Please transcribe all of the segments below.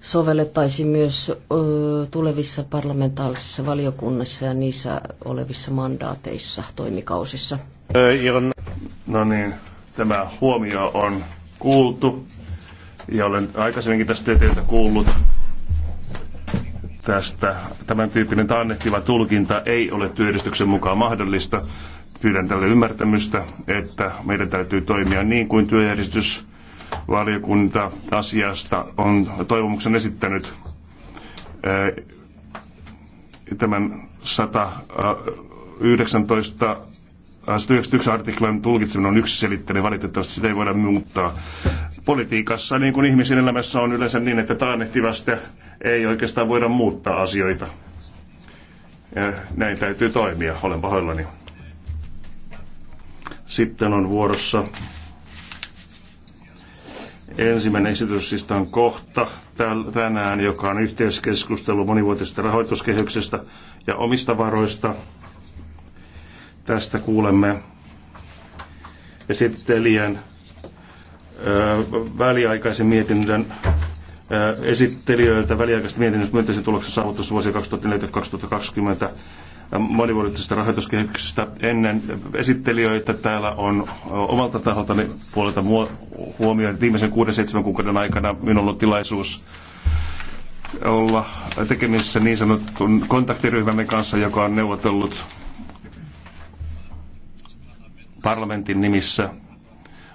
sovellettaisiin myös tulevissa parlamentaarisissa valiokunnissa ja niissä olevissa mandaateissa toimikausissa. No niin, tämä huomio on kuultu ja olen aikaisemminkin tästä teiltä kuullut tästä. Tämän tyyppinen taannehtiva tulkinta ei ole työjärjestyksen mukaan mahdollista. Pyydän tälle ymmärtämystä, että meidän täytyy toimia niin kuin työjärjestys valiokunta asiasta on toivomuksen esittänyt eh, tämän 119 191 eh, eh, artiklan tulkitseminen on yksiselitteinen, valitettavasti sitä ei voida muuttaa. Politiikassa, niin kuin ihmisen elämässä on yleensä niin, että taannehtivasti ei oikeastaan voida muuttaa asioita. Ja näin täytyy toimia, olen pahoillani. Sitten on vuorossa Ensimmäinen siis on kohta tänään, joka on yhteiskeskustelu monivuotisesta rahoituskehyksestä ja omista varoista. Tästä kuulemme esittelijän väliaikaisen mietinnön esittelijöiltä väliaikaisesta mietinnöstä myönteisen tuloksen saavutus vuosi 2014-2020 monivuotisesta rahoituskehyksestä ennen esittelijöitä. Täällä on omalta taholtani puolelta huomioon viimeisen 6-7 kuukauden aikana minulla on tilaisuus olla tekemisissä niin sanotun kontaktiryhmämme kanssa, joka on neuvotellut parlamentin nimissä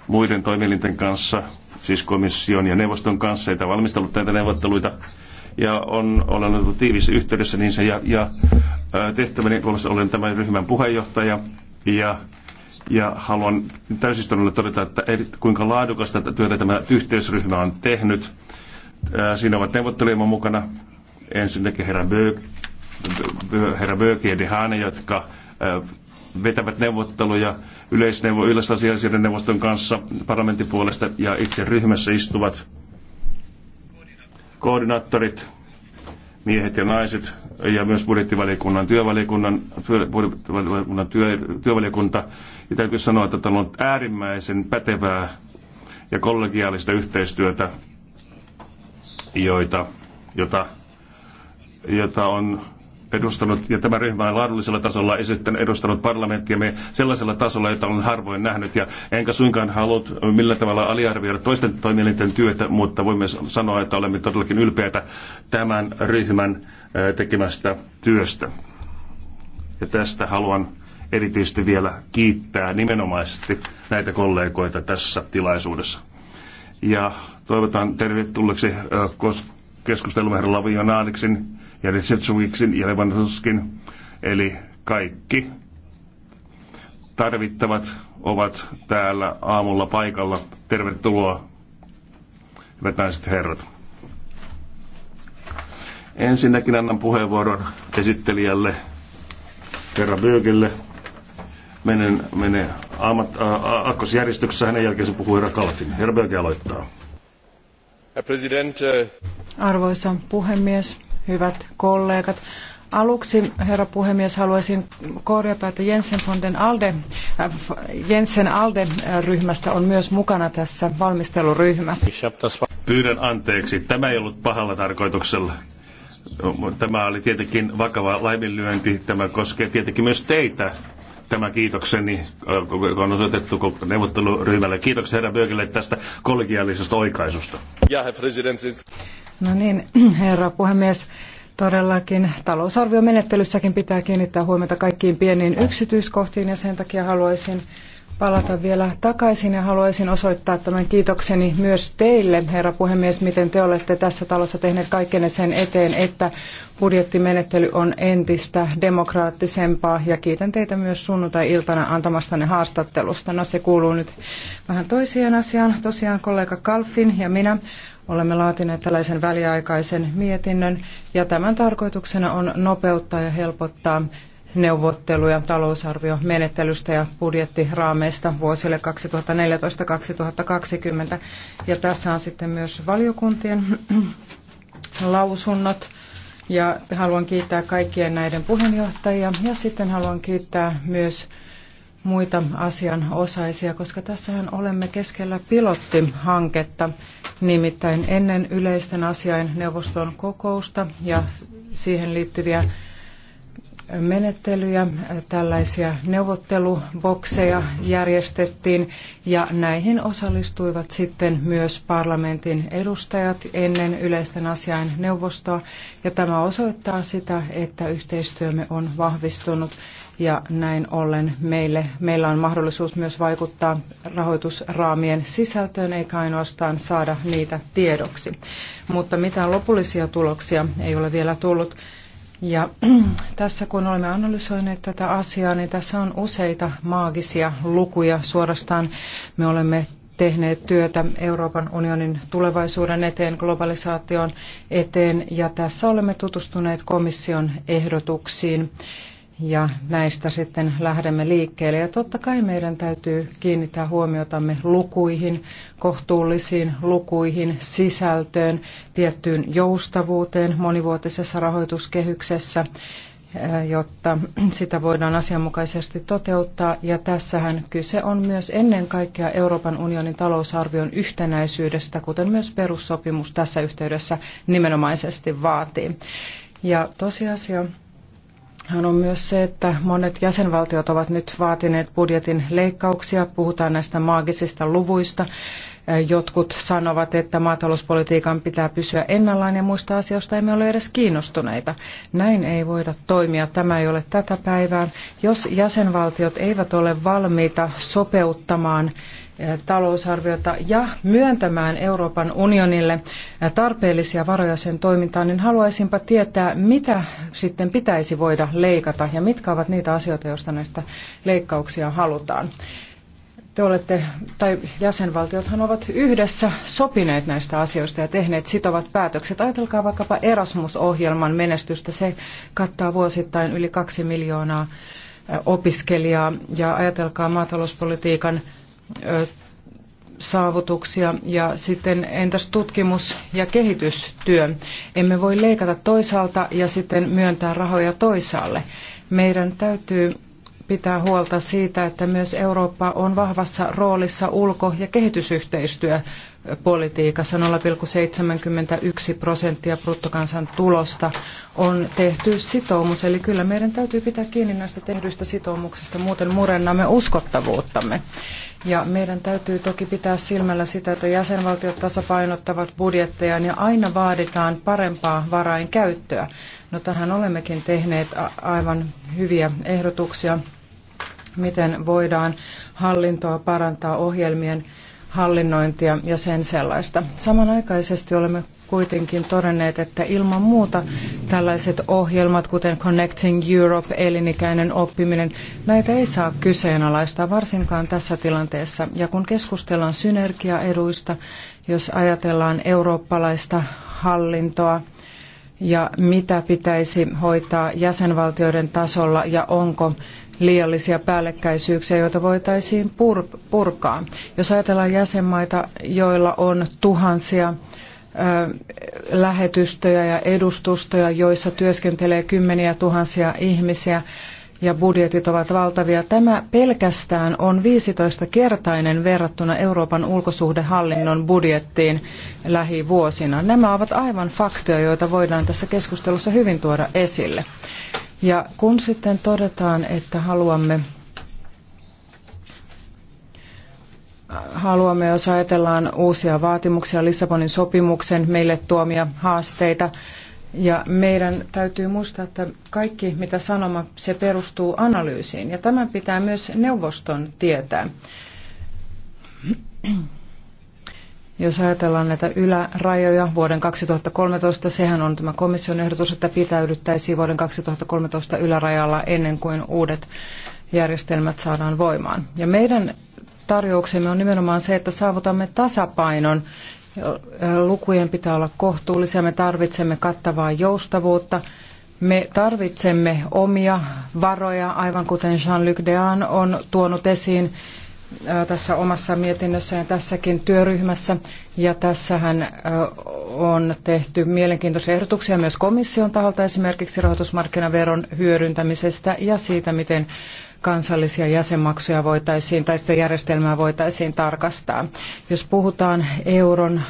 muiden toimielinten kanssa, siis komission ja neuvoston kanssa, että valmistellut näitä neuvotteluita. Ja on, olen ollut tiivissä yhteydessä niin se, ja, ja tehtäväni, koska olen tämän ryhmän puheenjohtaja ja ja haluan täysistunnolle todeta, että kuinka laadukasta työtä tämä yhteisryhmä on tehnyt. Siinä ovat neuvottelijamme mukana ensinnäkin herra Böök, herra Böök ja Dehane, jotka vetävät neuvotteluja yleisneuvo, yleisasiallisen neuvoston kanssa parlamentin puolesta ja itse ryhmässä istuvat koordinaattorit, miehet ja naiset, ja myös budjettivaliokunnan työvaliokunnan, budjettivaliokunnan työ, työvaliokunta. Ja täytyy sanoa, että tämä on äärimmäisen pätevää ja kollegiaalista yhteistyötä, joita, jota, jota on edustanut, ja tämä ryhmä on laadullisella tasolla edustanut parlamenttia me sellaisella tasolla, jota olen harvoin nähnyt, ja enkä suinkaan halut millä tavalla aliarvioida toisten toimielinten työtä, mutta voimme sanoa, että olemme todellakin ylpeitä tämän ryhmän tekemästä työstä. Ja tästä haluan erityisesti vielä kiittää nimenomaisesti näitä kollegoita tässä tilaisuudessa. Ja toivotan tervetulleeksi keskustelumme herra Naaliksin, ja Setsuviksin ja Levanoskin, eli kaikki tarvittavat ovat täällä aamulla paikalla. Tervetuloa, hyvät naiset herrat. Ensinnäkin annan puheenvuoron esittelijälle, herra Bögelle. Menen, menen aamat, ä, akkosjärjestyksessä, hänen jälkeensä puhuu herra Kalfin. Herra Böge aloittaa. Eh, Arvoisa puhemies, hyvät kollegat. Aluksi, herra puhemies, haluaisin korjata, että Jensen Fonden Alde, äh, Jensen Alde-ryhmästä äh, on myös mukana tässä valmisteluryhmässä. Pyydän anteeksi, tämä ei ollut pahalla tarkoituksella. Tämä oli tietenkin vakava laiminlyönti. Tämä koskee tietenkin myös teitä. Tämä kiitokseni, äh, joka on osoitettu neuvotteluryhmälle. Kiitoksia herra Böökelle tästä kollegiaalisesta oikaisusta. Ja, No niin, herra puhemies. Todellakin talousarviomenettelyssäkin pitää kiinnittää huomiota kaikkiin pieniin yksityiskohtiin ja sen takia haluaisin palata vielä takaisin ja haluaisin osoittaa tämän kiitokseni myös teille, herra puhemies, miten te olette tässä talossa tehneet kaikkenne sen eteen, että budjettimenettely on entistä demokraattisempaa ja kiitän teitä myös sunnuntai-iltana antamastanne haastattelusta. No se kuuluu nyt vähän toiseen asiaan. Tosiaan kollega Kalfin ja minä olemme laatineet tällaisen väliaikaisen mietinnön ja tämän tarkoituksena on nopeuttaa ja helpottaa neuvotteluja talousarviomenettelystä ja budjettiraameista vuosille 2014-2020. Ja tässä on sitten myös valiokuntien lausunnot. Ja haluan kiittää kaikkien näiden puheenjohtajia ja sitten haluan kiittää myös muita asianosaisia, koska tässähän olemme keskellä pilottihanketta, nimittäin ennen yleisten asiain neuvoston kokousta ja siihen liittyviä menettelyjä, tällaisia neuvottelubokseja järjestettiin ja näihin osallistuivat sitten myös parlamentin edustajat ennen yleisten asiain neuvostoa ja tämä osoittaa sitä, että yhteistyömme on vahvistunut ja näin ollen meille, meillä on mahdollisuus myös vaikuttaa rahoitusraamien sisältöön, eikä ainoastaan saada niitä tiedoksi. Mutta mitään lopullisia tuloksia ei ole vielä tullut. Ja tässä kun olemme analysoineet tätä asiaa, niin tässä on useita maagisia lukuja. Suorastaan me olemme tehneet työtä Euroopan unionin tulevaisuuden eteen, globalisaation eteen, ja tässä olemme tutustuneet komission ehdotuksiin ja näistä sitten lähdemme liikkeelle. Ja totta kai meidän täytyy kiinnittää huomiotamme lukuihin, kohtuullisiin lukuihin, sisältöön, tiettyyn joustavuuteen monivuotisessa rahoituskehyksessä, jotta sitä voidaan asianmukaisesti toteuttaa. Ja tässähän kyse on myös ennen kaikkea Euroopan unionin talousarvion yhtenäisyydestä, kuten myös perussopimus tässä yhteydessä nimenomaisesti vaatii. Ja tosiasia hän on myös se, että monet jäsenvaltiot ovat nyt vaatineet budjetin leikkauksia. Puhutaan näistä maagisista luvuista. Jotkut sanovat, että maatalouspolitiikan pitää pysyä ennallaan ja muista asioista emme ole edes kiinnostuneita. Näin ei voida toimia. Tämä ei ole tätä päivää. Jos jäsenvaltiot eivät ole valmiita sopeuttamaan talousarviota ja myöntämään Euroopan unionille tarpeellisia varoja sen toimintaan, niin haluaisinpa tietää, mitä sitten pitäisi voida leikata ja mitkä ovat niitä asioita, joista näistä leikkauksia halutaan. Te olette, tai jäsenvaltiothan ovat yhdessä sopineet näistä asioista ja tehneet sitovat päätökset. Ajatelkaa vaikkapa Erasmus-ohjelman menestystä. Se kattaa vuosittain yli kaksi miljoonaa opiskelijaa. Ja ajatelkaa maatalouspolitiikan saavutuksia ja sitten entäs tutkimus- ja kehitystyö? Emme voi leikata toisaalta ja sitten myöntää rahoja toisaalle. Meidän täytyy pitää huolta siitä, että myös Eurooppa on vahvassa roolissa ulko- ja kehitysyhteistyöpolitiikassa. 0,71 prosenttia bruttokansantulosta on tehty sitoumus, eli kyllä meidän täytyy pitää kiinni näistä tehdyistä sitoumuksista, muuten murennamme uskottavuuttamme. Ja meidän täytyy toki pitää silmällä sitä, että jäsenvaltiot tasapainottavat budjettejaan ja aina vaaditaan parempaa varain käyttöä. No tähän olemmekin tehneet aivan hyviä ehdotuksia, miten voidaan hallintoa parantaa ohjelmien hallinnointia ja sen sellaista. Samanaikaisesti olemme kuitenkin todenneet, että ilman muuta tällaiset ohjelmat, kuten Connecting Europe, elinikäinen oppiminen, näitä ei saa kyseenalaistaa varsinkaan tässä tilanteessa. Ja kun keskustellaan synergiaeduista, jos ajatellaan eurooppalaista hallintoa, ja mitä pitäisi hoitaa jäsenvaltioiden tasolla ja onko liiallisia päällekkäisyyksiä, joita voitaisiin purkaa. Jos ajatellaan jäsenmaita, joilla on tuhansia lähetystöjä ja edustustoja, joissa työskentelee kymmeniä tuhansia ihmisiä ja budjetit ovat valtavia. Tämä pelkästään on 15-kertainen verrattuna Euroopan ulkosuhdehallinnon budjettiin lähivuosina. Nämä ovat aivan faktoja, joita voidaan tässä keskustelussa hyvin tuoda esille. Ja kun sitten todetaan, että haluamme haluamme, jos ajatellaan uusia vaatimuksia Lissabonin sopimuksen meille tuomia haasteita. Ja meidän täytyy muistaa, että kaikki mitä sanoma, se perustuu analyysiin. Ja tämän pitää myös neuvoston tietää. Jos ajatellaan näitä ylärajoja vuoden 2013, sehän on tämä komission ehdotus, että pitäydyttäisiin vuoden 2013 ylärajalla ennen kuin uudet järjestelmät saadaan voimaan. Ja meidän tarjouksemme on nimenomaan se, että saavutamme tasapainon. Lukujen pitää olla kohtuullisia, me tarvitsemme kattavaa joustavuutta. Me tarvitsemme omia varoja, aivan kuten Jean-Luc Dean on tuonut esiin tässä omassa mietinnössään ja tässäkin työryhmässä. Ja tässähän on tehty mielenkiintoisia ehdotuksia myös komission taholta esimerkiksi rahoitusmarkkinaveron hyödyntämisestä ja siitä, miten kansallisia jäsenmaksuja voitaisiin tai sitä järjestelmää voitaisiin tarkastaa. Jos puhutaan euron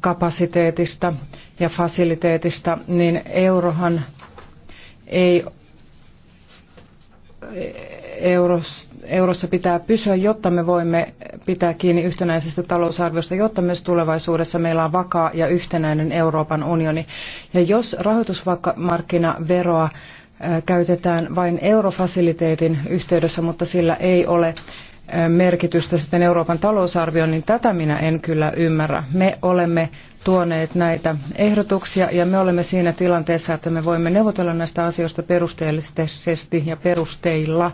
kapasiteetista ja fasiliteetista, niin eurohan ei euros, eurossa pitää pysyä, jotta me voimme pitää kiinni yhtenäisestä talousarviosta, jotta myös tulevaisuudessa meillä on vakaa ja yhtenäinen Euroopan unioni. Ja jos rahoitusmarkkinaveroa äh, käytetään vain eurofasiliteetin yhteydessä, mutta sillä ei ole äh, merkitystä sitten Euroopan talousarvioon, niin tätä minä en kyllä ymmärrä. Me olemme tuoneet näitä ehdotuksia ja me olemme siinä tilanteessa, että me voimme neuvotella näistä asioista perusteellisesti ja perusteilla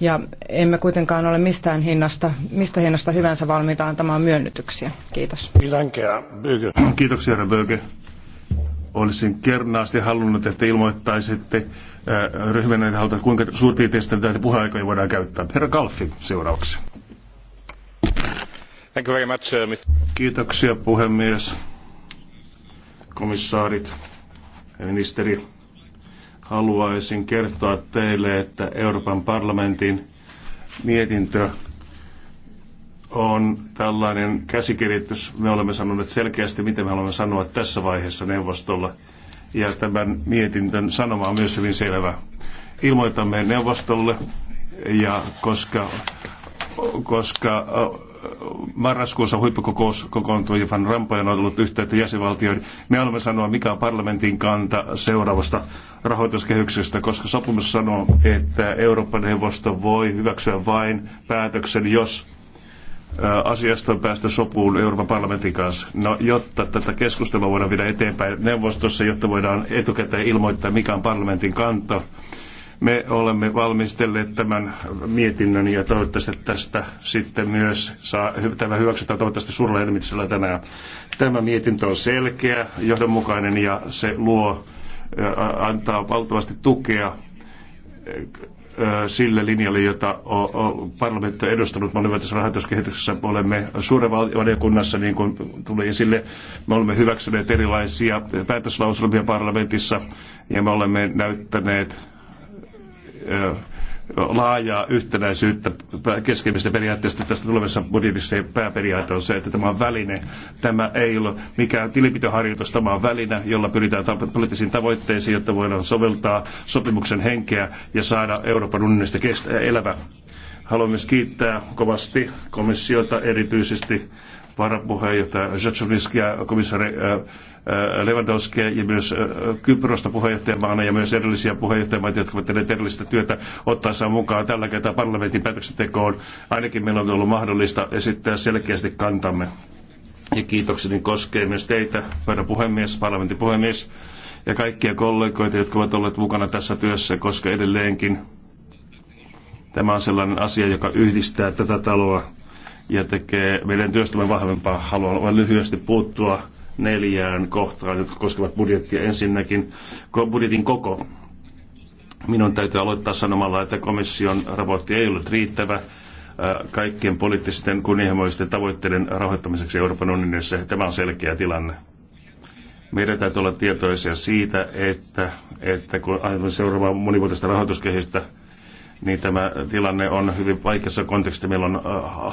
ja emme kuitenkaan ole mistään hinnasta, mistä hinnasta hyvänsä valmiita antamaan myönnytyksiä. Kiitos. Kiitoksia, herra Böge. Olisin kernaasti halunnut, että ilmoittaisitte äh, ryhmänne halta, kuinka suurpiirteistä näitä puheaikoja voidaan käyttää. Herra Kalfi seuraavaksi. Thank you very much, uh, Mr. Kiitoksia puhemies, komissaarit, ministeri haluaisin kertoa teille, että Euroopan parlamentin mietintö on tällainen käsikirjoitus. Me olemme sanoneet selkeästi, mitä me haluamme sanoa tässä vaiheessa neuvostolla. Ja tämän mietintön sanoma on myös hyvin selvä. Ilmoitamme neuvostolle, ja koska, koska marraskuussa huippukokous kokoontui Van Rampojen on ollut yhteyttä jäsenvaltioihin. Me haluamme sanoa, mikä on parlamentin kanta seuraavasta rahoituskehyksestä, koska sopimus sanoo, että Euroopan neuvosto voi hyväksyä vain päätöksen, jos asiasta on päästä sopuun Euroopan parlamentin kanssa, no, jotta tätä keskustelua voidaan viedä eteenpäin neuvostossa, jotta voidaan etukäteen ilmoittaa, mikä on parlamentin kanta me olemme valmistelleet tämän mietinnön ja toivottavasti tästä sitten myös saa, tämä hyväksytään toivottavasti suurella tänään. Tämä mietintö on selkeä, johdonmukainen ja se luo, antaa valtavasti tukea sille linjalle, jota parlamentti on edustanut monivuotisessa rahoituskehityksessä. Olemme suuren valiokunnassa, niin kuin tuli esille, me olemme hyväksyneet erilaisia päätöslauselmia parlamentissa ja me olemme näyttäneet laajaa yhtenäisyyttä keskeisestä periaatteesta tästä tulevassa budjetissa ja pääperiaate on se, että tämä on väline. Tämä ei ole mikään tilinpitoharjoitus, tämä on väline, jolla pyritään poliittisiin tavoitteisiin, jotta voidaan soveltaa sopimuksen henkeä ja saada Euroopan unionista kestä elävä. Haluan myös kiittää kovasti komissiota erityisesti varapuheenjohtaja Zachovinskia, komissaari e, e, Lewandowskia ja myös e, Kyprosta puheenjohtajamaana ja myös edellisiä puheenjohtajamaita, jotka ovat tehneet edellistä työtä ottaessaan mukaan tällä kertaa parlamentin päätöksentekoon. Ainakin meillä on ollut mahdollista esittää selkeästi kantamme. Ja kiitokseni koskee myös teitä, herra puhemies, parlamentin puhemies ja kaikkia kollegoita, jotka ovat olleet mukana tässä työssä, koska edelleenkin tämä on sellainen asia, joka yhdistää tätä taloa ja tekee meidän työstämme vahvempaa. Haluan vain lyhyesti puuttua neljään kohtaan, jotka koskevat budjettia. Ensinnäkin budjetin koko. Minun täytyy aloittaa sanomalla, että komission raportti ei ollut riittävä äh, kaikkien poliittisten kunnianhimoisten tavoitteiden rahoittamiseksi Euroopan unionissa. Tämä on selkeä tilanne. Meidän täytyy olla tietoisia siitä, että, että kun ajatellaan seuraavaa monivuotista rahoituskehystä, niin tämä tilanne on hyvin vaikeassa kontekstissa. Meillä on äh,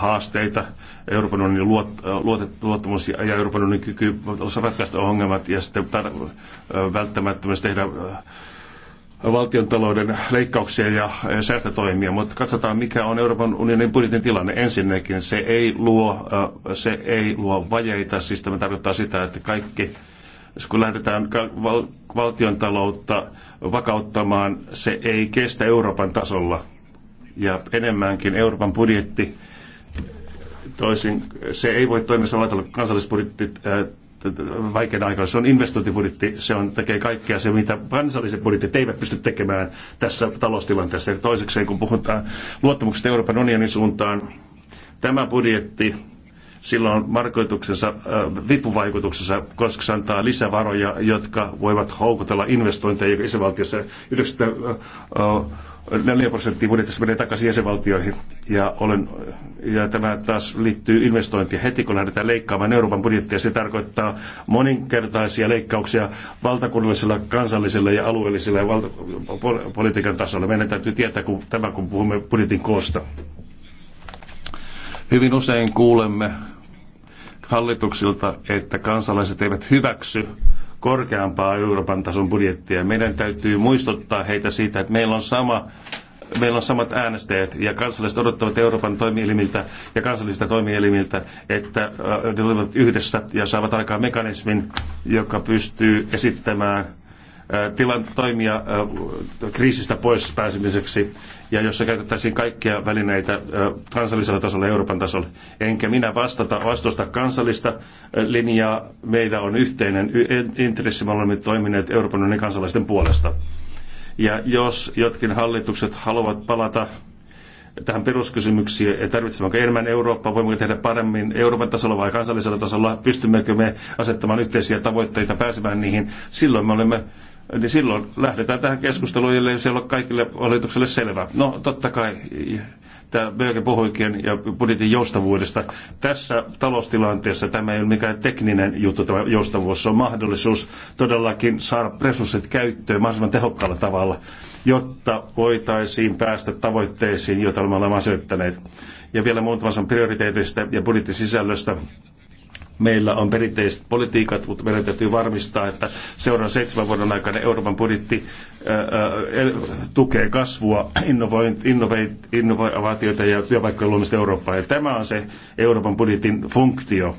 haasteita, Euroopan unionin luot, äh, luottamus ja Euroopan unionin kyky ratkaista ongelmat ja sitten tar- äh, välttämättä myös tehdä valtiontalouden leikkauksia ja säästötoimia, mutta katsotaan mikä on Euroopan unionin budjetin tilanne. Ensinnäkin se ei luo, se ei luo vajeita, siis tämä tarkoittaa sitä, että kaikki, kun lähdetään valtiontaloutta taloutta vakauttamaan, se ei kestä Euroopan tasolla. Ja enemmänkin Euroopan budjetti, toisin, se ei voi toimia samalla tavalla kansallisbudjetti äh, vaikeana aikana. Se on investointibudjetti, se on, tekee kaikkea se, mitä kansalliset budjetit eivät pysty tekemään tässä taloustilanteessa. Ja toisekseen, kun puhutaan luottamuksesta Euroopan unionin suuntaan, tämä budjetti sillä on markoituksensa, äh, vipuvaikutuksensa, koska se antaa lisävaroja, jotka voivat houkutella investointeja, joka isävaltiossa 94 äh, äh, prosenttia budjetissa menee takaisin jäsenvaltioihin. Ja, olen, ja tämä taas liittyy investointiin. Heti kun lähdetään leikkaamaan Euroopan budjettia, se tarkoittaa moninkertaisia leikkauksia valtakunnallisella, kansallisella ja alueellisella ja valta, politiikan tasolla. Meidän täytyy tietää kun, tämä, kun puhumme budjetin koosta. Hyvin usein kuulemme hallituksilta, että kansalaiset eivät hyväksy korkeampaa Euroopan tason budjettia. Meidän täytyy muistuttaa heitä siitä, että meillä on sama meillä on samat äänestäjät ja kansalaiset odottavat Euroopan toimielimiltä ja kansallisista toimielimiltä, että äh, ne yhdessä ja saavat aikaan mekanismin, joka pystyy esittämään tilan toimia kriisistä pois pääsemiseksi ja jossa käytettäisiin kaikkia välineitä kansallisella tasolla ja Euroopan tasolla. Enkä minä vastata, vastusta kansallista linjaa. Meillä on yhteinen intressi. Me olemme toimineet Euroopan unionin kansalaisten puolesta. Ja jos jotkin hallitukset haluavat palata tähän peruskysymyksiin, tarvitsemmeko enemmän Eurooppaa, voimmeko tehdä paremmin Euroopan tasolla vai kansallisella tasolla, pystymmekö me asettamaan yhteisiä tavoitteita, pääsemään niihin, silloin me olemme niin silloin lähdetään tähän keskusteluun, jollei se ole kaikille hallitukselle selvä. No totta kai, tämä Böge puhuikin ja budjetin joustavuudesta. Tässä taloustilanteessa tämä ei ole mikään tekninen juttu, tämä joustavuus. Se on mahdollisuus todellakin saada resurssit käyttöön mahdollisimman tehokkaalla tavalla jotta voitaisiin päästä tavoitteisiin, joita me olemme asettaneet. Ja vielä muutama on prioriteeteista ja budjettisisällöstä. Meillä on perinteiset politiikat, mutta meidän täytyy varmistaa, että seuraavan seitsemän vuoden aikana Euroopan budjetti tukee kasvua, innovaatioita ja työpaikkojen luomista Eurooppaan. Ja tämä on se Euroopan budjetin funktio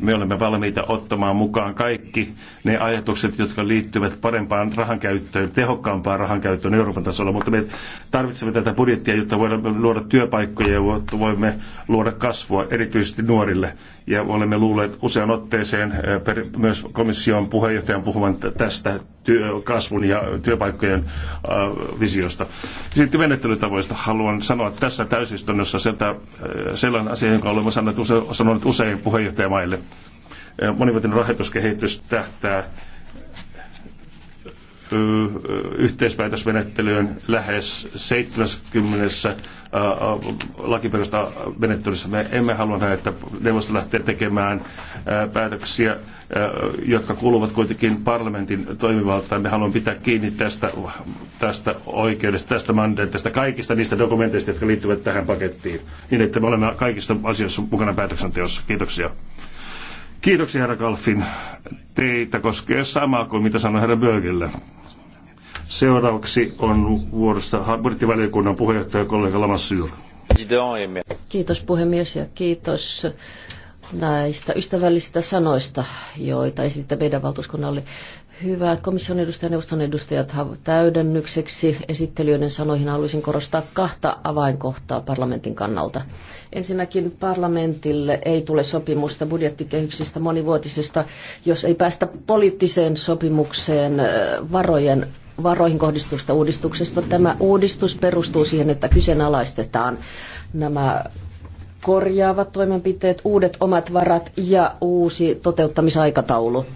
me olemme valmiita ottamaan mukaan kaikki ne ajatukset, jotka liittyvät parempaan rahankäyttöön, tehokkaampaan rahankäyttöön Euroopan tasolla, mutta me tarvitsemme tätä budjettia, jotta voimme luoda työpaikkoja ja voimme luoda kasvua erityisesti nuorille ja olemme luulleet usean otteeseen eh, myös komission puheenjohtajan puhuvan tästä kasvun ja työpaikkojen eh, visiosta. Sitten menettelytavoista haluan sanoa tässä täysistunnossa eh, sellainen asia, jonka olemme usein, sanoneet usein puheenjohtajamaille. Monivuotinen rahoituskehitys tähtää yhteispäätösmenettelyyn lähes 70 lakiperusta menettelyssä. Me emme halua nähdä, että neuvosto lähtee tekemään päätöksiä, jotka kuuluvat kuitenkin parlamentin toimivaltaan. Me haluamme pitää kiinni tästä, tästä oikeudesta, tästä mandaatista, kaikista niistä dokumenteista, jotka liittyvät tähän pakettiin, niin että me olemme kaikissa asioissa mukana päätöksenteossa. Kiitoksia. Kiitoksia herra Kalfin. Teitä koskee samaa kuin mitä sanoi herra Bögellä. Seuraavaksi on vuorosta budjettivaliokunnan puheenjohtaja kollega Lamassyr. Kiitos puhemies ja kiitos näistä ystävällisistä sanoista, joita esititte meidän valtuuskunnalle. Hyvä. Komission edustajan neuvoston edustajat täydennykseksi esittelijöiden sanoihin haluaisin korostaa kahta avainkohtaa parlamentin kannalta. Ensinnäkin parlamentille ei tule sopimusta budjettikehyksistä monivuotisesta, jos ei päästä poliittiseen sopimukseen varojen varoihin kohdistusta uudistuksesta. Tämä uudistus perustuu siihen, että kyseenalaistetaan nämä korjaavat toimenpiteet, uudet omat varat ja uusi toteuttamisaikataulu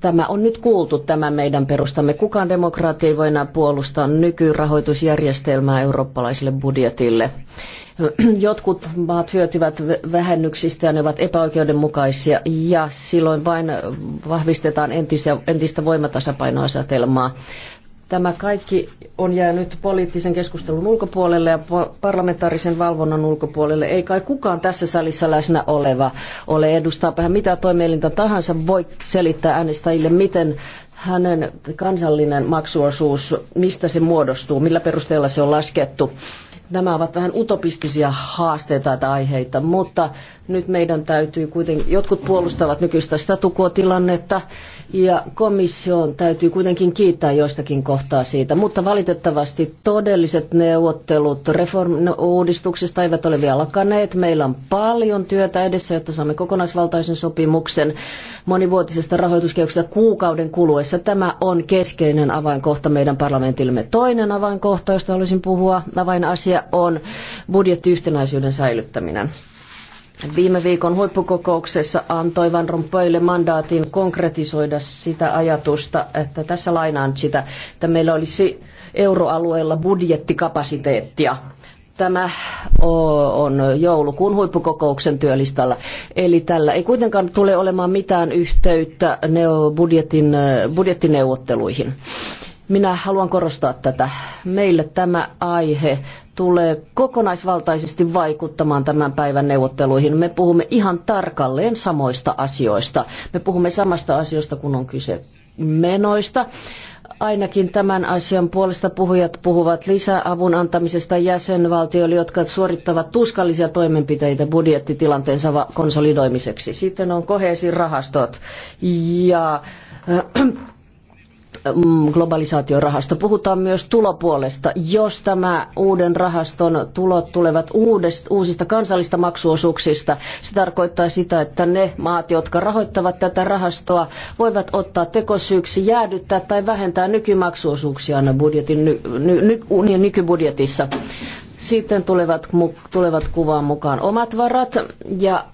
tämä on nyt kuultu, tämä meidän perustamme. Kukaan demokraatti ei voi enää puolustaa nykyrahoitusjärjestelmää eurooppalaiselle budjetille. Jotkut maat hyötyvät vähennyksistä ja ne ovat epäoikeudenmukaisia ja silloin vain vahvistetaan entistä, entistä voimatasapainoasetelmaa. Tämä kaikki on jäänyt poliittisen keskustelun ulkopuolelle ja parlamentaarisen valvonnan ulkopuolelle. Ei kai kukaan tässä salissa läsnä oleva ole edustaa mitä toimielintä tahansa voi selittää äänestäjille, miten hänen kansallinen maksuosuus, mistä se muodostuu, millä perusteella se on laskettu. Nämä ovat vähän utopistisia haasteita tai aiheita, mutta nyt meidän täytyy kuitenkin, jotkut puolustavat nykyistä statukotilannetta ja komission täytyy kuitenkin kiittää joistakin kohtaa siitä, mutta valitettavasti todelliset neuvottelut reformuudistuksesta no, eivät ole vielä alkaneet. Meillä on paljon työtä edessä, jotta saamme kokonaisvaltaisen sopimuksen monivuotisesta rahoituskehyksestä kuukauden kuluessa. Tämä on keskeinen avainkohta meidän parlamentillemme. Toinen avainkohta, josta haluaisin puhua, avainasia on budjettiyhtenäisyyden säilyttäminen. Viime viikon huippukokouksessa antoi Van Rompuylle mandaatin konkretisoida sitä ajatusta, että tässä lainaan sitä, että meillä olisi euroalueella budjettikapasiteettia tämä on joulukuun huippukokouksen työlistalla. Eli tällä ei kuitenkaan tule olemaan mitään yhteyttä budjetin, budjettineuvotteluihin. Minä haluan korostaa tätä. Meille tämä aihe tulee kokonaisvaltaisesti vaikuttamaan tämän päivän neuvotteluihin. Me puhumme ihan tarkalleen samoista asioista. Me puhumme samasta asioista, kun on kyse menoista ainakin tämän asian puolesta puhujat puhuvat lisäavun antamisesta jäsenvaltioille, jotka suorittavat tuskallisia toimenpiteitä budjettitilanteensa konsolidoimiseksi. Sitten on rahastot ja äh, Mm, globalisaatiorahasto. Puhutaan myös tulopuolesta. Jos tämä uuden rahaston tulot tulevat uudest, uusista kansallista maksuosuuksista, se tarkoittaa sitä, että ne maat, jotka rahoittavat tätä rahastoa, voivat ottaa tekosyyksi jäädyttää tai vähentää nykymaksuosuuksiaan budjetin, ny, ny, ny, nykybudjetissa. Sitten tulevat, tulevat kuvaan mukaan omat varat ja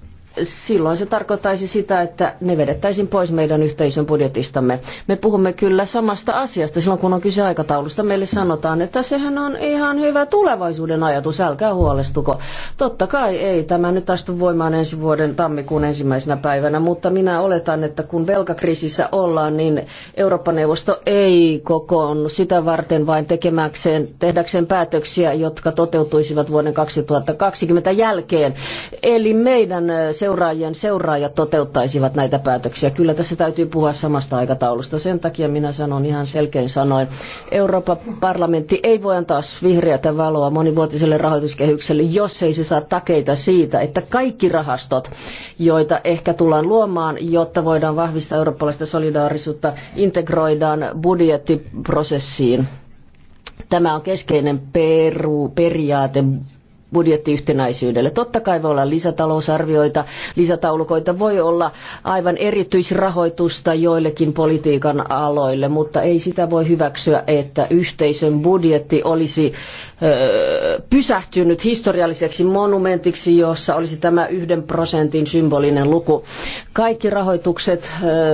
silloin se tarkoittaisi sitä, että ne vedettäisiin pois meidän yhteisön budjetistamme. Me puhumme kyllä samasta asiasta silloin, kun on kyse aikataulusta. Meille sanotaan, että sehän on ihan hyvä tulevaisuuden ajatus, älkää huolestuko. Totta kai ei, tämä nyt astu voimaan ensi vuoden tammikuun ensimmäisenä päivänä, mutta minä oletan, että kun velkakriisissä ollaan, niin Eurooppa-neuvosto ei kokoonnut sitä varten vain tekemäkseen, tehdäkseen päätöksiä, jotka toteutuisivat vuoden 2020 jälkeen. Eli meidän se seuraajien seuraajat toteuttaisivat näitä päätöksiä. Kyllä tässä täytyy puhua samasta aikataulusta. Sen takia minä sanon ihan selkein sanoin, Euroopan parlamentti ei voi antaa vihreätä valoa monivuotiselle rahoituskehykselle, jos ei se saa takeita siitä, että kaikki rahastot, joita ehkä tullaan luomaan, jotta voidaan vahvistaa eurooppalaista solidaarisuutta, integroidaan budjettiprosessiin. Tämä on keskeinen peru, periaate budjettiyhtenäisyydelle. Totta kai voi olla lisätalousarvioita, lisätaulukoita, voi olla aivan erityisrahoitusta joillekin politiikan aloille, mutta ei sitä voi hyväksyä, että yhteisön budjetti olisi pysähtynyt historialliseksi monumentiksi, jossa olisi tämä yhden prosentin symbolinen luku. Kaikki rahoitukset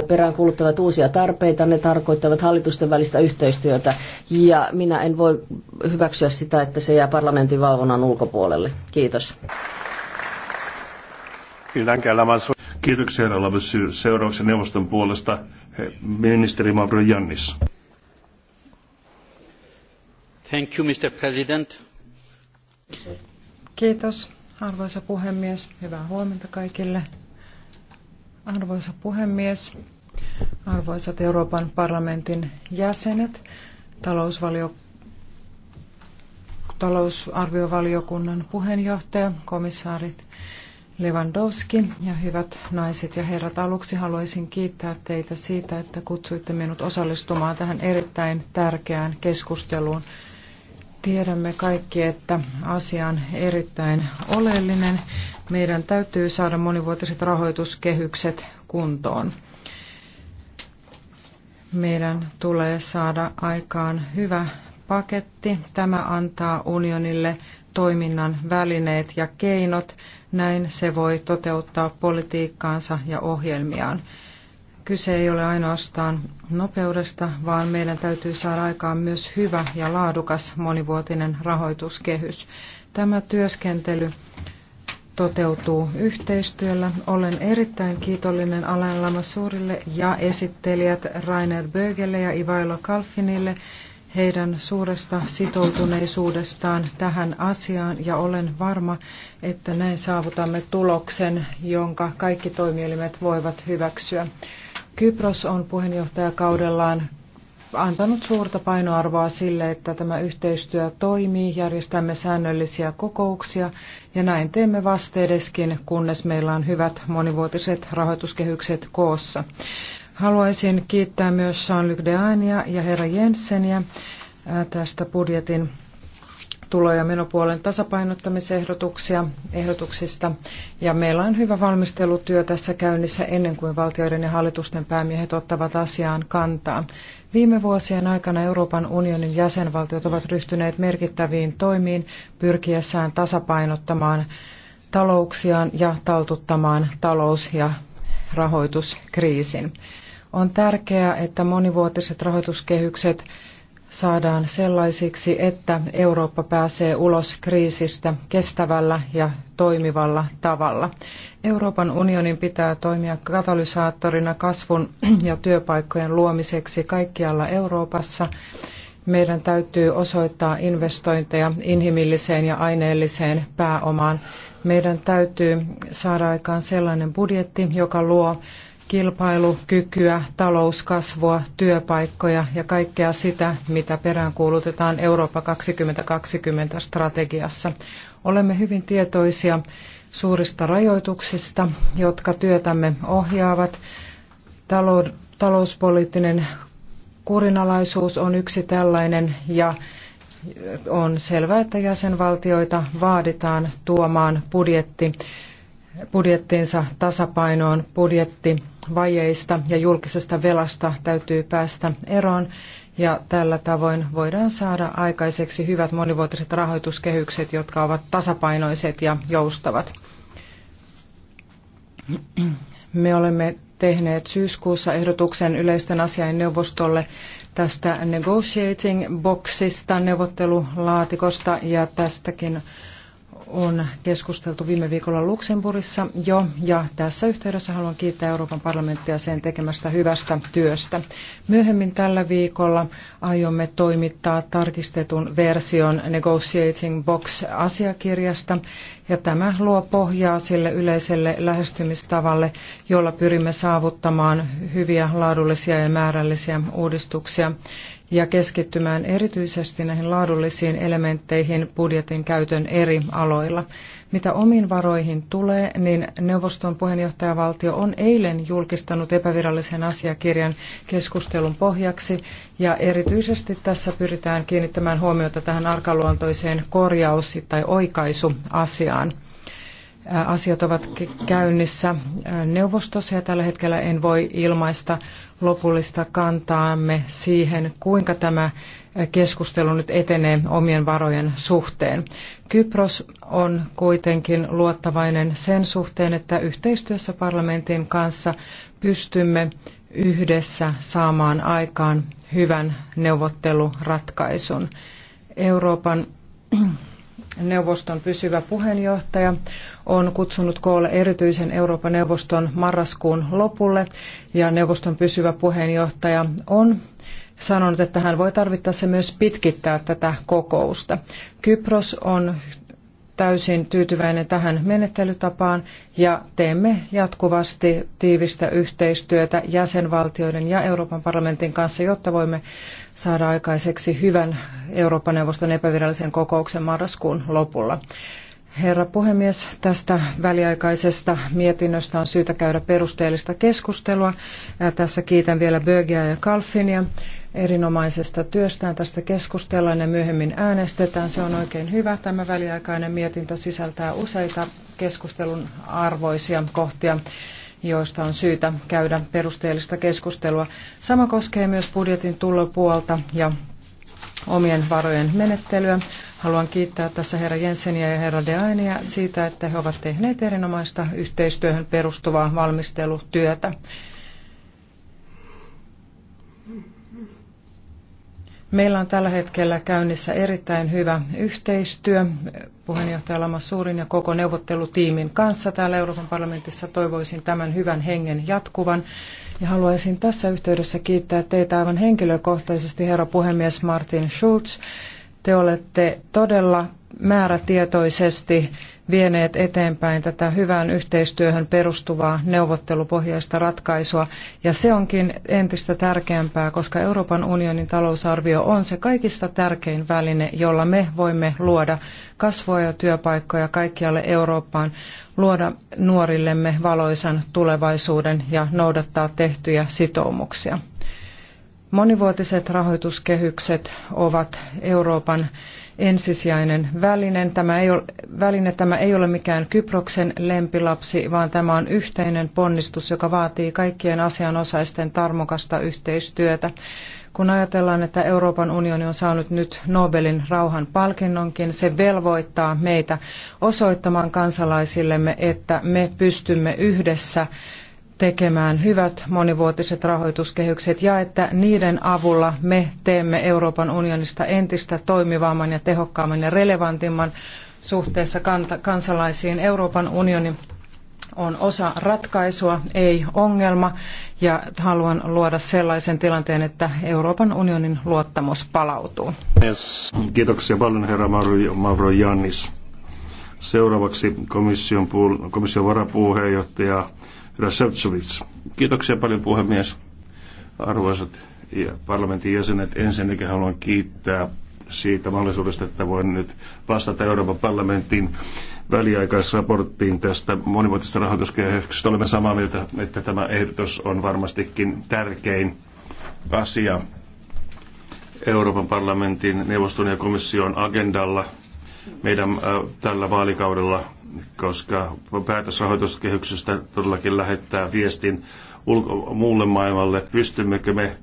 peräänkuluttavat uusia tarpeita, ne tarkoittavat hallitusten välistä yhteistyötä ja minä en voi hyväksyä sitä, että se jää parlamentin valvonnan ulkopuolelle. Kiitos. Kiitoksia, Alamassyr. Seuraavaksi neuvoston puolesta ministeri Mavro Jannis. Mr. President. Kiitos, arvoisa puhemies. Hyvää huomenta kaikille. Arvoisa puhemies, arvoisat Euroopan parlamentin jäsenet, talousarviovaliokunnan puheenjohtaja, komissaarit Lewandowski ja hyvät naiset ja herrat. Aluksi haluaisin kiittää teitä siitä, että kutsuitte minut osallistumaan tähän erittäin tärkeään keskusteluun Tiedämme kaikki, että asia on erittäin oleellinen. Meidän täytyy saada monivuotiset rahoituskehykset kuntoon. Meidän tulee saada aikaan hyvä paketti. Tämä antaa unionille toiminnan välineet ja keinot. Näin se voi toteuttaa politiikkaansa ja ohjelmiaan kyse ei ole ainoastaan nopeudesta, vaan meidän täytyy saada aikaan myös hyvä ja laadukas monivuotinen rahoituskehys. Tämä työskentely toteutuu yhteistyöllä. Olen erittäin kiitollinen Alain Lamassuurille ja esittelijät Rainer Bögelle ja Ivailo Kalfinille heidän suuresta sitoutuneisuudestaan tähän asiaan ja olen varma, että näin saavutamme tuloksen, jonka kaikki toimielimet voivat hyväksyä. Kypros on puheenjohtajakaudellaan antanut suurta painoarvoa sille, että tämä yhteistyö toimii, järjestämme säännöllisiä kokouksia ja näin teemme vastedeskin, kunnes meillä on hyvät monivuotiset rahoituskehykset koossa. Haluaisin kiittää myös Jean-Luc Deania ja herra Jensenia tästä budjetin tulo- ja menopuolen tasapainottamisehdotuksia ehdotuksista. Ja meillä on hyvä valmistelutyö tässä käynnissä ennen kuin valtioiden ja hallitusten päämiehet ottavat asiaan kantaa. Viime vuosien aikana Euroopan unionin jäsenvaltiot ovat ryhtyneet merkittäviin toimiin pyrkiessään tasapainottamaan talouksiaan ja taltuttamaan talous- ja rahoituskriisin. On tärkeää, että monivuotiset rahoituskehykset saadaan sellaisiksi, että Eurooppa pääsee ulos kriisistä kestävällä ja toimivalla tavalla. Euroopan unionin pitää toimia katalysaattorina kasvun ja työpaikkojen luomiseksi kaikkialla Euroopassa. Meidän täytyy osoittaa investointeja inhimilliseen ja aineelliseen pääomaan. Meidän täytyy saada aikaan sellainen budjetti, joka luo kilpailukykyä, talouskasvua, työpaikkoja ja kaikkea sitä, mitä peräänkuulutetaan Eurooppa 2020 strategiassa. Olemme hyvin tietoisia suurista rajoituksista, jotka työtämme ohjaavat. talouspoliittinen kurinalaisuus on yksi tällainen ja on selvää, että jäsenvaltioita vaaditaan tuomaan budjetti budjettinsa tasapainoon budjetti vajeista ja julkisesta velasta täytyy päästä eroon ja tällä tavoin voidaan saada aikaiseksi hyvät monivuotiset rahoituskehykset, jotka ovat tasapainoiset ja joustavat. Me olemme tehneet syyskuussa ehdotuksen yleisten asiain neuvostolle tästä negotiating boxista, neuvottelulaatikosta ja tästäkin on keskusteltu viime viikolla Luxemburgissa jo, ja tässä yhteydessä haluan kiittää Euroopan parlamenttia sen tekemästä hyvästä työstä. Myöhemmin tällä viikolla aiomme toimittaa tarkistetun version Negotiating Box-asiakirjasta, ja tämä luo pohjaa sille yleiselle lähestymistavalle, jolla pyrimme saavuttamaan hyviä laadullisia ja määrällisiä uudistuksia ja keskittymään erityisesti näihin laadullisiin elementteihin budjetin käytön eri aloilla. Mitä omiin varoihin tulee, niin neuvoston puheenjohtajavaltio on eilen julkistanut epävirallisen asiakirjan keskustelun pohjaksi ja erityisesti tässä pyritään kiinnittämään huomiota tähän arkaluontoiseen korjaus- tai oikaisuasiaan asiat ovat käynnissä neuvostossa ja tällä hetkellä en voi ilmaista lopullista kantaamme siihen, kuinka tämä keskustelu nyt etenee omien varojen suhteen. Kypros on kuitenkin luottavainen sen suhteen, että yhteistyössä parlamentin kanssa pystymme yhdessä saamaan aikaan hyvän neuvotteluratkaisun. Euroopan neuvoston pysyvä puheenjohtaja on kutsunut koolle erityisen Euroopan neuvoston marraskuun lopulle ja neuvoston pysyvä puheenjohtaja on sanonut, että hän voi tarvittaessa myös pitkittää tätä kokousta. Kypros on täysin tyytyväinen tähän menettelytapaan ja teemme jatkuvasti tiivistä yhteistyötä jäsenvaltioiden ja Euroopan parlamentin kanssa, jotta voimme saada aikaiseksi hyvän Euroopan neuvoston epävirallisen kokouksen marraskuun lopulla. Herra puhemies, tästä väliaikaisesta mietinnöstä on syytä käydä perusteellista keskustelua. ja Tässä kiitän vielä Bögiä ja Kalfinia erinomaisesta työstään. Tästä keskustellaan ja myöhemmin äänestetään. Se on oikein hyvä. Tämä väliaikainen mietintö sisältää useita keskustelun arvoisia kohtia joista on syytä käydä perusteellista keskustelua. Sama koskee myös budjetin tulopuolta ja omien varojen menettelyä. Haluan kiittää tässä herra Jenseniä ja herra Deainia siitä, että he ovat tehneet erinomaista yhteistyöhön perustuvaa valmistelutyötä. Meillä on tällä hetkellä käynnissä erittäin hyvä yhteistyö puheenjohtaja Lama Suurin ja koko neuvottelutiimin kanssa täällä Euroopan parlamentissa. Toivoisin tämän hyvän hengen jatkuvan. Ja haluaisin tässä yhteydessä kiittää teitä aivan henkilökohtaisesti, herra puhemies Martin Schulz. Te olette todella määrätietoisesti vieneet eteenpäin tätä hyvään yhteistyöhön perustuvaa neuvottelupohjaista ratkaisua. Ja se onkin entistä tärkeämpää, koska Euroopan unionin talousarvio on se kaikista tärkein väline, jolla me voimme luoda kasvua ja työpaikkoja kaikkialle Eurooppaan, luoda nuorillemme valoisan tulevaisuuden ja noudattaa tehtyjä sitoumuksia. Monivuotiset rahoituskehykset ovat Euroopan ensisijainen välinen. Tämä ei ole, väline. Tämä ei ole mikään Kyproksen lempilapsi, vaan tämä on yhteinen ponnistus, joka vaatii kaikkien asianosaisten tarmokasta yhteistyötä. Kun ajatellaan, että Euroopan unioni on saanut nyt Nobelin rauhanpalkinnonkin, se velvoittaa meitä osoittamaan kansalaisillemme, että me pystymme yhdessä tekemään hyvät monivuotiset rahoituskehykset ja että niiden avulla me teemme Euroopan unionista entistä toimivamman ja tehokkaamman ja relevantimman suhteessa kansalaisiin. Euroopan unioni on osa ratkaisua, ei ongelma, ja haluan luoda sellaisen tilanteen, että Euroopan unionin luottamus palautuu. Kiitoksia paljon herra Jannis. Seuraavaksi komission, komission varapuheenjohtaja Rasevtsovits. Kiitoksia paljon puhemies. Arvoisat ja parlamentin jäsenet, ensinnäkin haluan kiittää siitä mahdollisuudesta, että voin nyt vastata Euroopan parlamentin väliaikaisraporttiin tästä monimuotoisesta rahoituskehyksestä. Olemme samaa mieltä, että tämä ehdotus on varmastikin tärkein asia Euroopan parlamentin, neuvoston ja komission agendalla meidän äh, tällä vaalikaudella koska päätös rahoituskehyksestä todellakin lähettää viestin ulko- muulle maailmalle, pystymmekö me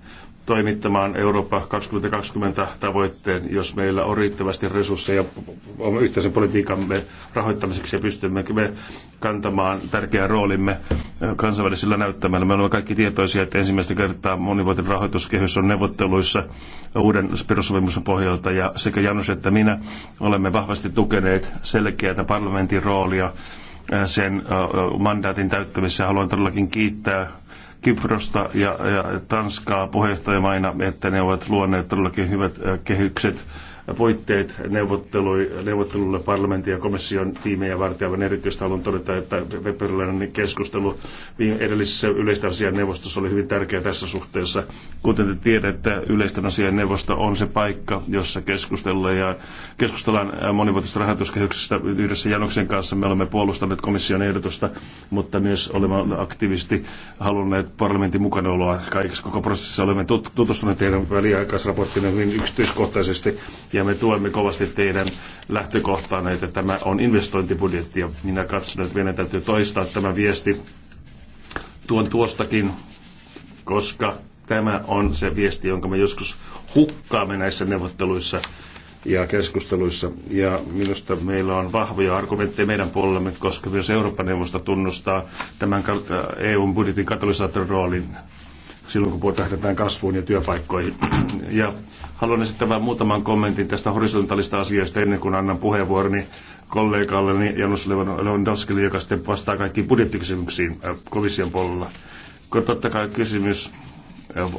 toimittamaan Eurooppa 2020 tavoitteen, jos meillä on riittävästi resursseja yhteisen politiikamme rahoittamiseksi ja pystymmekö me kantamaan tärkeän roolimme kansainvälisellä näyttämällä. Me olemme kaikki tietoisia, että ensimmäistä kertaa monivuotinen rahoituskehys on neuvotteluissa uuden perussopimuksen pohjalta ja sekä Janus että minä olemme vahvasti tukeneet selkeää parlamentin roolia sen mandaatin täyttämisessä. Haluan todellakin kiittää Kyprosta ja, ja Tanskaa puheenjohtajamaina, että ne ovat luoneet todellakin hyvät äh, kehykset puitteet neuvottelulle parlamentin ja komission tiimejä varten. Aivan erityisesti haluan todeta, että Weberlainen keskustelu edellisessä yleistä asian neuvostossa oli hyvin tärkeä tässä suhteessa. Kuten te tiedätte, yleisten asian neuvosto on se paikka, jossa keskustellaan, ja keskustellaan monivuotisesta rahoituskehyksestä yhdessä Janoksen kanssa. Me olemme puolustaneet komission ehdotusta, mutta myös olemme aktiivisesti halunneet parlamentin mukanaoloa kaikessa koko prosessissa. Olemme tutustuneet teidän väliaikaisraporttinne hyvin yksityiskohtaisesti ja ja me tuemme kovasti teidän lähtökohtaan, että tämä on investointibudjetti ja minä katson, että meidän täytyy toistaa tämä viesti tuon tuostakin, koska tämä on se viesti, jonka me joskus hukkaamme näissä neuvotteluissa ja keskusteluissa. Ja minusta meillä on vahvoja argumentteja meidän puolellamme, koska myös Euroopan neuvosto tunnustaa tämän äh, eu budjetin katalysaattorin roolin silloin, kun puhutaan kasvuun ja työpaikkoihin. Ja Haluan esittää vain muutaman kommentin tästä horisontaalista asioista ennen kuin annan puheenvuoroni kollegalle Janus Lewandowskille, joka sitten vastaa kaikkiin budjettikysymyksiin äh, komission puolella. Totta kai kysymys äh, äh,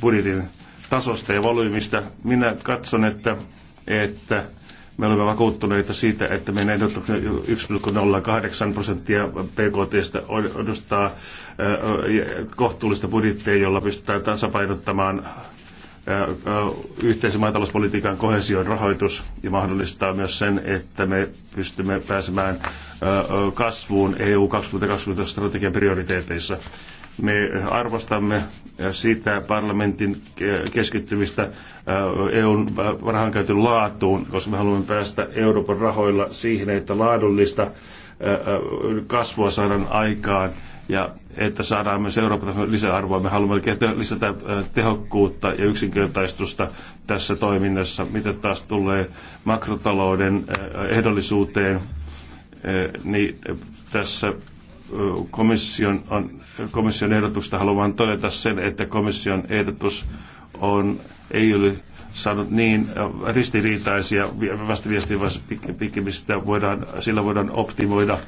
budjetin tasosta ja volyymista. Minä katson, että, että me olemme vakuuttuneita siitä, että meidän ehdotuksen 1,08 prosenttia PKT odostaa kohtuullista budjettia, jolla pystytään tasapainottamaan yhteisen maatalouspolitiikan kohesion rahoitus ja mahdollistaa myös sen, että me pystymme pääsemään kasvuun EU 2020 strategian prioriteeteissa. Me arvostamme sitä parlamentin keskittymistä EUn rahankäytön laatuun, koska me haluamme päästä Euroopan rahoilla siihen, että laadullista kasvua saadaan aikaan ja että saadaan myös Euroopan lisäarvoa. Me haluamme lisätä tehokkuutta ja yksinkertaistusta tässä toiminnassa. Mitä taas tulee makrotalouden ehdollisuuteen, niin tässä komission, on, komission ehdotuksesta haluan todeta sen, että komission ehdotus on, ei ole saanut niin ristiriitaisia vastaviestiä, vaan pikemmin sitä voidaan, sillä voidaan optimoida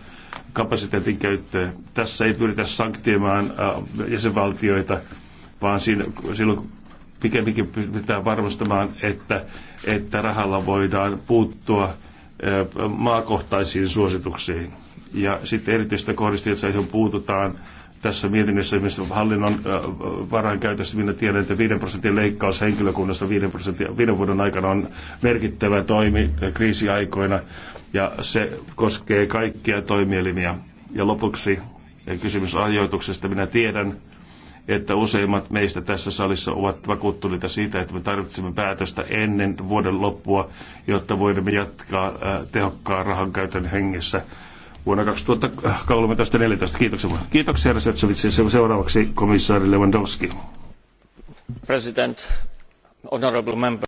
kapasiteetin käyttöä. Tässä ei pyritä sanktioimaan äh, jäsenvaltioita, vaan siinä, silloin pikemminkin pitää varmistamaan, että, että rahalla voidaan puuttua äh, maakohtaisiin suosituksiin. Ja sitten erityistä kohdistajista, joihin puututaan tässä mietinnössä esimerkiksi hallinnon äh, varainkäytössä, minä tiedän, että 5 prosentin leikkaus henkilökunnasta 5 prosentin, viiden vuoden aikana on merkittävä toimi kriisiaikoina, ja se koskee kaikkia toimielimiä. Ja lopuksi eh, kysymys ajoituksesta. Minä tiedän, että useimmat meistä tässä salissa ovat vakuuttuneita siitä, että me tarvitsemme päätöstä ennen vuoden loppua, jotta voimme jatkaa eh, tehokkaan rahankäytön hengessä vuonna 2013-2014. Kiitoksia. Kiitoksia, herra Setsovits. Seuraavaksi komissaari Lewandowski. President, honorable member.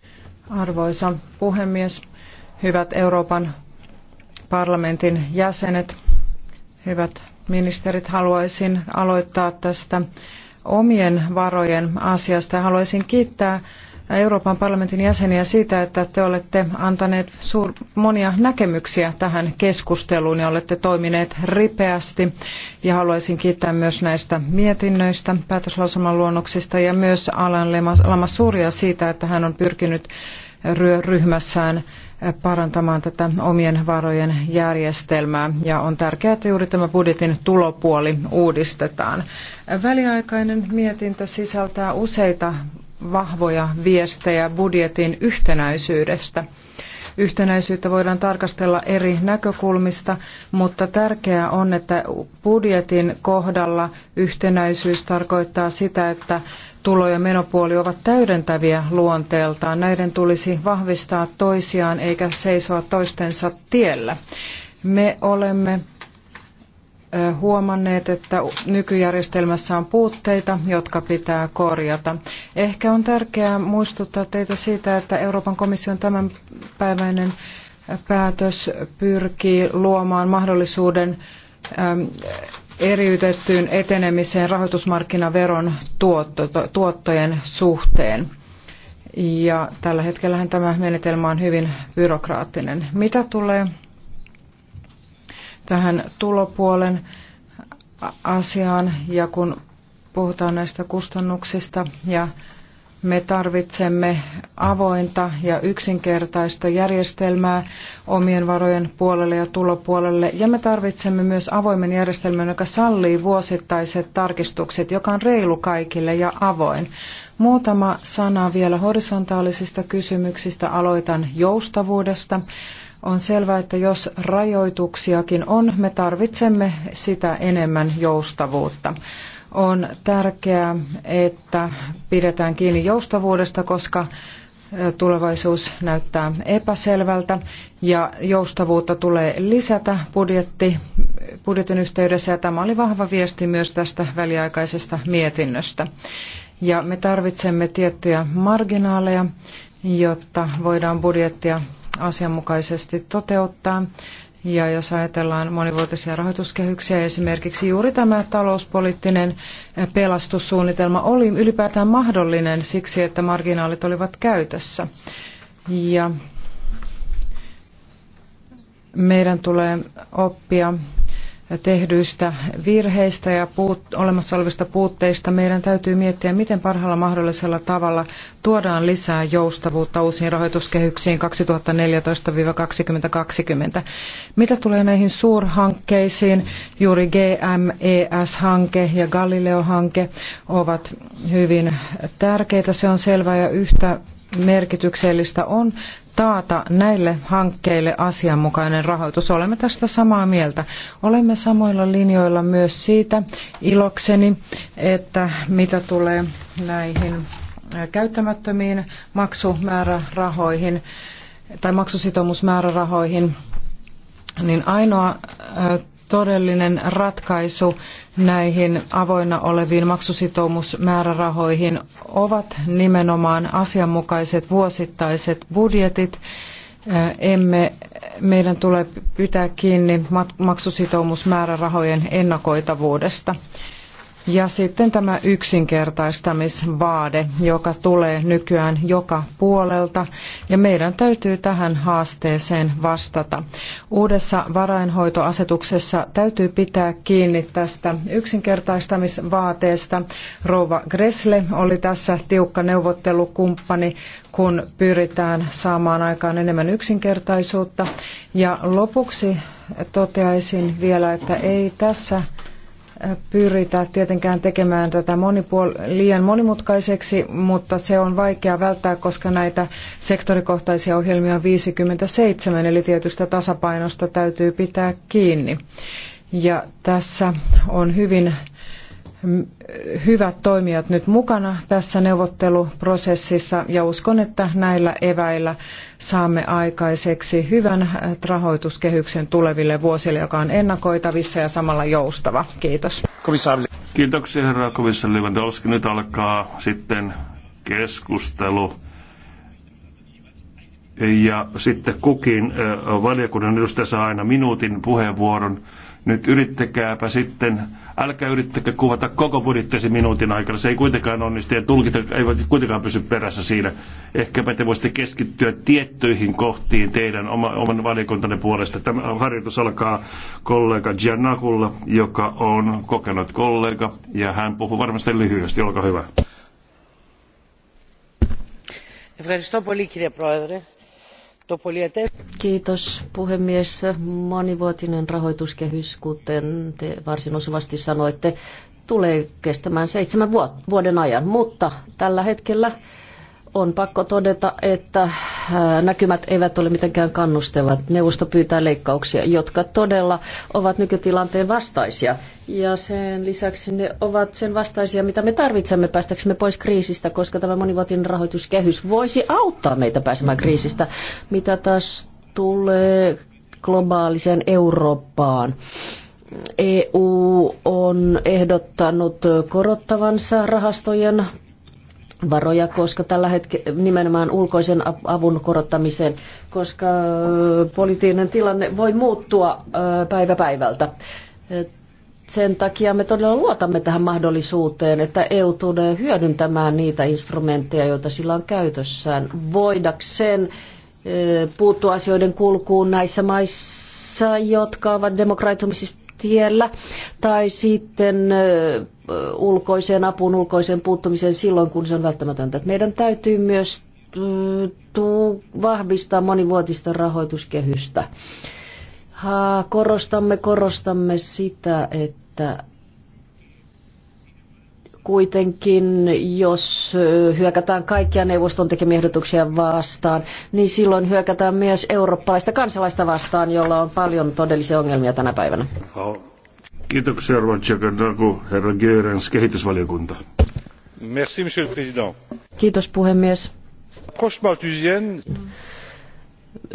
Arvoisa puhemies, hyvät Euroopan parlamentin jäsenet, hyvät ministerit, haluaisin aloittaa tästä omien varojen asiasta. Haluaisin kiittää Euroopan parlamentin jäseniä siitä, että te olette antaneet suur, monia näkemyksiä tähän keskusteluun ja olette toimineet ripeästi. Ja haluaisin kiittää myös näistä mietinnöistä, päätöslauselman luonnoksista ja myös Alan Lamassuuria siitä, että hän on pyrkinyt ryhmässään parantamaan tätä omien varojen järjestelmää ja on tärkeää, että juuri tämä budjetin tulopuoli uudistetaan. Väliaikainen mietintö sisältää useita vahvoja viestejä budjetin yhtenäisyydestä. Yhtenäisyyttä voidaan tarkastella eri näkökulmista, mutta tärkeää on, että budjetin kohdalla yhtenäisyys tarkoittaa sitä, että tulo- ja menopuoli ovat täydentäviä luonteeltaan. Näiden tulisi vahvistaa toisiaan eikä seisoa toistensa tiellä. Me olemme huomanneet, että nykyjärjestelmässä on puutteita, jotka pitää korjata. Ehkä on tärkeää muistuttaa teitä siitä, että Euroopan komission tämänpäiväinen päätös pyrkii luomaan mahdollisuuden eriytettyyn etenemiseen rahoitusmarkkinaveron tuottojen suhteen. Ja tällä hetkellähän tämä menetelmä on hyvin byrokraattinen. Mitä tulee tähän tulopuolen asiaan ja kun puhutaan näistä kustannuksista ja me tarvitsemme avointa ja yksinkertaista järjestelmää omien varojen puolelle ja tulopuolelle. Ja me tarvitsemme myös avoimen järjestelmän, joka sallii vuosittaiset tarkistukset, joka on reilu kaikille ja avoin. Muutama sana vielä horisontaalisista kysymyksistä. Aloitan joustavuudesta. On selvää, että jos rajoituksiakin on, me tarvitsemme sitä enemmän joustavuutta. On tärkeää, että pidetään kiinni joustavuudesta, koska tulevaisuus näyttää epäselvältä ja joustavuutta tulee lisätä budjetti, budjetin yhteydessä ja tämä oli vahva viesti myös tästä väliaikaisesta mietinnöstä. Ja me tarvitsemme tiettyjä marginaaleja, jotta voidaan budjettia asianmukaisesti toteuttaa. Ja jos ajatellaan monivuotisia rahoituskehyksiä, esimerkiksi juuri tämä talouspoliittinen pelastussuunnitelma oli ylipäätään mahdollinen siksi, että marginaalit olivat käytössä. Ja meidän tulee oppia tehdyistä virheistä ja puut, olemassa olevista puutteista. Meidän täytyy miettiä, miten parhaalla mahdollisella tavalla tuodaan lisää joustavuutta uusiin rahoituskehyksiin 2014-2020. Mitä tulee näihin suurhankkeisiin, juuri GMES-hanke ja Galileo-hanke ovat hyvin tärkeitä, se on selvä ja yhtä merkityksellistä on taata näille hankkeille asianmukainen rahoitus. Olemme tästä samaa mieltä. Olemme samoilla linjoilla myös siitä ilokseni, että mitä tulee näihin äh, käyttämättömiin maksumäärärahoihin tai maksusitoumusmäärärahoihin, niin ainoa äh, todellinen ratkaisu näihin avoinna oleviin maksusitoumusmäärärahoihin ovat nimenomaan asianmukaiset vuosittaiset budjetit. Emme, meidän tulee pitää kiinni maksusitoumusmäärärahojen ennakoitavuudesta. Ja sitten tämä yksinkertaistamisvaade, joka tulee nykyään joka puolelta, ja meidän täytyy tähän haasteeseen vastata. Uudessa varainhoitoasetuksessa täytyy pitää kiinni tästä yksinkertaistamisvaateesta. Rouva Gresle oli tässä tiukka neuvottelukumppani, kun pyritään saamaan aikaan enemmän yksinkertaisuutta. Ja lopuksi toteaisin vielä, että ei tässä pyritä tietenkään tekemään tätä monipuol- liian monimutkaiseksi, mutta se on vaikea välttää, koska näitä sektorikohtaisia ohjelmia on 57, eli tietystä tasapainosta täytyy pitää kiinni. Ja tässä on hyvin hyvät toimijat nyt mukana tässä neuvotteluprosessissa ja uskon, että näillä eväillä saamme aikaiseksi hyvän äh, rahoituskehyksen tuleville vuosille, joka on ennakoitavissa ja samalla joustava. Kiitos. Kiitoksia herra komissaari Lewandowski. Nyt alkaa sitten keskustelu. Ja sitten kukin äh, valiokunnan edustaja saa aina minuutin puheenvuoron. Nyt yrittäkääpä sitten Älkää yrittäkö kuvata koko budjettisi minuutin aikana. Se ei kuitenkaan onnistu ja tulkita eivät kuitenkaan pysy perässä siinä. Ehkäpä te voisitte keskittyä tiettyihin kohtiin teidän oma, oman valiokuntanne puolesta. Tämä harjoitus alkaa kollega Giannakulla, joka on kokenut kollega ja hän puhuu varmasti lyhyesti. Olkaa hyvä. Ευχαριστώ πολύ κύριε Πρόεδρε. Kiitos puhemies. Monivuotinen rahoituskehys, kuten te varsin osuvasti sanoitte, tulee kestämään seitsemän vuoden ajan, mutta tällä hetkellä on pakko todeta, että näkymät eivät ole mitenkään kannustavat. Neuvosto pyytää leikkauksia, jotka todella ovat nykytilanteen vastaisia. Ja sen lisäksi ne ovat sen vastaisia, mitä me tarvitsemme päästäksemme pois kriisistä, koska tämä monivuotinen rahoituskehys voisi auttaa meitä pääsemään kriisistä, mitä taas tulee globaaliseen Eurooppaan. EU on ehdottanut korottavansa rahastojen varoja, koska tällä hetkellä nimenomaan ulkoisen avun korottamiseen, koska poliittinen tilanne voi muuttua päivä päivältä. Sen takia me todella luotamme tähän mahdollisuuteen, että EU tulee hyödyntämään niitä instrumentteja, joita sillä on käytössään, voidakseen puuttua asioiden kulkuun näissä maissa, jotka ovat demokraattisissa tiellä tai sitten ulkoiseen apuun, ulkoiseen puuttumiseen silloin, kun se on välttämätöntä. Meidän täytyy myös vahvistaa monivuotista rahoituskehystä. Korostamme, korostamme sitä, että kuitenkin, jos hyökätään kaikkia neuvoston tekemiä ehdotuksia vastaan, niin silloin hyökätään myös eurooppalaista kansalaista vastaan, jolla on paljon todellisia ongelmia tänä päivänä. Kiitoksia, Arvan Tsekandaku, herra Gerens, kehitysvaliokunta. Merci, monsieur le président. Kiitos, puhemies.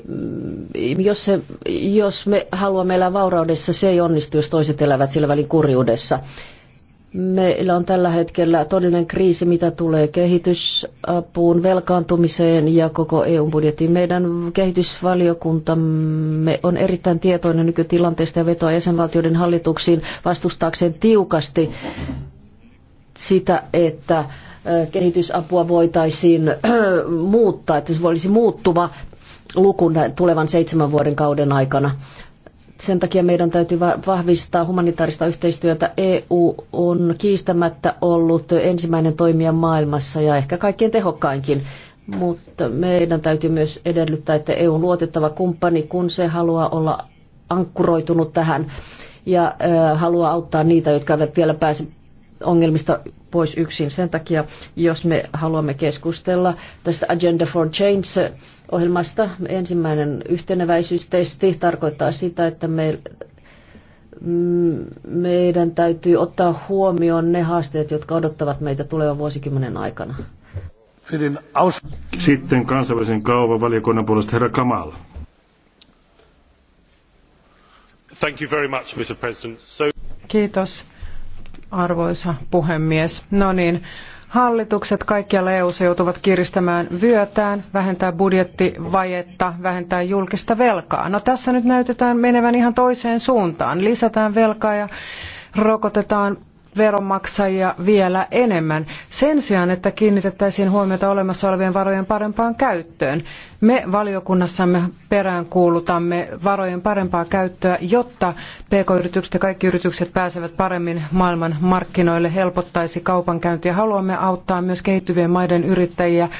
Mm, jos, se, jos me haluamme elää vauraudessa, se ei onnistu, jos toiset elävät sillä välin kurjuudessa Meillä on tällä hetkellä todellinen kriisi, mitä tulee kehitysapuun, velkaantumiseen ja koko EU-budjettiin. Meidän kehitysvaliokuntamme on erittäin tietoinen nykytilanteesta ja vetoa jäsenvaltioiden hallituksiin vastustaakseen tiukasti sitä, että kehitysapua voitaisiin muuttaa, että se olisi muuttuva luku tulevan seitsemän vuoden kauden aikana. Sen takia meidän täytyy vahvistaa humanitaarista yhteistyötä. EU on kiistämättä ollut ensimmäinen toimija maailmassa ja ehkä kaikkien tehokkainkin. Mutta meidän täytyy myös edellyttää, että EU on luotettava kumppani, kun se haluaa olla ankkuroitunut tähän ja ö, haluaa auttaa niitä, jotka eivät vielä pääse ongelmista pois yksin. Sen takia, jos me haluamme keskustella tästä Agenda for Change ohjelmasta. Ensimmäinen yhteneväisyystesti tarkoittaa sitä, että me, mm, meidän täytyy ottaa huomioon ne haasteet, jotka odottavat meitä tulevan vuosikymmenen aikana. Sitten kansainvälisen kaupan valiokunnan puolesta herra Kamal. Thank you very much, Mr. President. So... Kiitos, arvoisa puhemies. No niin, Hallitukset kaikkialla EU:ssa joutuvat kiristämään vyötään, vähentää budjettivajetta, vähentää julkista velkaa. No tässä nyt näytetään menevän ihan toiseen suuntaan. Lisätään velkaa ja rokotetaan veronmaksajia vielä enemmän. Sen sijaan, että kiinnitettäisiin huomiota olemassa olevien varojen parempaan käyttöön. Me valiokunnassamme peräänkuulutamme varojen parempaa käyttöä, jotta pk-yritykset ja kaikki yritykset pääsevät paremmin maailman markkinoille, helpottaisi kaupankäyntiä. Haluamme auttaa myös kehittyvien maiden yrittäjiä äh,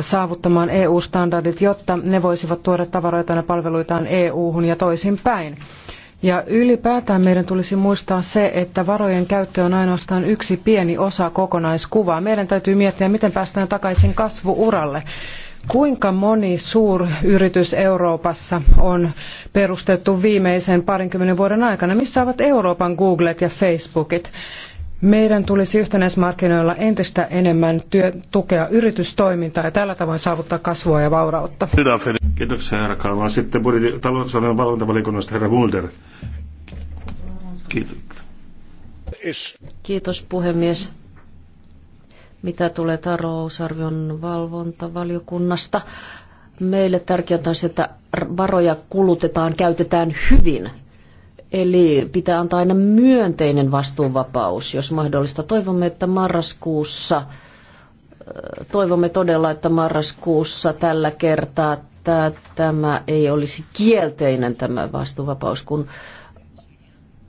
saavuttamaan EU-standardit, jotta ne voisivat tuoda tavaroitaan ja palveluitaan EU-hun ja toisinpäin. Ja ylipäätään meidän tulisi muistaa se, että varojen käyttö on ainoastaan yksi pieni osa kokonaiskuvaa. Meidän täytyy miettiä, miten päästään takaisin kasvuuralle. Kuinka moni suuryritys Euroopassa on perustettu viimeisen parinkymmenen vuoden aikana? Missä ovat Euroopan Googlet ja Facebookit? Meidän tulisi yhtenäismarkkinoilla entistä enemmän työ, tukea yritystoimintaa ja tällä tavoin saavuttaa kasvua ja vaurautta. Kiitoksia, herra Kalva. Sitten talousalueen valvontavalikunnasta herra Mulder. Kiitos. Kiitos puhemies. Mitä tulee talousarvion valvontavaliokunnasta? Meille tärkeää on se, että varoja kulutetaan, käytetään hyvin Eli pitää antaa aina myönteinen vastuunvapaus, jos mahdollista. Toivomme, että marraskuussa, toivomme todella, että marraskuussa tällä kertaa tämä, tämä ei olisi kielteinen tämä vastuunvapaus, kun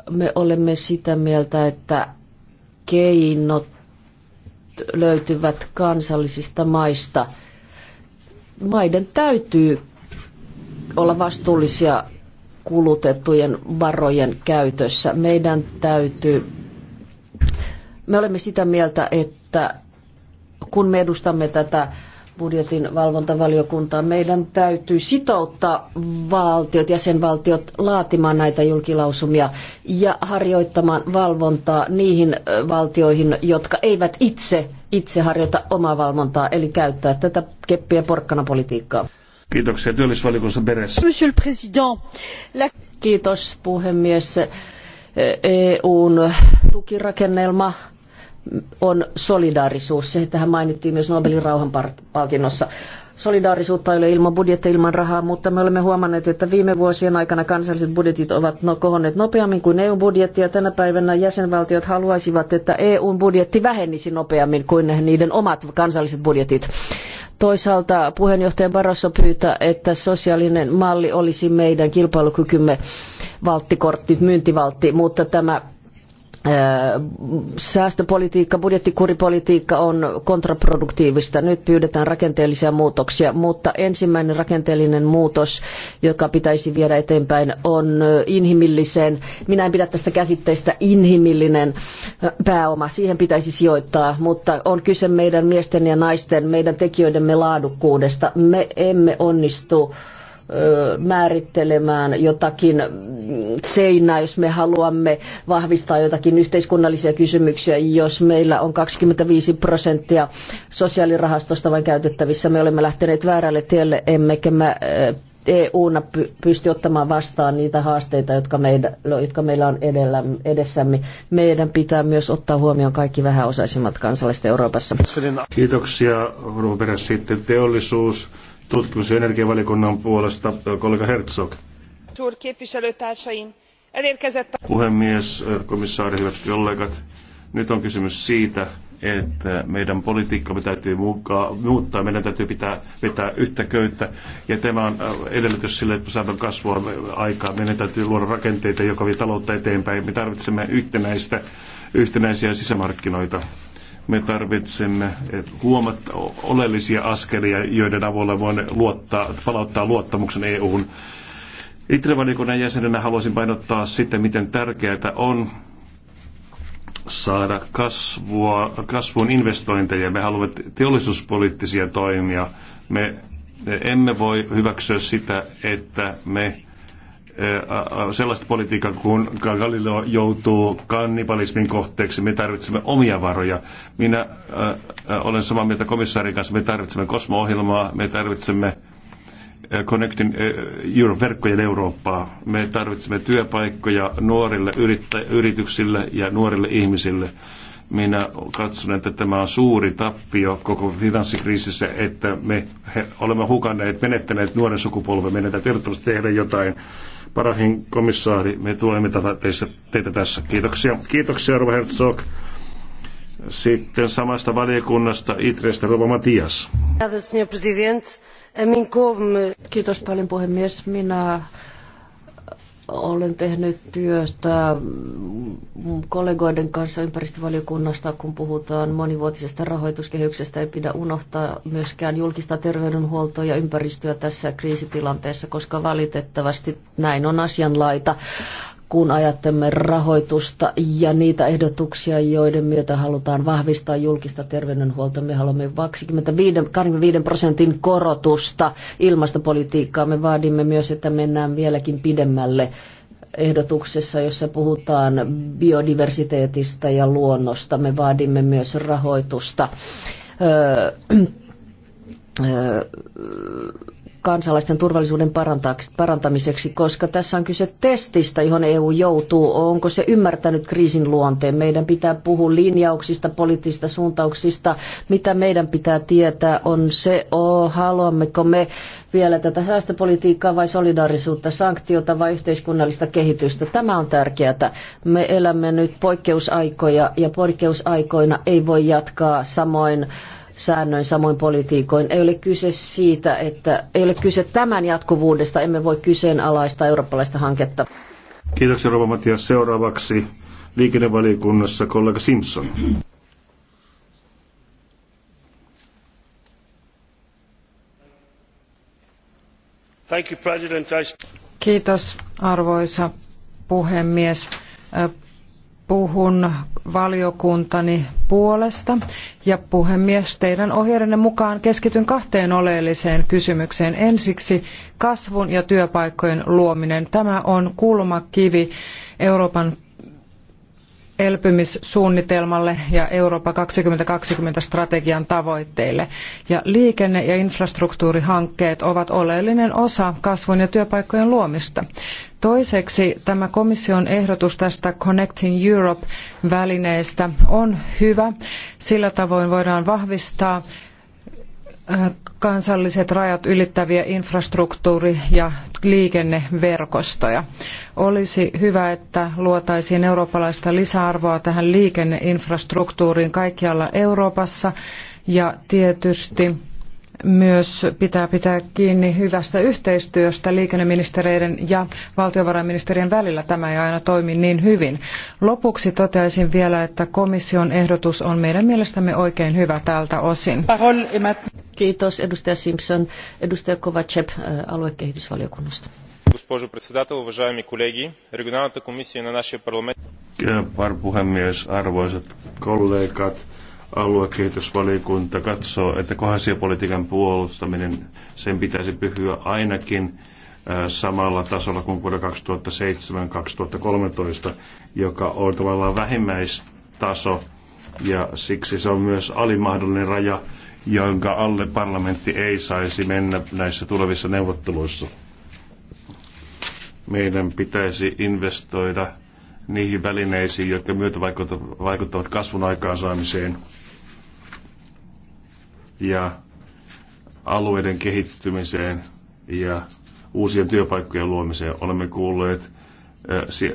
me olemme sitä mieltä, että keinot löytyvät kansallisista maista. Maiden täytyy olla vastuullisia kulutettujen varojen käytössä. Meidän täytyy, me olemme sitä mieltä, että kun me edustamme tätä budjetin valvontavaliokuntaa, meidän täytyy sitouttaa valtiot, jäsenvaltiot laatimaan näitä julkilausumia ja harjoittamaan valvontaa niihin valtioihin, jotka eivät itse, itse harjoita omaa valvontaa, eli käyttää tätä keppiä porkkana politiikkaa. Kiitoksia työllisyysvaliokunnassa peressä. Monsieur le Président. La... Kiitos puhemies. EUn e tukirakennelma on solidaarisuus. Se tähän mainittiin myös Nobelin rauhanpalkinnossa. Solidaarisuutta ei ole ilman budjettia, ilman rahaa, mutta me olemme huomanneet, että viime vuosien aikana kansalliset budjetit ovat no, kohonneet nopeammin kuin EU-budjetti, ja tänä päivänä jäsenvaltiot haluaisivat, että EU-budjetti vähenisi nopeammin kuin niiden omat kansalliset budjetit. Toisaalta puheenjohtaja Barroso pyytää, että sosiaalinen malli olisi meidän kilpailukykymme valttikortti, myyntivaltti, mutta tämä säästöpolitiikka, budjettikuripolitiikka on kontraproduktiivista. Nyt pyydetään rakenteellisia muutoksia, mutta ensimmäinen rakenteellinen muutos, joka pitäisi viedä eteenpäin, on inhimilliseen. Minä en pidä tästä käsitteestä inhimillinen pääoma. Siihen pitäisi sijoittaa, mutta on kyse meidän miesten ja naisten, meidän tekijöidemme laadukkuudesta. Me emme onnistu määrittelemään jotakin seinää, jos me haluamme vahvistaa jotakin yhteiskunnallisia kysymyksiä, jos meillä on 25 prosenttia sosiaalirahastosta vain käytettävissä. Me olemme lähteneet väärälle tielle, emmekä me EU-na pysty ottamaan vastaan niitä haasteita, jotka, meidän, jotka meillä on edellä, edessämme. Meidän pitää myös ottaa huomioon kaikki vähäosaisimmat kansalaiset Euroopassa. Kiitoksia, Ruberes. Sitten teollisuus tutkimus- ja energiavaliokunnan puolesta kollega Herzog. Puhemies, komissaari, hyvät kollegat. Nyt on kysymys siitä, että meidän politiikkamme täytyy muuttaa, meidän täytyy pitää, pitää yhtä köyttä. Ja tämä on äh, edellytys sille, että saadaan kasvua äh, aikaa. Meidän täytyy luoda rakenteita, joka vie taloutta eteenpäin. Me tarvitsemme yhtenäistä, yhtenäisiä sisämarkkinoita me tarvitsemme eh, huomatta oleellisia askelia, joiden avulla voimme luottaa, palauttaa luottamuksen EU-hun. Itrevaliokunnan jäsenenä haluaisin painottaa sitä, miten tärkeää on saada kasvua, kasvun investointeja. Me haluamme teollisuuspoliittisia toimia. Me emme voi hyväksyä sitä, että me sellaista politiikkaa, kun Galileo joutuu kannibalismin kohteeksi. Me tarvitsemme omia varoja. Minä äh, olen samaa mieltä komissaarin kanssa. Me tarvitsemme kosmo-ohjelmaa, me tarvitsemme Connecting Europe-verkkojen Eurooppaa. Me tarvitsemme työpaikkoja nuorille yrittä, yrityksille ja nuorille ihmisille. Minä katson, että tämä on suuri tappio koko finanssikriisissä, että me olemme hukanneet, menettäneet nuoren sukupolven. Meidän täytyy tehdä jotain Parahin komissaari, me tulemme tätä teistä, teitä tässä. Kiitoksia. Kiitoksia, Rova Herzog. Sitten samasta valiokunnasta Itrestä Rova Matias. Kiitos paljon puhemies. Minä olen tehnyt työstä kollegoiden kanssa ympäristövaliokunnasta, kun puhutaan monivuotisesta rahoituskehyksestä. Ei pidä unohtaa myöskään julkista terveydenhuoltoa ja ympäristöä tässä kriisitilanteessa, koska valitettavasti näin on asianlaita kun ajattelemme rahoitusta ja niitä ehdotuksia, joiden myötä halutaan vahvistaa julkista terveydenhuoltoa. Me haluamme 25, 25 prosentin korotusta ilmastopolitiikkaa. Me vaadimme myös, että mennään vieläkin pidemmälle ehdotuksessa, jossa puhutaan biodiversiteetistä ja luonnosta. Me vaadimme myös rahoitusta. Öö, öö, kansalaisten turvallisuuden parantamiseksi, koska tässä on kyse testistä, johon EU joutuu. Onko se ymmärtänyt kriisin luonteen? Meidän pitää puhua linjauksista, poliittisista suuntauksista. Mitä meidän pitää tietää on se, oh, haluammeko me vielä tätä säästöpolitiikkaa vai solidaarisuutta, sanktiota vai yhteiskunnallista kehitystä. Tämä on tärkeää. Me elämme nyt poikkeusaikoja ja poikkeusaikoina ei voi jatkaa samoin säännöin samoin politiikoin. Ei ole kyse siitä, että ei ole kyse tämän jatkuvuudesta. Emme voi kyseenalaistaa eurooppalaista hanketta. Kiitoksia Rova Matias. Seuraavaksi liikennevaliokunnassa kollega Simpson. Kiitos arvoisa puhemies puhun valiokuntani puolesta ja puhemies teidän ohjeidenne mukaan keskityn kahteen oleelliseen kysymykseen. Ensiksi kasvun ja työpaikkojen luominen. Tämä on kulmakivi Euroopan elpymissuunnitelmalle ja Eurooppa 2020 strategian tavoitteille. Ja liikenne- ja infrastruktuurihankkeet ovat oleellinen osa kasvun ja työpaikkojen luomista. Toiseksi tämä komission ehdotus tästä Connecting Europe-välineestä on hyvä. Sillä tavoin voidaan vahvistaa kansalliset rajat ylittäviä infrastruktuuri- ja liikenneverkostoja. Olisi hyvä, että luotaisiin eurooppalaista lisäarvoa tähän liikenneinfrastruktuuriin kaikkialla Euroopassa ja tietysti myös pitää pitää kiinni hyvästä yhteistyöstä liikenneministereiden ja valtiovarainministerien välillä. Tämä ei aina toimi niin hyvin. Lopuksi toteaisin vielä, että komission ehdotus on meidän mielestämme oikein hyvä tältä osin. Kiitos edustaja Simpson. Edustaja Kovacep äh, aluekehitysvaliokunnasta. Госпожо Puhemies, arvoisat kollegat, aluekehitysvaliokunta katsoo, että kohesiopolitiikan puolustaminen, sen pitäisi pyhyä ainakin samalla tasolla kuin vuoden 2007-2013, joka on tavallaan vähimmäistaso ja siksi se on myös alimahdollinen raja, jonka alle parlamentti ei saisi mennä näissä tulevissa neuvotteluissa. Meidän pitäisi investoida niihin välineisiin, jotka myötä vaikuttavat kasvun aikaansaamiseen – ja alueiden kehittymiseen ja uusien työpaikkojen luomiseen. Olemme kuulleet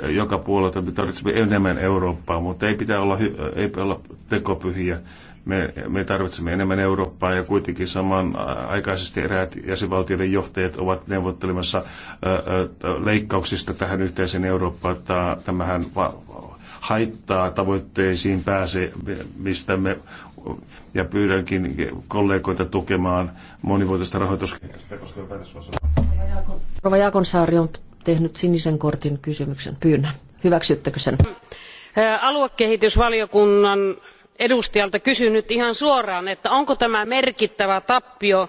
joka puolelta, me tarvitsemme enemmän Eurooppaa, mutta ei pitää olla, ei pitää olla tekopyhiä. Me, me tarvitsemme enemmän Eurooppaa ja kuitenkin samanaikaisesti eräät jäsenvaltioiden johtajat ovat neuvottelemassa leikkauksista tähän yhteiseen Eurooppaan. Tämähän haittaa tavoitteisiin me ja pyydänkin kollegoita tukemaan monivuotista rahoituskehitystä koskeva Rova Jaakonsaari on tehnyt sinisen kortin kysymyksen pyynnön. Hyväksyttekö sen? Aluekehitysvaliokunnan edustajalta kysynyt ihan suoraan, että onko tämä merkittävä tappio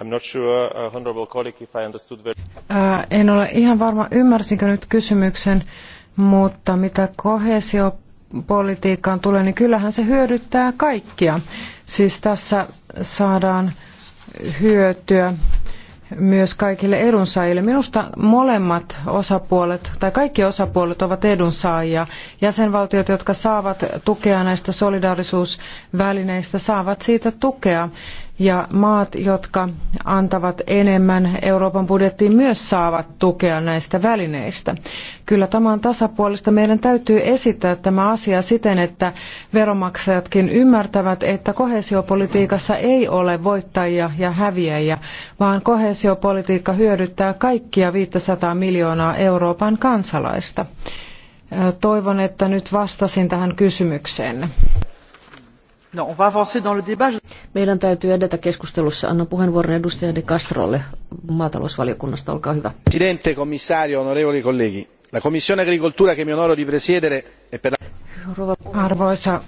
Uh, äh, en ole ihan varma, ymmärsinkö nyt kysymyksen, mutta mitä kohesiopolitiikkaan tulee, niin kyllähän se hyödyttää kaikkia. Siis tässä saadaan hyötyä myös kaikille edunsaajille. Minusta molemmat osapuolet tai kaikki osapuolet ovat edunsaajia. Jäsenvaltiot, jotka saavat tukea näistä solidaarisuusvälineistä, saavat siitä tukea ja maat, jotka antavat enemmän Euroopan budjettiin, myös saavat tukea näistä välineistä. Kyllä tämä on tasapuolista. Meidän täytyy esittää tämä asia siten, että veromaksajatkin ymmärtävät, että koheesiopolitiikassa ei ole voittajia ja häviäjiä, vaan koheesiopolitiikka hyödyttää kaikkia 500 miljoonaa Euroopan kansalaista. Toivon, että nyt vastasin tähän kysymykseen. No, on va avancer dans le débat. Meidän täytyy edetä keskustelussa. Anna puheenvuoron edustaja De Castrolle maatalousvaliokunnasta. Olkaa hyvä. Presidente, commissario, onorevoli colleghi. La Commissione Agricoltura che mi onoro di presiedere è per la... Arvoisa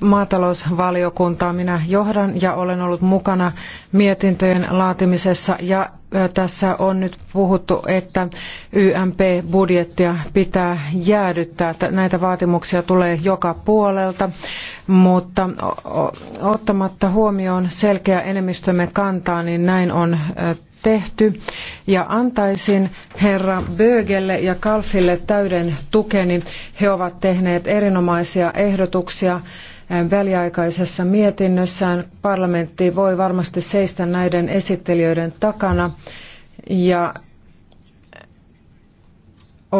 maatalousvaliokuntaa minä johdan ja olen ollut mukana mietintöjen laatimisessa ja tässä on nyt puhuttu, että YMP-budjettia pitää jäädyttää. Näitä vaatimuksia tulee joka puolelta mutta ottamatta huomioon selkeä enemmistömme kantaa, niin näin on tehty. Ja antaisin herra Bögelle ja Kalfille täyden tukeni. He ovat tehneet erinomaisia ehdotuksia väliaikaisessa mietinnössään. Parlamentti voi varmasti seistä näiden esittelijöiden takana. Ja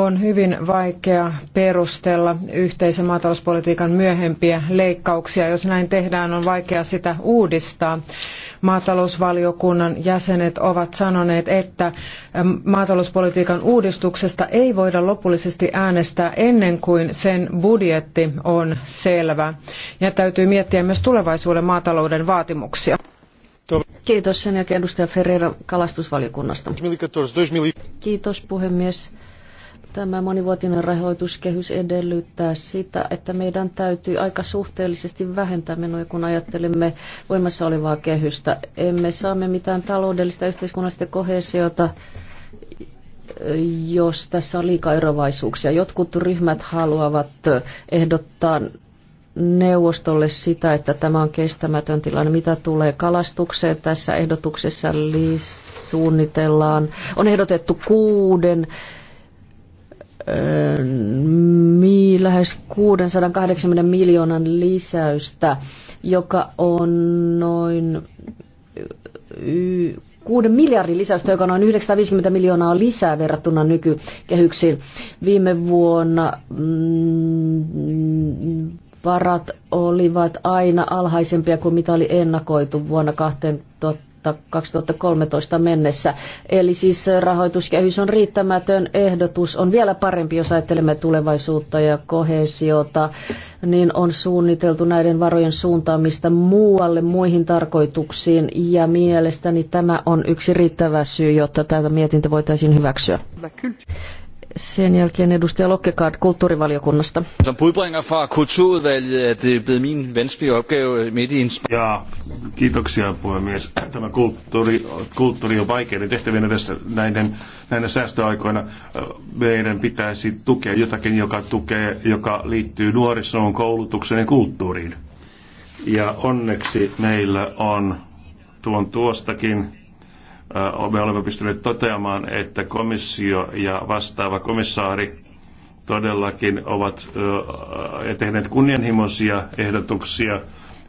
on hyvin vaikea perustella yhteisen maatalouspolitiikan myöhempiä leikkauksia. Jos näin tehdään, on vaikea sitä uudistaa. Maatalousvaliokunnan jäsenet ovat sanoneet, että maatalouspolitiikan uudistuksesta ei voida lopullisesti äänestää ennen kuin sen budjetti on selvä. Ja täytyy miettiä myös tulevaisuuden maatalouden vaatimuksia. Kiitos sen jälkeen edustaja Ferreira kalastusvaliokunnasta. E e- Kiitos puhemies. Tämä monivuotinen rahoituskehys edellyttää sitä, että meidän täytyy aika suhteellisesti vähentää menoja, kun ajattelemme voimassa olevaa kehystä. Emme saamme mitään taloudellista yhteiskunnallista kohesiota, jos tässä on liikaa erovaisuuksia. Jotkut ryhmät haluavat ehdottaa neuvostolle sitä, että tämä on kestämätön tilanne. Mitä tulee kalastukseen, tässä ehdotuksessa suunnitellaan, on ehdotettu kuuden lähes 680 miljoonan lisäystä, joka on noin 6 miljardin lisäystä, joka on noin 950 miljoonaa lisää verrattuna nykykehyksiin. Viime vuonna mm, varat olivat aina alhaisempia kuin mitä oli ennakoitu vuonna 2000 2013 mennessä. Eli siis rahoituskehys on riittämätön, ehdotus on vielä parempi, jos ajattelemme tulevaisuutta ja kohesiota, niin on suunniteltu näiden varojen suuntaamista muualle muihin tarkoituksiin ja mielestäni tämä on yksi riittävä syy, jotta tätä mietintö voitaisiin hyväksyä. Sen jälkeen edustaja Lokkekaard kulttuurivaliokunnasta. Som budbringer fra kulturudvalget er det blevet min vanskelige opgave midt i en... Jaa, kiitoksia puhemies. Tämä kulttuuri, kulttuuri on vaikeiden tehtävien edessä näiden, näinä säästöaikoina. Meidän pitäisi tukea jotakin, joka, tukee, joka liittyy nuorisoon, koulutukseen ja kulttuuriin. Ja onneksi meillä on tuon tuostakin me olemme pystyneet toteamaan, että komissio ja vastaava komissaari todellakin ovat tehneet kunnianhimoisia ehdotuksia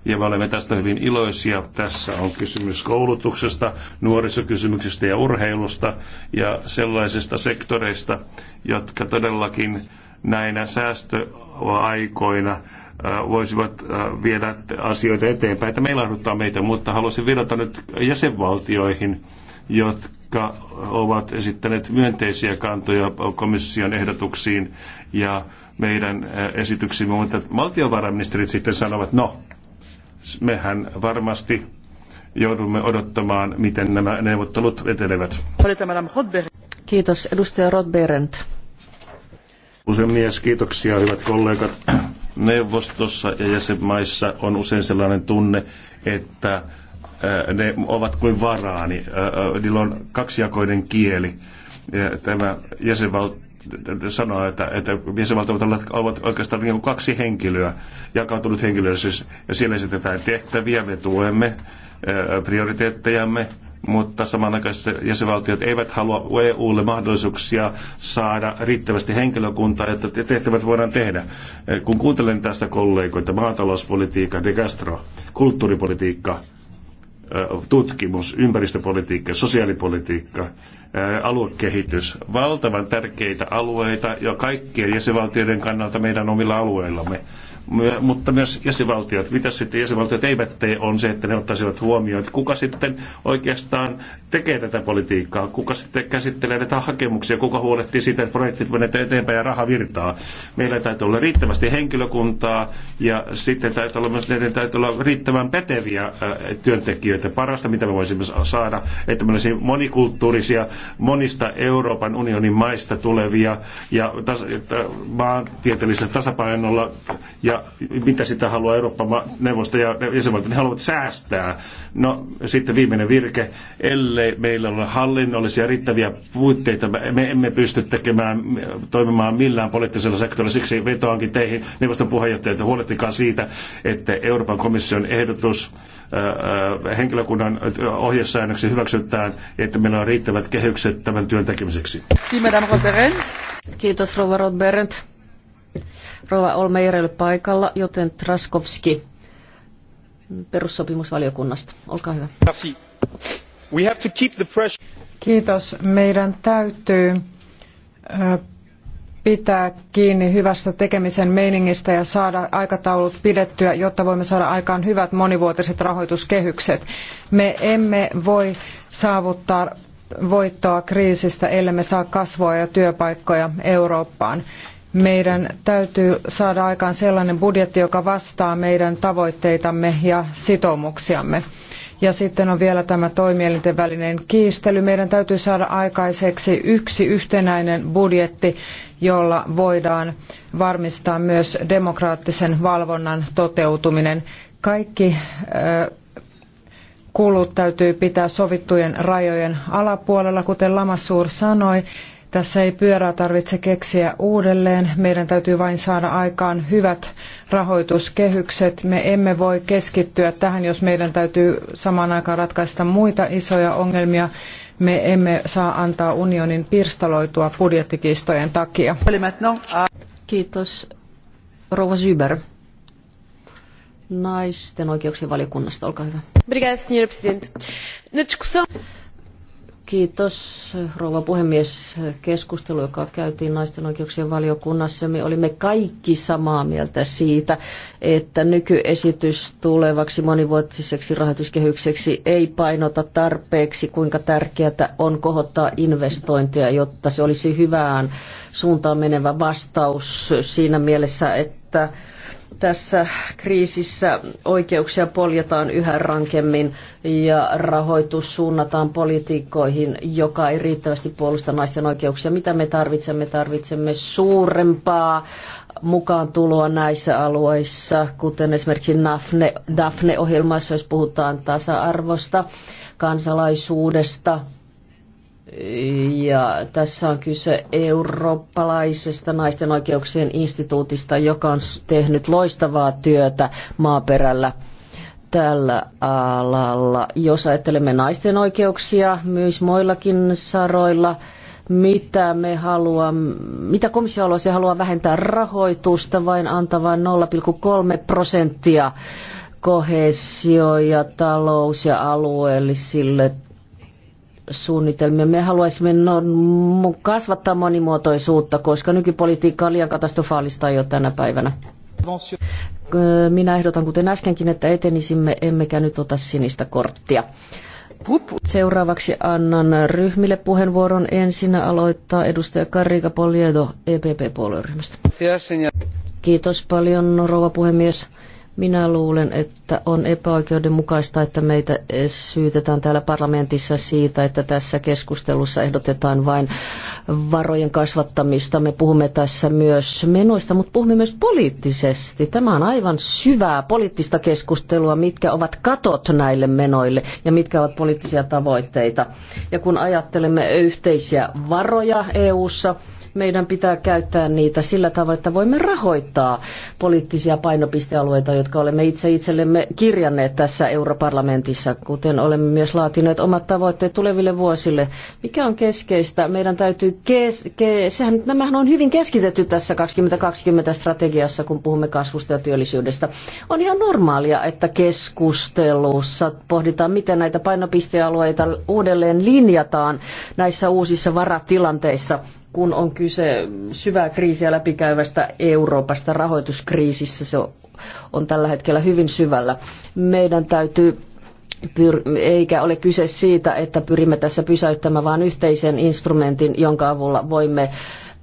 ja me olemme tästä hyvin iloisia. Tässä on kysymys koulutuksesta, nuorisokysymyksistä ja urheilusta ja sellaisista sektoreista, jotka todellakin näinä säästöaikoina voisivat viedä asioita eteenpäin. Että meillä meitä, mutta haluaisin vedota nyt jäsenvaltioihin – jotka ovat esittäneet myönteisiä kantoja komission ehdotuksiin ja meidän esityksiimme, mutta valtiovarainministerit sitten sanovat, no, mehän varmasti joudumme odottamaan, miten nämä neuvottelut etenevät. Kiitos, edustaja Rodberent. Puhemies, kiitoksia hyvät kollegat. Neuvostossa ja jäsenmaissa on usein sellainen tunne, että ne ovat kuin varaani. Niillä on kaksijakoinen kieli. Ja tämä jäsenvaltio sanoo, että, että jäsenvaltiot ovat oikeastaan niin kuin kaksi henkilöä, jakautunut henkilö, siis, ja siellä esitetään tehtäviä, me tuemme prioriteettejamme, mutta samanaikaisesti jäsenvaltiot eivät halua EUlle mahdollisuuksia saada riittävästi henkilökuntaa, että tehtävät voidaan tehdä. Kun kuuntelen tästä kollegoita, maatalouspolitiikka, De Castro, kulttuuripolitiikka, tutkimus, ympäristöpolitiikka, sosiaalipolitiikka, aluekehitys, valtavan tärkeitä alueita ja kaikkien jäsenvaltioiden kannalta meidän omilla alueillamme mutta myös jäsenvaltiot. Mitä sitten jäsenvaltiot eivät tee, on se, että ne ottaisivat huomioon, että kuka sitten oikeastaan tekee tätä politiikkaa, kuka sitten käsittelee näitä hakemuksia, kuka huolehtii siitä, että projektit menevät eteenpäin ja raha virtaa. Meillä täytyy olla riittävästi henkilökuntaa ja sitten täytyy olla myös näiden täytyy olla riittävän päteviä työntekijöitä. Parasta, mitä me voisimme saada, että me olisi monikulttuurisia, monista Euroopan unionin maista tulevia ja maantieteellisellä tasapainolla ja mitä sitä haluaa Euroopan neuvosto ja jäsenvaltiot, ne haluavat säästää. No sitten viimeinen virke, ellei meillä ole hallinnollisia riittäviä puitteita, me emme pysty tekemään, toimimaan millään poliittisella sektorilla. Siksi vetoankin teihin neuvoston puheenjohtajat, että huolehtikaa siitä, että Euroopan komission ehdotus henkilökunnan ohjesäännöksi hyväksytään, että meillä on riittävät kehykset tämän työn tekemiseksi. Kiitos, Rova Rodberent. Rova Olmeier ei ole paikalla, joten Traskovski perussopimusvaliokunnasta. Olkaa hyvä. Kiitos. Meidän täytyy pitää kiinni hyvästä tekemisen meiningistä ja saada aikataulut pidettyä, jotta voimme saada aikaan hyvät monivuotiset rahoituskehykset. Me emme voi saavuttaa voittoa kriisistä, me saa kasvua ja työpaikkoja Eurooppaan. Meidän täytyy saada aikaan sellainen budjetti, joka vastaa meidän tavoitteitamme ja sitoumuksiamme. Ja sitten on vielä tämä toimielinten välinen kiistely. Meidän täytyy saada aikaiseksi yksi yhtenäinen budjetti, jolla voidaan varmistaa myös demokraattisen valvonnan toteutuminen. Kaikki kulut täytyy pitää sovittujen rajojen alapuolella, kuten Lamassuur sanoi, tässä ei pyörää tarvitse keksiä uudelleen. Meidän täytyy vain saada aikaan hyvät rahoituskehykset. Me emme voi keskittyä tähän, jos meidän täytyy samaan aikaan ratkaista muita isoja ongelmia. Me emme saa antaa unionin pirstaloitua budjettikistojen takia. Kiitos, Rouva Zyber. Naisten oikeuksien valiokunnasta, olkaa hyvä. Kiitos, rouva puhemies. Keskustelu, joka käytiin naisten oikeuksien valiokunnassa, me olimme kaikki samaa mieltä siitä, että nykyesitys tulevaksi monivuotiseksi rahoituskehykseksi ei painota tarpeeksi, kuinka tärkeää on kohottaa investointeja, jotta se olisi hyvään suuntaan menevä vastaus siinä mielessä, että tässä kriisissä oikeuksia poljetaan yhä rankemmin ja rahoitus suunnataan politiikkoihin, joka ei riittävästi puolusta naisten oikeuksia. Mitä me tarvitsemme? Tarvitsemme suurempaa mukaan tuloa näissä alueissa, kuten esimerkiksi Daphne-ohjelmassa, jos puhutaan tasa-arvosta, kansalaisuudesta – ja tässä on kyse eurooppalaisesta naisten oikeuksien instituutista, joka on tehnyt loistavaa työtä maaperällä tällä alalla. Jos ajattelemme naisten oikeuksia myös muillakin saroilla, mitä me haluamme, mitä komissio haluaa, haluaa vähentää rahoitusta vain antavan 0,3 prosenttia kohesio ja talous ja alueellisille suunnitelmia. Me haluaisimme kasvattaa monimuotoisuutta, koska nykypolitiikka on liian katastrofaalista jo tänä päivänä. Minä ehdotan, kuten äskenkin, että etenisimme, emmekä nyt ota sinistä korttia. Seuraavaksi annan ryhmille puheenvuoron. ensin aloittaa edustaja Karrika Poliedo EPP-puolueryhmästä. Kiitos paljon, rouva puhemies. Minä luulen, että on epäoikeudenmukaista, että meitä syytetään täällä parlamentissa siitä, että tässä keskustelussa ehdotetaan vain varojen kasvattamista. Me puhumme tässä myös menoista, mutta puhumme myös poliittisesti. Tämä on aivan syvää poliittista keskustelua, mitkä ovat katot näille menoille ja mitkä ovat poliittisia tavoitteita. Ja kun ajattelemme yhteisiä varoja EU:ssa, meidän pitää käyttää niitä sillä tavalla, että voimme rahoittaa poliittisia painopistealueita, joita jotka olemme itse itsellemme kirjanneet tässä europarlamentissa, kuten olemme myös laatineet omat tavoitteet tuleville vuosille. Mikä on keskeistä? Meidän täytyy, kes- ke- sehän, nämähän on hyvin keskitetty tässä 2020-strategiassa, kun puhumme kasvusta ja työllisyydestä. On ihan normaalia, että keskustelussa pohditaan, miten näitä painopistealueita uudelleen linjataan näissä uusissa varatilanteissa – kun on kyse syvää kriisiä läpikäyvästä Euroopasta rahoituskriisissä. Se on tällä hetkellä hyvin syvällä. Meidän täytyy pyr- eikä ole kyse siitä, että pyrimme tässä pysäyttämään, vain yhteisen instrumentin, jonka avulla voimme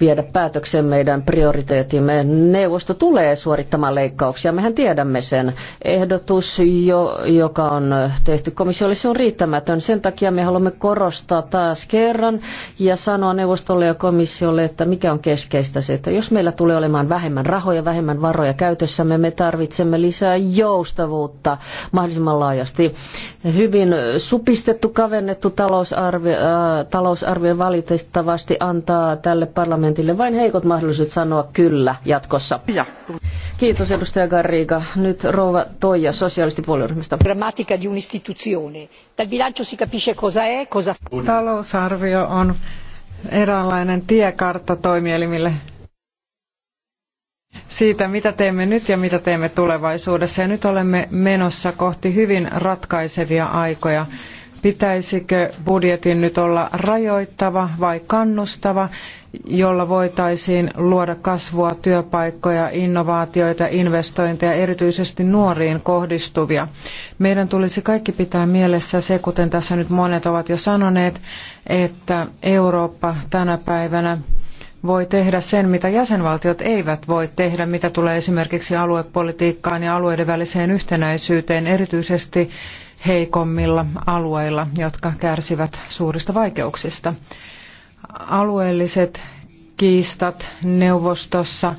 viedä päätöksen meidän prioriteetimme. Neuvosto tulee suorittamaan leikkauksia, mehän tiedämme sen. Ehdotus, jo, joka on tehty komissiolle, se on riittämätön. Sen takia me haluamme korostaa taas kerran ja sanoa neuvostolle ja komissiolle, että mikä on keskeistä se, että jos meillä tulee olemaan vähemmän rahoja, vähemmän varoja käytössämme, me tarvitsemme lisää joustavuutta mahdollisimman laajasti. Hyvin supistettu, kavennettu talousarvio, äh, talousarvio valitettavasti antaa tälle parlamentille parlamentille vain heikot mahdollisuudet sanoa kyllä jatkossa. Ja. Kiitos edustaja Garriga. Nyt rouva Toija sosialistipuolueryhmästä. Grammatica di un'istituzione. Dal bilancio si capisce cosa è, cosa... Talousarvio on eräänlainen tiekartta toimielimille siitä, mitä teemme nyt ja mitä teemme tulevaisuudessa. Ja nyt olemme menossa kohti hyvin ratkaisevia aikoja. Pitäisikö budjetin nyt olla rajoittava vai kannustava, jolla voitaisiin luoda kasvua, työpaikkoja, innovaatioita, investointeja, erityisesti nuoriin kohdistuvia? Meidän tulisi kaikki pitää mielessä se, kuten tässä nyt monet ovat jo sanoneet, että Eurooppa tänä päivänä voi tehdä sen, mitä jäsenvaltiot eivät voi tehdä, mitä tulee esimerkiksi aluepolitiikkaan ja alueiden väliseen yhtenäisyyteen, erityisesti heikommilla alueilla, jotka kärsivät suurista vaikeuksista. Alueelliset kiistat neuvostossa,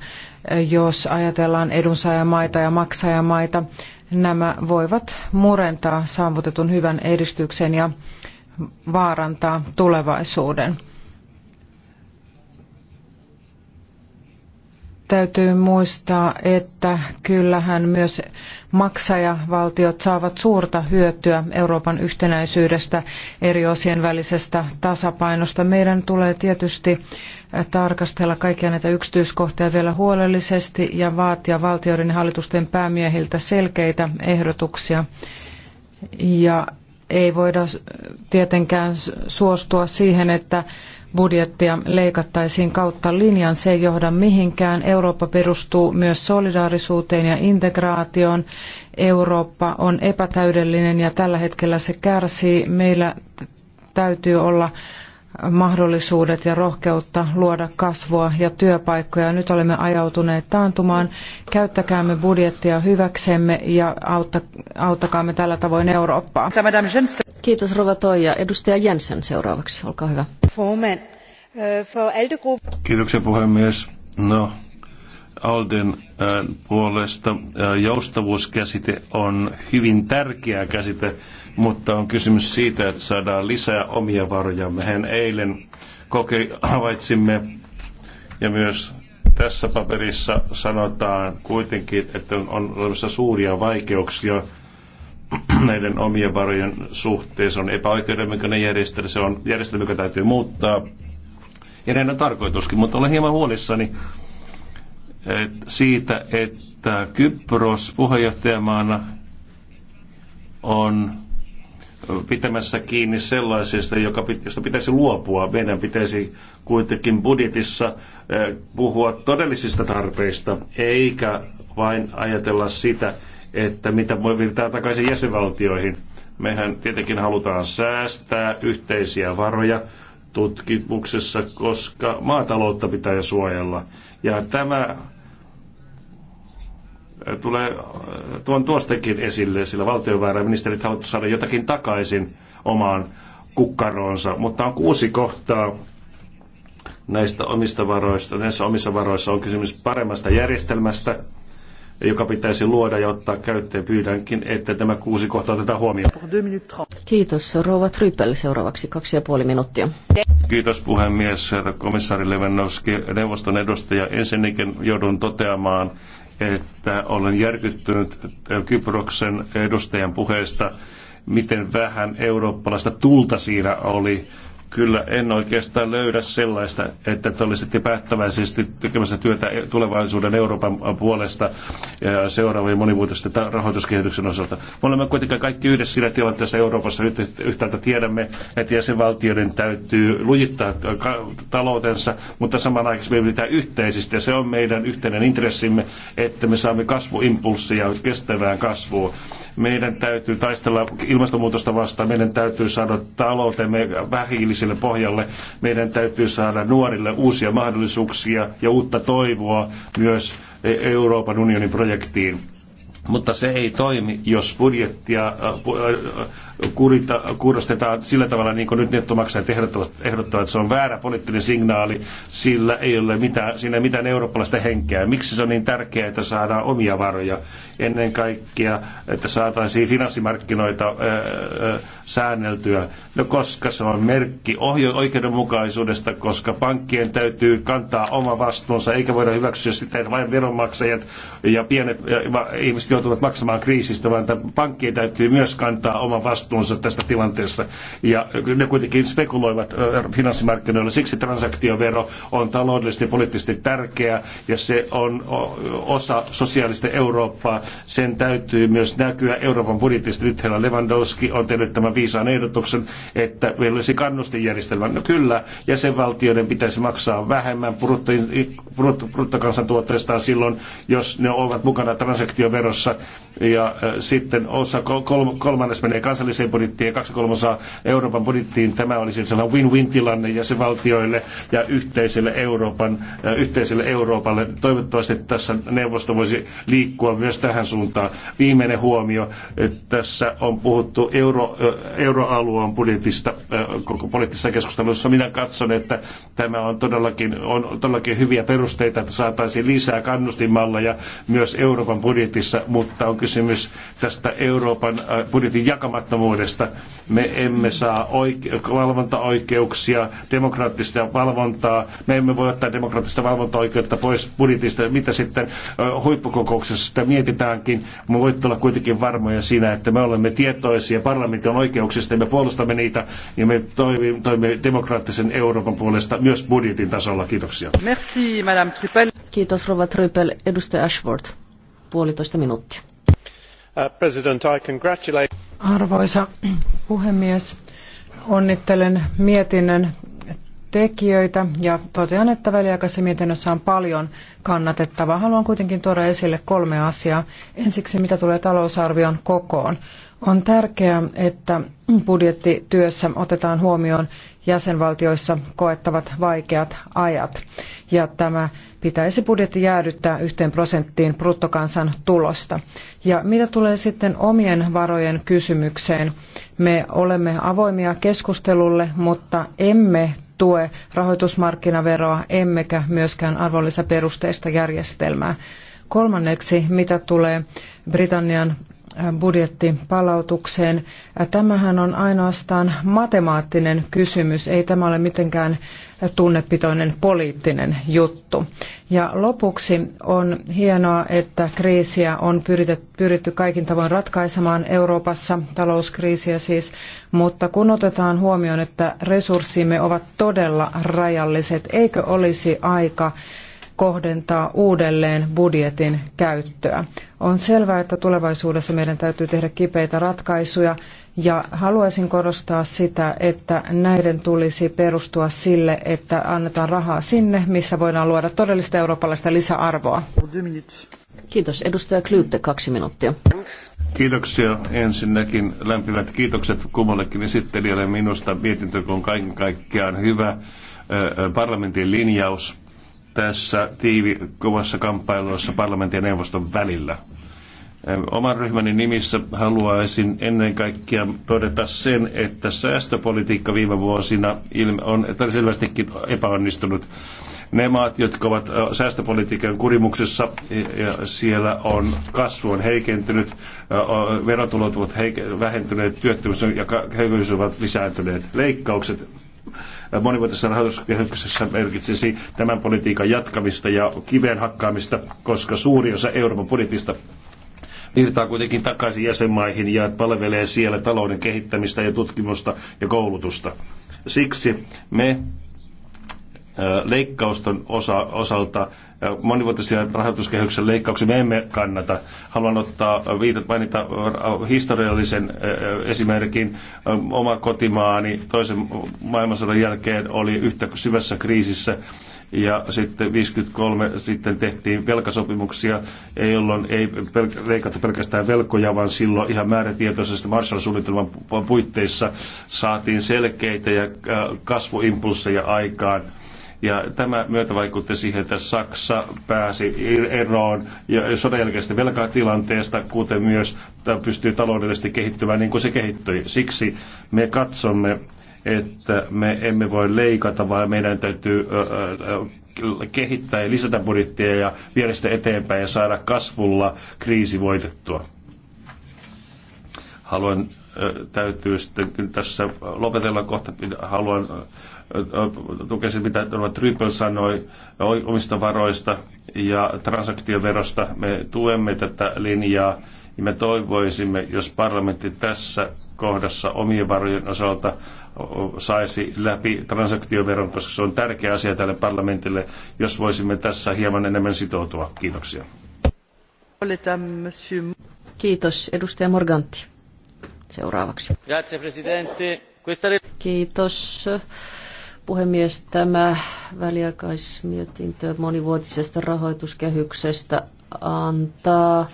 jos ajatellaan edunsaajamaita ja maksajamaita, nämä voivat murentaa saavutetun hyvän edistyksen ja vaarantaa tulevaisuuden. Täytyy muistaa, että kyllähän myös maksajavaltiot saavat suurta hyötyä Euroopan yhtenäisyydestä, eri osien välisestä tasapainosta. Meidän tulee tietysti äh, tarkastella kaikkia näitä yksityiskohtia vielä huolellisesti ja vaatia valtioiden ja hallitusten päämiehiltä selkeitä ehdotuksia. Ja ei voida tietenkään suostua siihen, että budjettia leikattaisiin kautta linjan. Se ei johda mihinkään. Eurooppa perustuu myös solidaarisuuteen ja integraatioon. Eurooppa on epätäydellinen ja tällä hetkellä se kärsii. Meillä täytyy olla mahdollisuudet ja rohkeutta luoda kasvua ja työpaikkoja. Nyt olemme ajautuneet taantumaan. Käyttäkäämme budjettia hyväksemme ja autta, auttakaamme tällä tavoin Eurooppaa. Kiitos Rova Toija. Edustaja Jensen seuraavaksi, olkaa hyvä. Uh, Kiitoksia puhemies. No, Alden äh, puolesta äh, joustavuuskäsite on hyvin tärkeä käsite mutta on kysymys siitä, että saadaan lisää omia varoja. Mehän eilen koke, havaitsimme ja myös tässä paperissa sanotaan kuitenkin, että on olemassa suuria vaikeuksia näiden omien varojen suhteen. Se on epäoikeudenmukainen järjestelmä, se on järjestelmä, joka täytyy muuttaa. Ja näin on tarkoituskin, mutta olen hieman huolissani et siitä, että Kypros puheenjohtajamaana on pitämässä kiinni sellaisesta, joka, josta pitäisi luopua. Meidän pitäisi kuitenkin budjetissa eh, puhua todellisista tarpeista, eikä vain ajatella sitä, että mitä voi virtaa takaisin jäsenvaltioihin. Mehän tietenkin halutaan säästää yhteisiä varoja tutkimuksessa, koska maataloutta pitää suojella. Ja tämä tulee tuon tuostakin esille, sillä valtiovarainministerit haluavat saada jotakin takaisin omaan kukkaroonsa, mutta on kuusi kohtaa näistä omista varoista. Näissä omissa varoissa on kysymys paremmasta järjestelmästä, joka pitäisi luoda ja ottaa käyttöön. Pyydänkin, että tämä kuusi kohtaa otetaan huomioon. Kiitos. Rouva Trypel seuraavaksi kaksi ja puoli minuuttia. Kiitos puhemies, herra komissaari Levennowski, neuvoston edustaja. Ensinnäkin joudun toteamaan, että olen järkyttynyt Kyproksen edustajan puheesta, miten vähän eurooppalaista tulta siinä oli Kyllä en oikeastaan löydä sellaista, että te olisitte päättäväisesti tekemässä työtä tulevaisuuden Euroopan puolesta ja seuraavien monivuotisten rahoituskehityksen osalta. Me olemme kuitenkin kaikki yhdessä siinä tilanteessa Euroopassa yhtäältä tiedämme, että jäsenvaltioiden täytyy lujittaa taloutensa, mutta samanaikaisesti me pitää yhteisistä ja se on meidän yhteinen intressimme, että me saamme kasvuimpulssia kestävään kasvuun. Meidän täytyy taistella ilmastonmuutosta vastaan, meidän täytyy saada taloutemme vähiilisiä sille pohjalle. Meidän täytyy saada nuorille uusia mahdollisuuksia ja uutta toivoa myös e- Euroopan unionin projektiin mutta se ei toimi, jos budjettia äh, äh, kurita, kuristetaan sillä tavalla, niin kuin nyt nettomaksajat ehdottavat, ehdottavat, että se on väärä poliittinen signaali, sillä ei ole mitään, siinä ei mitään eurooppalaista henkeä. Miksi se on niin tärkeää, että saadaan omia varoja? Ennen kaikkea, että saataisiin finanssimarkkinoita öö, säänneltyä. No koska se on merkki oikeudenmukaisuudesta, koska pankkien täytyy kantaa oma vastuunsa, eikä voida hyväksyä sitä, että vain veronmaksajat ja pienet ja ihmiset joutuvat maksamaan kriisistä, vaan pankkien täytyy myös kantaa oma vastuunsa vastuunsa tästä tilanteesta. Ja ne kuitenkin spekuloivat finanssimarkkinoilla. Siksi transaktiovero on taloudellisesti ja poliittisesti tärkeä ja se on osa sosiaalista Eurooppaa. Sen täytyy myös näkyä Euroopan budjetista. Nyt herra Lewandowski on tehnyt tämän viisaan ehdotuksen, että meillä olisi kannustinjärjestelmä. No kyllä, jäsenvaltioiden pitäisi maksaa vähemmän bruttokansantuotteestaan silloin, jos ne ovat mukana transaktioverossa ja sitten osa kolmannes menee kansallisesti kansalliseen budjettiin ja kaksi kolmasosaa Euroopan budjettiin. Tämä olisi siis sellainen win-win tilanne jäsenvaltioille ja yhteiselle, Euroopan, äh, yhteiselle Euroopalle. Toivottavasti tässä neuvosto voisi liikkua myös tähän suuntaan. Viimeinen huomio. Tässä on puhuttu euro, äh, euroalueen budjetista äh, koko poliittisessa keskustelussa. Minä katson, että tämä on todellakin, on todellakin hyviä perusteita, että saataisiin lisää kannustinmalleja myös Euroopan budjetissa, mutta on kysymys tästä Euroopan budjetin jakamattomuudesta avoimuudesta. Me emme saa oike- valvontaoikeuksia, demokraattista valvontaa. Me emme voi ottaa demokraattista valvontaoikeutta pois budjetista, mitä sitten huippukokouksessa sitä mietitäänkin. Me voitte olla kuitenkin varmoja siinä, että me olemme tietoisia parlamentin oikeuksista ja me puolustamme niitä ja me toimimme, toimimme demokraattisen Euroopan puolesta myös budjetin tasolla. Kiitoksia. Merci, Madame Trippel. Kiitos, Rova Trypel. Edustaja Ashford, puolitoista minuuttia. Uh, President, I congratulate... Arvoisa puhemies, onnittelen mietinnön tekijöitä ja totean, että väliaikaisessa mietinnössä on paljon kannatettavaa. Haluan kuitenkin tuoda esille kolme asiaa. Ensiksi, mitä tulee talousarvion kokoon. On tärkeää, että budjettityössä otetaan huomioon jäsenvaltioissa koettavat vaikeat ajat. Ja tämä pitäisi budjetti jäädyttää yhteen prosenttiin bruttokansan tulosta. Ja mitä tulee sitten omien varojen kysymykseen, me olemme avoimia keskustelulle, mutta emme tue rahoitusmarkkinaveroa emmekä myöskään arvonlisäperusteista järjestelmää. Kolmanneksi, mitä tulee Britannian budjettipalautukseen. Tämähän on ainoastaan matemaattinen kysymys, ei tämä ole mitenkään tunnepitoinen poliittinen juttu. Ja lopuksi on hienoa, että kriisiä on pyritty kaikin tavoin ratkaisemaan Euroopassa, talouskriisiä siis, mutta kun otetaan huomioon, että resurssimme ovat todella rajalliset, eikö olisi aika kohdentaa uudelleen budjetin käyttöä. On selvää, että tulevaisuudessa meidän täytyy tehdä kipeitä ratkaisuja ja haluaisin korostaa sitä, että näiden tulisi perustua sille, että annetaan rahaa sinne, missä voidaan luoda todellista eurooppalaista lisäarvoa. Kiitos. Edustaja Klyytte, kaksi minuuttia. Kiitoksia ensinnäkin. Lämpimät kiitokset kummallekin esittelijälle. Minusta mietintö on kaiken kaikkiaan hyvä parlamentin linjaus tässä kovassa kamppailussa parlamentin ja neuvoston välillä. Oman ryhmäni nimissä haluaisin ennen kaikkea todeta sen, että säästöpolitiikka viime vuosina on selvästikin epäonnistunut. Ne maat, jotka ovat säästöpolitiikan kurimuksessa, e, siellä on kasvu on heikentynyt, verotulot ovat vähentyneet, työttömyys ja köyhyys ovat lisääntyneet. Leikkaukset monivuotisessa rahoituskehyksessä merkitsisi tämän politiikan jatkamista ja kiveen hakkaamista, koska suuri osa Euroopan budjetista virtaa kuitenkin takaisin jäsenmaihin ja palvelee siellä talouden kehittämistä ja tutkimusta ja koulutusta. Siksi me leikkausten osa, osalta monivuotisia rahoituskehyksen leikkauksia me emme kannata. Haluan ottaa viitat mainita historiallisen esimerkin. Oma kotimaani toisen maailmansodan jälkeen oli yhtä syvässä kriisissä ja sitten 53 sitten tehtiin velkasopimuksia, jolloin ei pel- leikattu pelkästään velkoja, vaan silloin ihan määrätietoisesti Marshall-suunnitelman puitteissa saatiin selkeitä ja kasvuimpulseja aikaan. Ja tämä myötä vaikutti siihen, että Saksa pääsi eroon sodan jälkeisestä velkatilanteesta, kuten myös pystyy taloudellisesti kehittymään niin kuin se kehittyi. Siksi me katsomme, että me emme voi leikata, vaan meidän täytyy kehittää ja lisätä budjettia ja viedä sitä eteenpäin ja saada kasvulla kriisi voitettua. Haluan täytyy sitten tässä lopetella kohta. Haluan tukea sitä, mitä Triple sanoi omista varoista ja transaktioverosta. Me tuemme tätä linjaa ja me toivoisimme, jos parlamentti tässä kohdassa omien varojen osalta saisi läpi transaktioveron, koska se on tärkeä asia tälle parlamentille, jos voisimme tässä hieman enemmän sitoutua. Kiitoksia. Kiitos. Edustaja Morganti seuraavaksi. Kiitos puhemies. Tämä väliaikaismietintö monivuotisesta rahoituskehyksestä antaa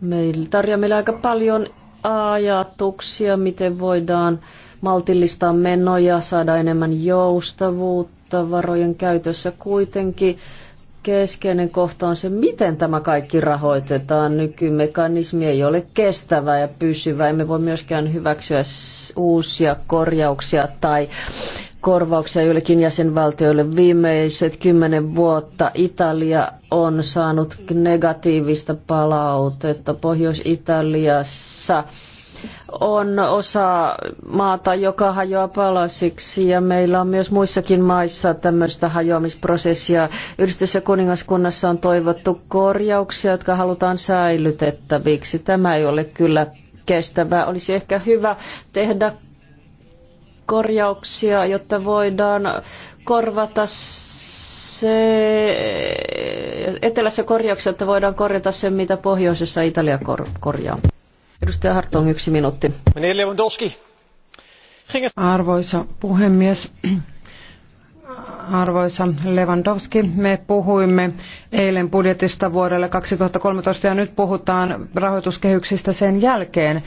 meillä, tarjoaa meille aika paljon ajatuksia, miten voidaan maltillistaa menoja, saada enemmän joustavuutta varojen käytössä kuitenkin keskeinen kohta on se, miten tämä kaikki rahoitetaan. Nykymekanismi ei ole kestävä ja pysyvä. Emme voi myöskään hyväksyä uusia korjauksia tai korvauksia joillekin jäsenvaltioille. Viimeiset kymmenen vuotta Italia on saanut negatiivista palautetta Pohjois-Italiassa on osa maata, joka hajoaa palasiksi ja meillä on myös muissakin maissa tämmöistä hajoamisprosessia. Yhdistys- ja kuningaskunnassa on toivottu korjauksia, jotka halutaan säilytettäviksi. Tämä ei ole kyllä kestävää. Olisi ehkä hyvä tehdä korjauksia, jotta voidaan korvata se, etelässä korjauksia, että voidaan korjata se, mitä pohjoisessa Italia kor- korjaa. Edustaja Hartong, yksi minuutti. Arvoisa puhemies, arvoisa Lewandowski. Me puhuimme eilen budjetista vuodelle 2013 ja nyt puhutaan rahoituskehyksistä sen jälkeen.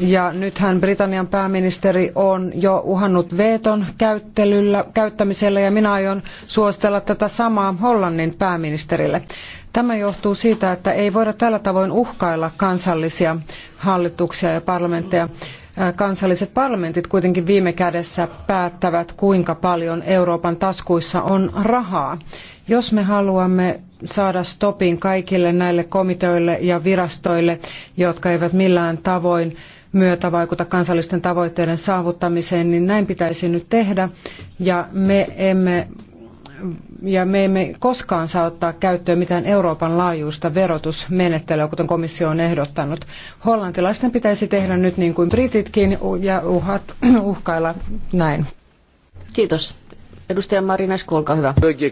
Ja nythän Britannian pääministeri on jo uhannut veton käyttelyllä, käyttämisellä ja minä aion suostella tätä samaa Hollannin pääministerille. Tämä johtuu siitä, että ei voida tällä tavoin uhkailla kansallisia hallituksia ja parlamentteja. Kansalliset parlamentit kuitenkin viime kädessä päättävät, kuinka paljon Euroopan taskuissa on rahaa. Jos me haluamme saada stopin kaikille näille komiteoille ja virastoille, jotka eivät millään tavoin myötävaikuta kansallisten tavoitteiden saavuttamiseen, niin näin pitäisi nyt tehdä. Ja me emme ja me emme koskaan saa ottaa käyttöön mitään Euroopan laajuista verotusmenettelyä, kuten komissio on ehdottanut. Hollantilaisten pitäisi tehdä nyt niin kuin brititkin ja uhat, uhkailla näin. Kiitos. Edustaja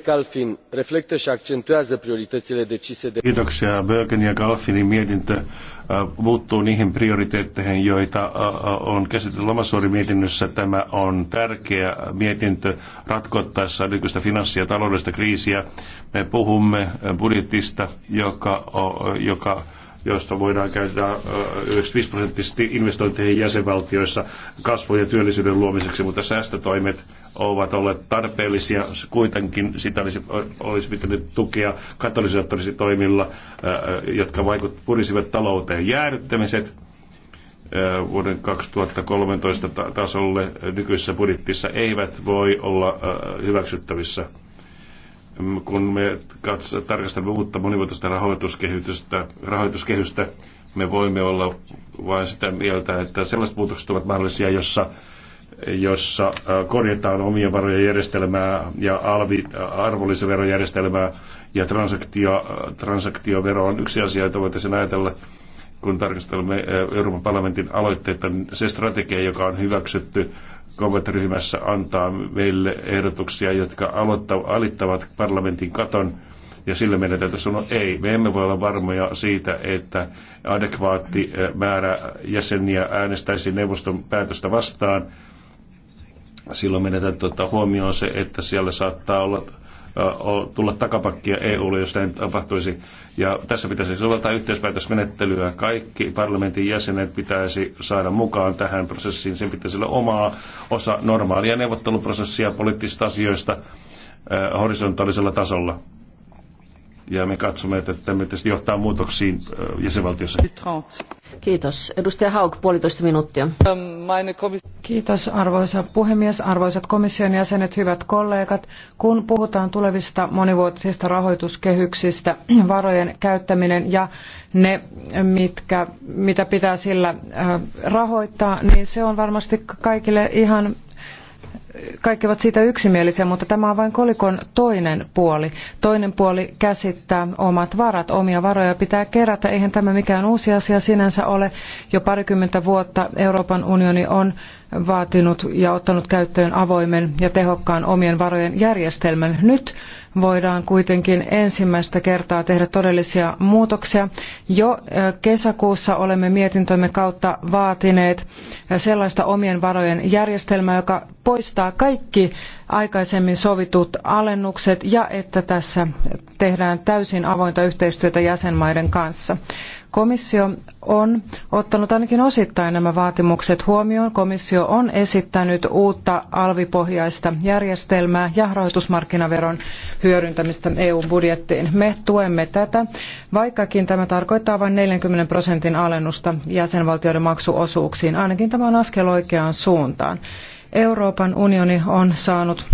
Kalfin reflektă și accentuează prioritățile decise de... Kiitoksia. Bögen ja Kalfinin mietintö äh, muuttuu niihin prioriteetteihin, joita äh, äh, on käsitelty Lamassuori-mietinnössä. Tämä on tärkeä mietintö ratkottaessa nykyistä finanssi- ja taloudellista kriisiä. Me puhumme budjetista, joka, joka josta voidaan käyttää 95 prosenttisesti investointeihin jäsenvaltioissa kasvun ja työllisyyden luomiseksi, mutta säästötoimet ovat olleet tarpeellisia. Kuitenkin sitä olisi, olisi pitänyt tukea katalysaattorisilla toimilla, jotka vaikut, purisivat talouteen jäädyttämiset vuoden 2013 tasolle nykyisessä budjettissa eivät voi olla hyväksyttävissä kun me katso, tarkastelemme uutta monivuotista rahoituskehystä, rahoituskehystä, me voimme olla vain sitä mieltä, että sellaiset muutokset ovat mahdollisia, jossa, jossa korjataan omia varoja järjestelmää ja alvi, arvonlisäverojärjestelmää ja transaktio, transaktio, transaktiovero on yksi asia, jota voitaisiin ajatella kun tarkastelemme Euroopan parlamentin aloitteita, niin se strategia, joka on hyväksytty kommentryhmässä, antaa meille ehdotuksia, jotka alittavat parlamentin katon, ja sillä meidän täytyy sanoa ei. Me emme voi olla varmoja siitä, että adekvaatti määrä jäseniä äänestäisi neuvoston päätöstä vastaan. Silloin meidän täytyy ottaa huomioon se, että siellä saattaa olla tulla takapakkia EUlle, jos näin tapahtuisi. Ja tässä pitäisi soveltaa yhteispäätösmenettelyä. Kaikki parlamentin jäsenet pitäisi saada mukaan tähän prosessiin. Sen pitäisi olla omaa osa normaalia neuvotteluprosessia poliittisista asioista horisontaalisella tasolla ja me katsomme, että tämä tietysti johtaa muutoksiin jäsenvaltiossa. Kiitos. Edustaja Hauk, puolitoista minuuttia. Kiitos arvoisa puhemies, arvoisat komission jäsenet, hyvät kollegat. Kun puhutaan tulevista monivuotisista rahoituskehyksistä, varojen käyttäminen ja ne, mitkä, mitä pitää sillä rahoittaa, niin se on varmasti kaikille ihan kaikki ovat siitä yksimielisiä, mutta tämä on vain kolikon toinen puoli. Toinen puoli käsittää omat varat. Omia varoja pitää kerätä. Eihän tämä mikään uusi asia sinänsä ole. Jo parikymmentä vuotta Euroopan unioni on vaatinut ja ottanut käyttöön avoimen ja tehokkaan omien varojen järjestelmän. Nyt voidaan kuitenkin ensimmäistä kertaa tehdä todellisia muutoksia. Jo kesäkuussa olemme mietintömme kautta vaatineet sellaista omien varojen järjestelmää, joka poistaa kaikki aikaisemmin sovitut alennukset ja että tässä tehdään täysin avointa yhteistyötä jäsenmaiden kanssa. Komissio on ottanut ainakin osittain nämä vaatimukset huomioon. Komissio on esittänyt uutta alvipohjaista järjestelmää ja rahoitusmarkkinaveron hyödyntämistä EU-budjettiin. Me tuemme tätä, vaikkakin tämä tarkoittaa vain 40 prosentin alennusta jäsenvaltioiden maksuosuuksiin. Ainakin tämä on askel oikeaan suuntaan. Euroopan unioni on saanut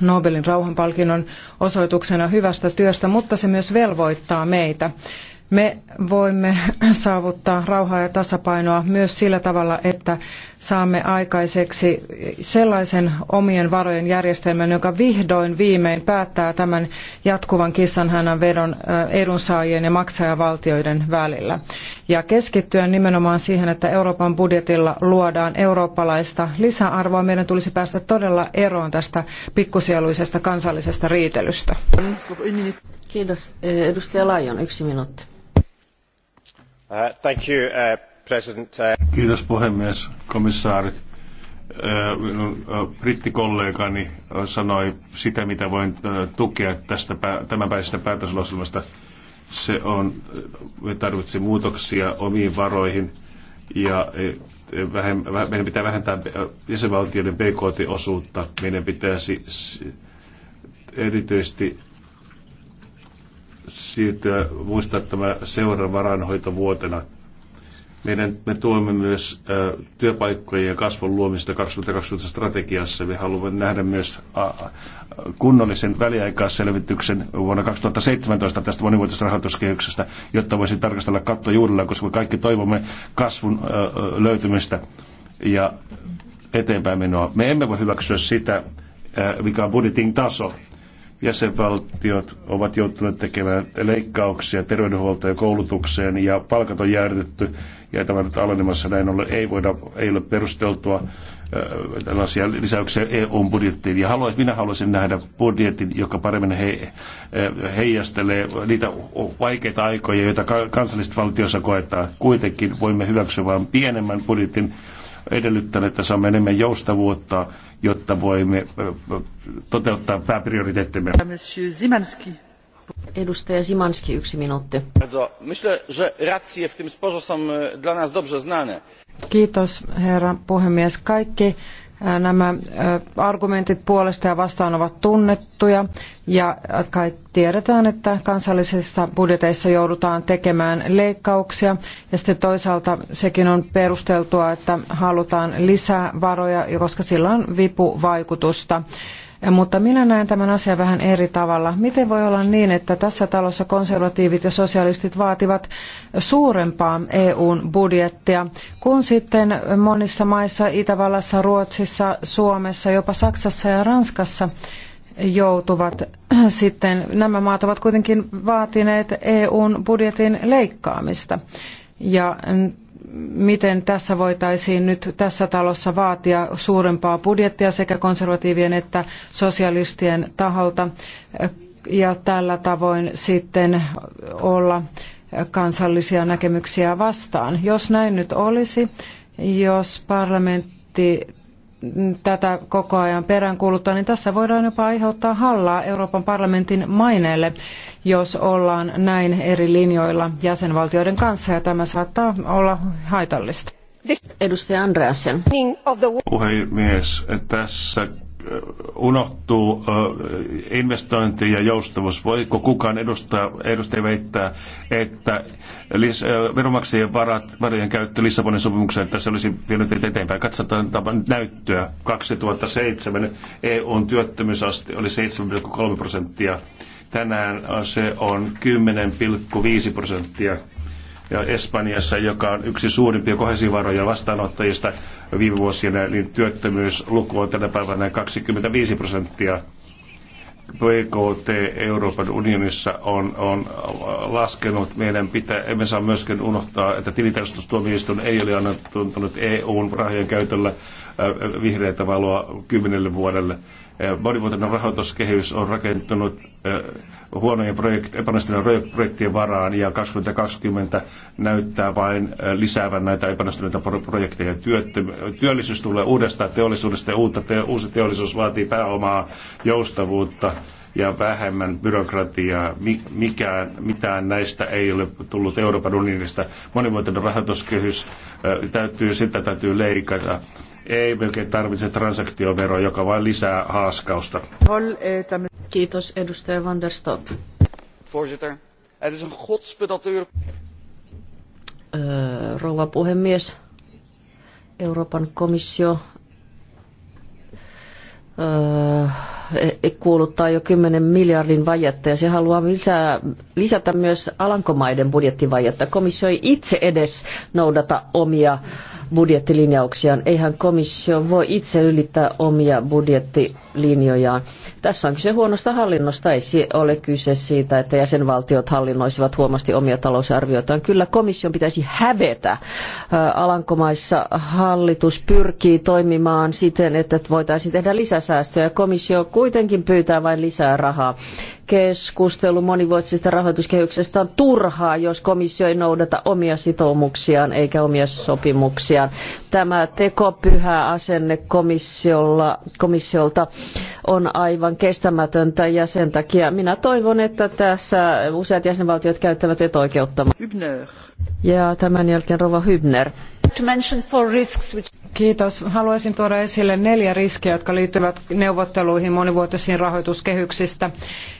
Nobelin rauhanpalkinnon osoituksena hyvästä työstä, mutta se myös velvoittaa meitä. Me voimme saavuttaa rauhaa ja tasapainoa myös sillä tavalla, että saamme aikaiseksi sellaisen omien varojen järjestelmän, joka vihdoin viimein päättää tämän jatkuvan kissanhännän vedon eh, edunsaajien ja maksajavaltioiden välillä. Ja keskittyen nimenomaan siihen, että Euroopan budjetilla luodaan eurooppalaista lisäarvoa, meidän tulisi päästä todella eroon tästä pikkusieluisesta kansallisesta riitelystä. Kiitos. Eh, edustaja Laion, yksi minuutti. Uh, uh, uh, Kiitos puhemies, komissaari. Minun brittikollegani sanoi sitä, mitä voin tukea tästä tämänpäiväisestä päätöslauselmasta. Se on, me tarvitsemme muutoksia omiin varoihin ja meidän pitää vähentää jäsenvaltioiden BKT-osuutta. Meidän pitäisi erityisesti siirtyä, muistaa tämä seuran varanhoitovuotena. Meidän, me tuomme myös ä, työpaikkojen kasvun luomista 2020 strategiassa. Me haluamme nähdä myös a, kunnollisen väliaikaisselvityksen vuonna 2017 tästä monivuotisesta rahoituskehyksestä, jotta voisi tarkastella katto juurella, koska me kaikki toivomme kasvun ä, löytymistä ja eteenpäin menoa. Me emme voi hyväksyä sitä, mikä on budjetin taso, jäsenvaltiot ovat joutuneet tekemään leikkauksia terveydenhuoltoon ja koulutukseen ja palkat on jäädytetty ja tämä nyt alenemassa näin ollen ei, voida, ei ole perusteltua äh, tällaisia lisäyksiä EUn budjettiin. Ja Haluaisin minä haluaisin nähdä budjetin, joka paremmin he, äh, heijastelee niitä vaikeita aikoja, joita kansalliset valtiossa koetaan. Kuitenkin voimme hyväksyä vain pienemmän budjetin edellyttäen, että saamme enemmän joustavuutta jotta voimme toteuttaa pääprioriteettimme. Zimanski, Edustaja Zimanski, yksi minuutti. Myślę, że racje w tym sporze są e, dla nas dobrze znane. Kiitos, herra puhemies. Kaikki Nämä argumentit puolesta ja vastaan ovat tunnettuja ja kai tiedetään, että kansallisissa budjeteissa joudutaan tekemään leikkauksia ja sitten toisaalta sekin on perusteltua, että halutaan lisää varoja, koska sillä on vipuvaikutusta. vaikutusta mutta minä näen tämän asian vähän eri tavalla. Miten voi olla niin, että tässä talossa konservatiivit ja sosialistit vaativat suurempaa EUn budjettia, kun sitten monissa maissa, Itävallassa, Ruotsissa, Suomessa, jopa Saksassa ja Ranskassa joutuvat sitten, nämä maat ovat kuitenkin vaatineet EUn budjetin leikkaamista. Ja miten tässä voitaisiin nyt tässä talossa vaatia suurempaa budjettia sekä konservatiivien että sosialistien taholta ja tällä tavoin sitten olla kansallisia näkemyksiä vastaan. Jos näin nyt olisi, jos parlamentti tätä koko ajan peräänkuuluttaa, niin tässä voidaan jopa aiheuttaa hallaa Euroopan parlamentin maineelle, jos ollaan näin eri linjoilla jäsenvaltioiden kanssa, ja tämä saattaa olla haitallista. Edustaja Andreasen. Puhemies, tässä unohtuu investointi ja joustavuus. Voiko kukaan edustaa, edustaja väittää, että lis, veronmaksajien varat, varojen käyttö Lissabonin sopimukseen tässä olisi vienyt eteenpäin? Katsotaan näyttöä. 2007 EUn työttömyysaste oli 7,3 prosenttia. Tänään se on 10,5 prosenttia Espanjassa, joka on yksi suurimpia kohesivaroja vastaanottajista viime vuosina, niin työttömyysluku on tänä päivänä 25 prosenttia. BKT Euroopan unionissa on, on laskenut. Meidän pitää, emme saa myöskään unohtaa, että tilintarkastustuomioistuin ei ole annettu EUn rahojen käytöllä äh, vihreätä valoa kymmenelle vuodelle monivuotinen rahoituskehys on rakentunut huonojen projekt, epäonnistuneiden projektien varaan ja 2020 näyttää vain lisäävän näitä epäonnistuneita projekteja. Työllisyys tulee uudesta teollisuudesta ja uutta te- uusi teollisuus vaatii pääomaa, joustavuutta ja vähemmän byrokratiaa. Mikään, mitään näistä ei ole tullut Euroopan unionista. Monivuotinen rahoituskehys täytyy, sitä täytyy leikata ei melkein tarvitse transaktioveroa, joka vain lisää haaskausta. Kiitos edustaja Van der Stop. Voorzitter, het is een godspe dat Rouva puhemies, Euroopan komissio öö, kuuluttaa jo 10 miljardin vajetta ja se haluaa lisää, lisätä myös Alankomaiden budjettivajetta. Komissio ei itse edes noudata omia öö, budjettilinjauksiaan. Eihän komissio voi itse ylittää omia budjettilinjauksiaan linjojaan. Tässä on kyse huonosta hallinnosta. Ei ole kyse siitä, että jäsenvaltiot hallinnoisivat huomasti omia talousarvioitaan. Kyllä komission pitäisi hävetä. Alankomaissa hallitus pyrkii toimimaan siten, että voitaisiin tehdä lisäsäästöjä. Komissio kuitenkin pyytää vain lisää rahaa keskustelu monivuotisesta rahoituskehyksestä on turhaa, jos komissio ei noudata omia sitoumuksiaan eikä omia sopimuksiaan. Tämä tekopyhä asenne komissiolta on aivan kestämätöntä ja sen takia minä toivon, että tässä useat jäsenvaltiot käyttävät etuoikeuttamaan. Ja tämän jälkeen Rova Hybner. Kiitos. Haluaisin tuoda esille neljä riskiä, jotka liittyvät neuvotteluihin monivuotisiin rahoituskehyksistä.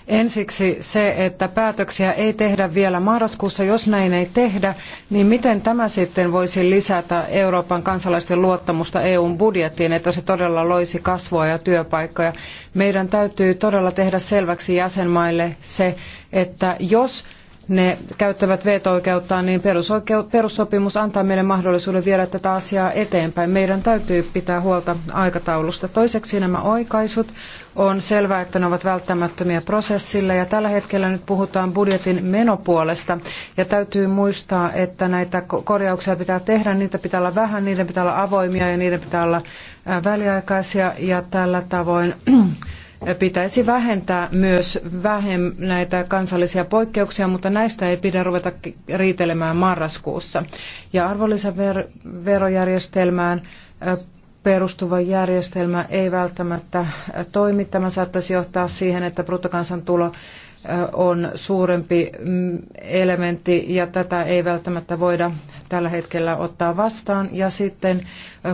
Ensiksi se, että päätöksiä ei tehdä vielä marraskuussa. Jos näin ei tehdä, niin miten tämä sitten voisi lisätä Euroopan kansalaisten luottamusta EUn budjettiin, että se todella loisi kasvua ja työpaikkoja? Meidän täytyy todella tehdä selväksi jäsenmaille se, että jos ne käyttävät veto-oikeuttaan, niin perussopimus antaa meille mahdollisuuden viedä tätä asiaa eteenpäin. Meidän täytyy pitää huolta aikataulusta. Toiseksi nämä oikaisut on selvää, että ne ovat välttämättömiä prosessille ja tällä hetkellä nyt puhutaan budjetin menopuolesta ja täytyy muistaa, että näitä korjauksia pitää tehdä, niitä pitää olla vähän, niiden pitää olla avoimia ja niiden pitää olla väliaikaisia ja tällä tavoin pitäisi vähentää myös vähem näitä kansallisia poikkeuksia, mutta näistä ei pidä ruveta riitelemään marraskuussa. Ja arvonlisäverojärjestelmään perustuva järjestelmä ei välttämättä toimi. Tämä saattaisi johtaa siihen, että bruttokansantulo on suurempi mm, elementti ja tätä ei välttämättä voida tällä hetkellä ottaa vastaan. Ja sitten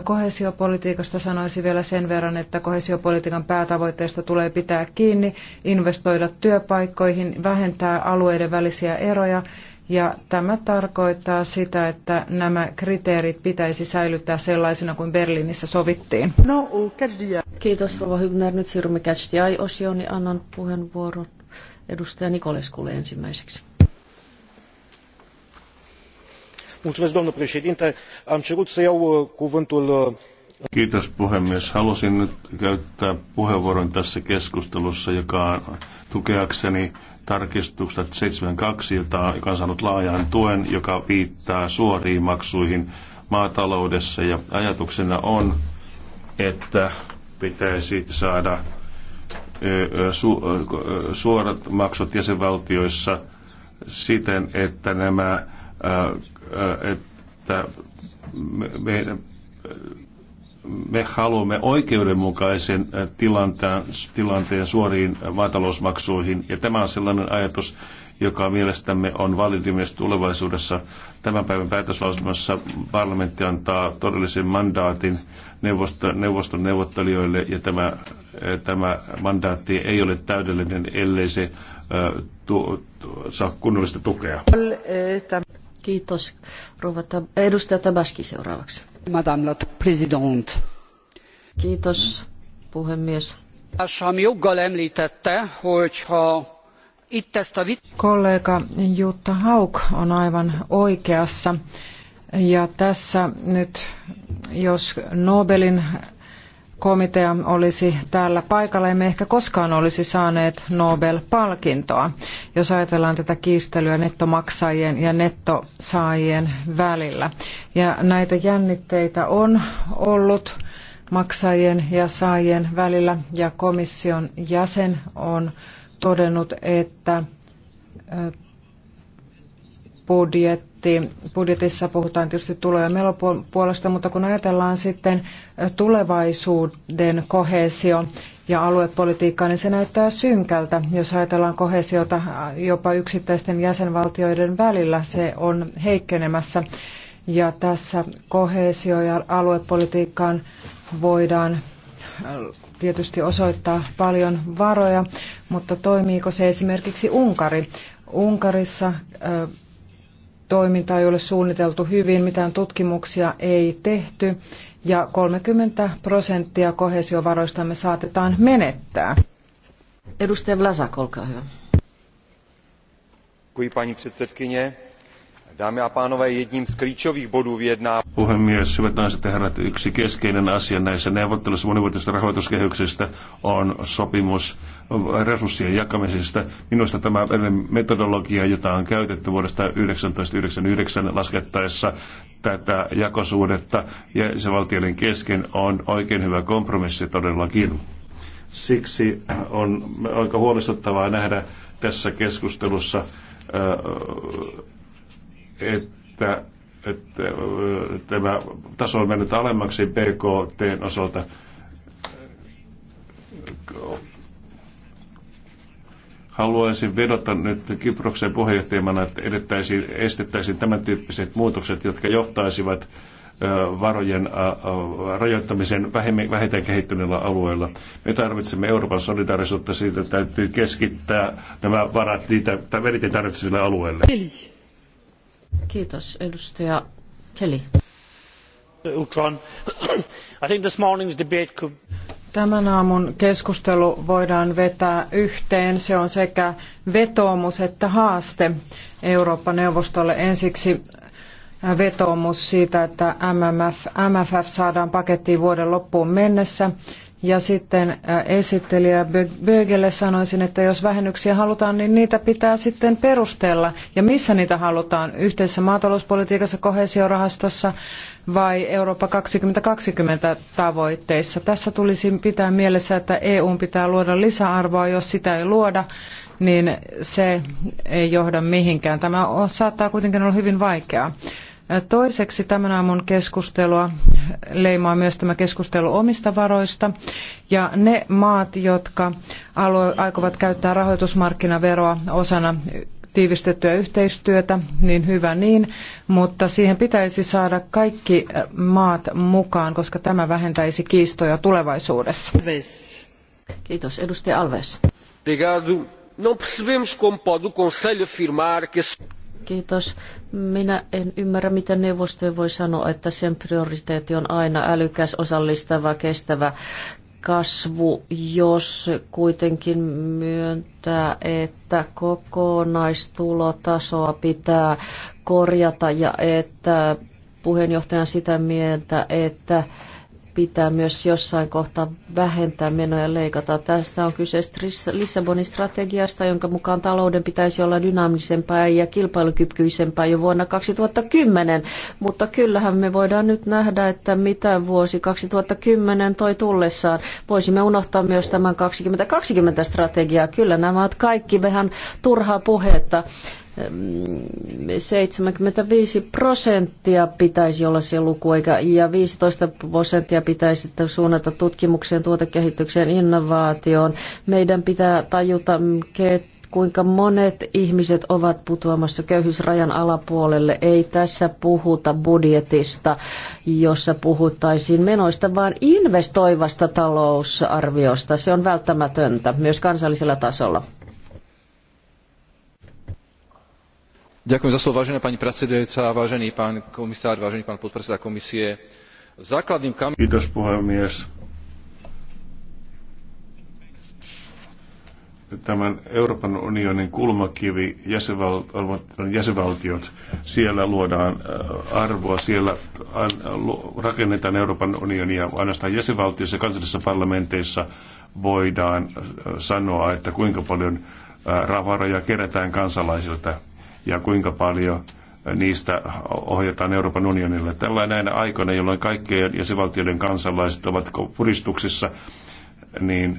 kohesiopolitiikasta sanoisin vielä sen verran, että kohesiopolitiikan päätavoitteesta tulee pitää kiinni, investoida työpaikkoihin, vähentää alueiden välisiä eroja ja tämä tarkoittaa sitä, että nämä kriteerit pitäisi säilyttää sellaisina kuin Berliinissä sovittiin. No, Kiitos Rova Hybner. Nyt siirrymme Catch the Eye-osioon niin annan puheenvuoron edustaja Nikoleskulle ensimmäiseksi. Mulțumesc, domnul președinte. Am cerut să iau uh, cuvântul uh, Kiitos puhemies. Halusin nyt käyttää puheenvuoron tässä keskustelussa, joka on tukeakseni tarkistusta 72, jota, joka on saanut laajan tuen, joka viittaa suoriin maksuihin maataloudessa. Ja ajatuksena on, että pitäisi saada su, suorat maksut jäsenvaltioissa siten, että nämä että me, me haluamme oikeudenmukaisen tilanteen, tilanteen suoriin maatalousmaksuihin, ja tämä on sellainen ajatus, joka mielestämme on validi myös tulevaisuudessa. Tämän päivän päätöslausumassa parlamentti antaa todellisen mandaatin neuvosto, neuvoston neuvottelijoille, ja tämä tämä mandaatti ei ole täydellinen, ellei se saa kunnollista tukea. Kiitos. Rouva, edustaja Tabaski seuraavaksi. Madame la Présidente. Kiitos, puhemies. Kollega Jutta Hauk on aivan oikeassa. Ja tässä nyt, jos Nobelin komitea olisi täällä paikalla, emme ehkä koskaan olisi saaneet Nobel-palkintoa, jos ajatellaan tätä kiistelyä nettomaksajien ja nettosaajien välillä. Ja näitä jännitteitä on ollut maksajien ja saajien välillä, ja komission jäsen on todennut, että budjet budjetti, budjetissa puhutaan tietysti tulo- ja melopuolesta, mutta kun ajatellaan sitten tulevaisuuden kohesio ja aluepolitiikkaa, niin se näyttää synkältä. Jos ajatellaan kohesiota jopa yksittäisten jäsenvaltioiden välillä, se on heikkenemässä. Ja tässä kohesio- ja aluepolitiikkaan voidaan tietysti osoittaa paljon varoja, mutta toimiiko se esimerkiksi Unkari? Unkarissa toiminta ei ole suunniteltu hyvin, mitään tutkimuksia ei tehty ja 30 prosenttia kohesiovaroistamme saatetaan menettää. Edustaja Vlasak, olkaa hyvä. Pani Dámy a pánové, jedním z klíčových bodů vyjednávání... Puhemies, hyvät naiset ja herrat, yksi keskeinen asia näissä neuvotteluissa monivuotisesta rahoituskehyksestä on sopimus resurssien jakamisesta. Minusta tämä metodologia, jota on käytetty vuodesta 1999 laskettaessa tätä jakosuhdetta jäsenvaltioiden kesken, on oikein hyvä kompromissi todellakin. Siksi on aika huolestuttavaa nähdä tässä keskustelussa että, että tämä taso on mennyt alemmaksi BKT osalta. haluaisin vedota nyt Kyproksen puheenjohtajana, että edettäisiin, estettäisiin tämän tyyppiset muutokset, jotka johtaisivat varojen rajoittamisen vähiten kehittyneillä alueilla. Me tarvitsemme Euroopan solidaarisuutta, siitä täytyy keskittää nämä varat niitä, tai veritin tarvitseville alueille. Eli. Kiitos, edustaja Kelly. I think this morning's debate could... Tämän aamun keskustelu voidaan vetää yhteen. Se on sekä vetoomus että haaste Eurooppa-neuvostolle. Ensiksi vetoomus siitä, että MMF, MFF saadaan pakettiin vuoden loppuun mennessä ja sitten äh, esittelijä Bögelle sanoisin, että jos vähennyksiä halutaan, niin niitä pitää sitten perustella. Ja missä niitä halutaan? Yhteisessä maatalouspolitiikassa, kohesiorahastossa vai Eurooppa 2020 tavoitteissa? Tässä tulisi pitää mielessä, että e n pitää luoda lisäarvoa. Jos sitä ei luoda, niin se ei johda mihinkään. Tämä saattaa kuitenkin olla hyvin vaikeaa. Toiseksi tämän aamun keskustelua leimaa myös tämä keskustelu omista varoista. Ja ne maat, jotka aikovat käyttää rahoitusmarkkinaveroa osana tiivistettyä yhteistyötä, niin hyvä niin, mutta siihen pitäisi saada kaikki maat mukaan, koska tämä vähentäisi kiistoja tulevaisuudessa. Kiitos. Edustaja Alves. Kiitos. Minä en ymmärrä, mitä neuvosto voi sanoa, että sen prioriteetti on aina älykäs, osallistava, kestävä kasvu, jos kuitenkin myöntää, että kokonaistulotasoa pitää korjata ja että puheenjohtajan sitä mieltä, että pitää myös jossain kohtaa vähentää menoja leikata. Tässä on kyse Lissabonin strategiasta, jonka mukaan talouden pitäisi olla dynaamisempaa ja kilpailukykyisempää jo vuonna 2010. Mutta kyllähän me voidaan nyt nähdä, että mitä vuosi 2010 toi tullessaan. Voisimme unohtaa myös tämän 2020 strategiaa. Kyllä nämä ovat kaikki vähän turhaa puhetta. 75 prosenttia pitäisi olla se luku, eikä, ja 15 prosenttia pitäisi suunnata tutkimukseen, tuotekehitykseen, innovaatioon. Meidän pitää tajuta, kuinka monet ihmiset ovat putoamassa köyhyysrajan alapuolelle. Ei tässä puhuta budjetista, jossa puhuttaisiin menoista, vaan investoivasta talousarviosta. Se on välttämätöntä myös kansallisella tasolla. tämän Euroopan unionin kulmakivi, jäsenvaltiot, jäsenvaltiot, siellä luodaan äh, arvoa, siellä äh, rakennetaan Euroopan unionia. Ainoastaan jäsenvaltioissa ja kansallisissa parlamenteissa voidaan äh, sanoa, että kuinka paljon ravaroja kerätään kansalaisilta ja kuinka paljon niistä ohjataan Euroopan unionille. Tällainen näinä aikoina, jolloin kaikkien jäsenvaltioiden kansalaiset ovat puristuksissa, niin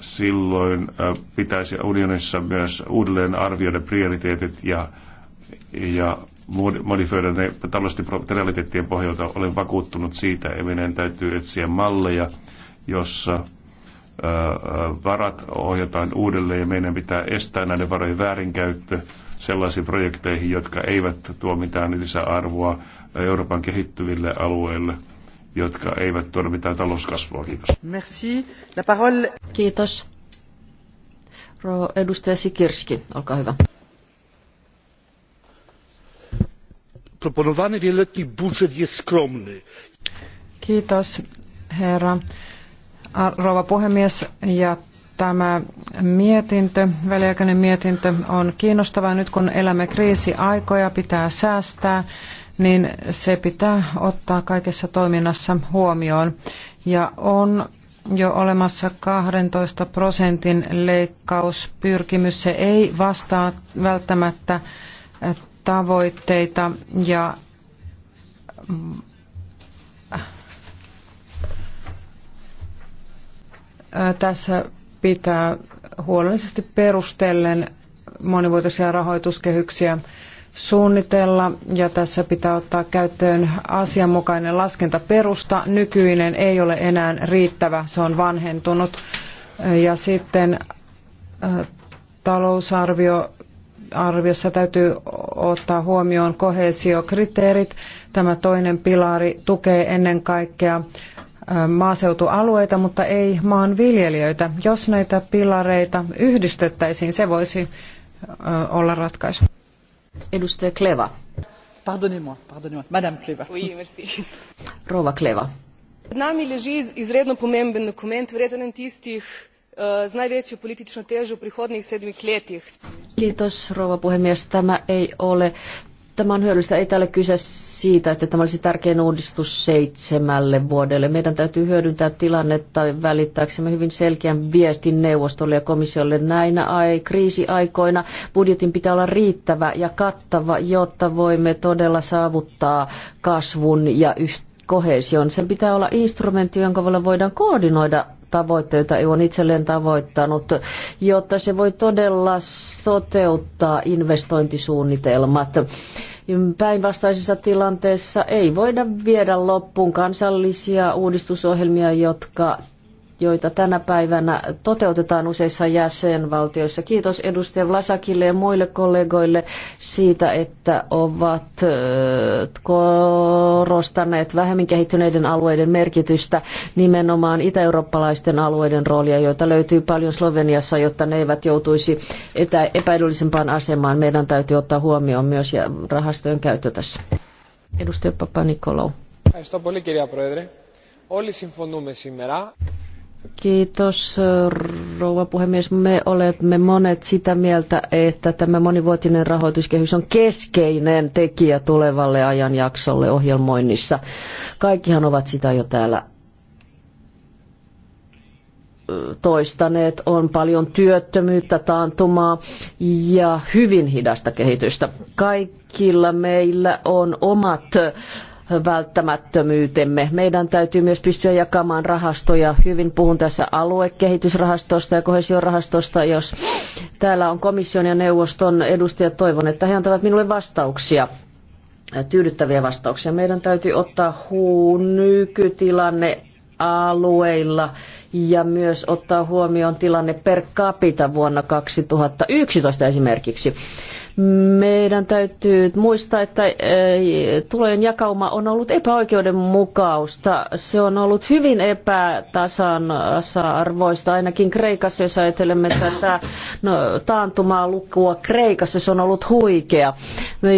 silloin pitäisi unionissa myös uudelleen arvioida prioriteetit ja, ja modifioida ne taloudellisten realiteettien pohjalta. Olen vakuuttunut siitä, että meidän täytyy etsiä malleja, jossa varat ohjataan uudelleen ja meidän pitää estää näiden varojen väärinkäyttö sellaisiin projekteihin, jotka eivät tuo mitään lisäarvoa Euroopan kehittyville alueille jotka eivät tuo mitään talouskasvua. Kiitos. Merci. La parole... Kiitos. Edustaja Sikirski, olkaa hyvä. Proponowany wieloletni budżet jest skromny. Kiitos, herra rouva puhemies ja tämä mietintö, väliaikainen mietintö on kiinnostava. Nyt kun elämme kriisiaikoja, pitää säästää, niin se pitää ottaa kaikessa toiminnassa huomioon. Ja on jo olemassa 12 prosentin leikkauspyrkimys. Se ei vastaa välttämättä tavoitteita ja Tässä pitää huolellisesti perustellen monivuotisia rahoituskehyksiä suunnitella ja tässä pitää ottaa käyttöön asianmukainen laskentaperusta. Nykyinen ei ole enää riittävä, se on vanhentunut. Ja sitten talousarvio arviossa täytyy ottaa huomioon koheesiokriteerit. Tämä toinen pilari tukee ennen kaikkea maaseutualueita, mutta ei maanviljelijöitä. Jos näitä pilareita yhdistettäisiin, se voisi olla ratkaisu. Edustaja Kleva. Pardonnez-moi, pardonnez-moi. Madame Kleva. Oui, merci. Rova Kleva. Pred nami leži izredno pomemben dokument, verjetno en tistih z največjo politično težo prihodnih sedmih letih. Kiitos, rouva puhemies. Tämä ei ole Tämä on hyödyllistä. Ei täällä kyse siitä, että tämä olisi tärkein uudistus seitsemälle vuodelle. Meidän täytyy hyödyntää tilannetta välittääksemme hyvin selkeän viestin neuvostolle ja komissiolle näinä ai- kriisiaikoina. Budjetin pitää olla riittävä ja kattava, jotta voimme todella saavuttaa kasvun ja yhteistyön kohesion. Sen pitää olla instrumentti, jonka voidaan koordinoida tavoitteita EU on itselleen tavoittanut, jotta se voi todella toteuttaa investointisuunnitelmat. Päinvastaisessa tilanteessa ei voida viedä loppuun kansallisia uudistusohjelmia, jotka joita tänä päivänä toteutetaan useissa jäsenvaltioissa. Kiitos edustaja Vlasakille ja muille kollegoille siitä, että ovat korostaneet vähemmän kehittyneiden alueiden merkitystä, nimenomaan itä-eurooppalaisten alueiden roolia, joita löytyy paljon Sloveniassa, jotta ne eivät joutuisi epäedullisempaan asemaan. Meidän täytyy ottaa huomioon myös ja rahastojen käyttö tässä. Edustaja Papa Nikolou. Ευχαριστώ πολύ κυρία Πρόεδρε. Kiitos, rouva puhemies. Me olemme monet sitä mieltä, että tämä monivuotinen rahoituskehys on keskeinen tekijä tulevalle ajanjaksolle ohjelmoinnissa. Kaikkihan ovat sitä jo täällä toistaneet, on paljon työttömyyttä, taantumaa ja hyvin hidasta kehitystä. Kaikilla meillä on omat välttämättömyytemme. Meidän täytyy myös pystyä jakamaan rahastoja. Hyvin puhun tässä aluekehitysrahastosta ja kohesiorahastosta, jos täällä on komission ja neuvoston edustajat. Toivon, että he antavat minulle vastauksia tyydyttäviä vastauksia. Meidän täytyy ottaa huu nykytilanne alueilla ja myös ottaa huomioon tilanne per capita vuonna 2011 esimerkiksi. Meidän täytyy muistaa, että eh, tulojen jakauma on ollut epäoikeudenmukausta. Se on ollut hyvin epätasa-arvoista, ainakin Kreikassa, jos ajattelemme tätä no, taantumaa lukua Kreikassa, se on ollut huikea.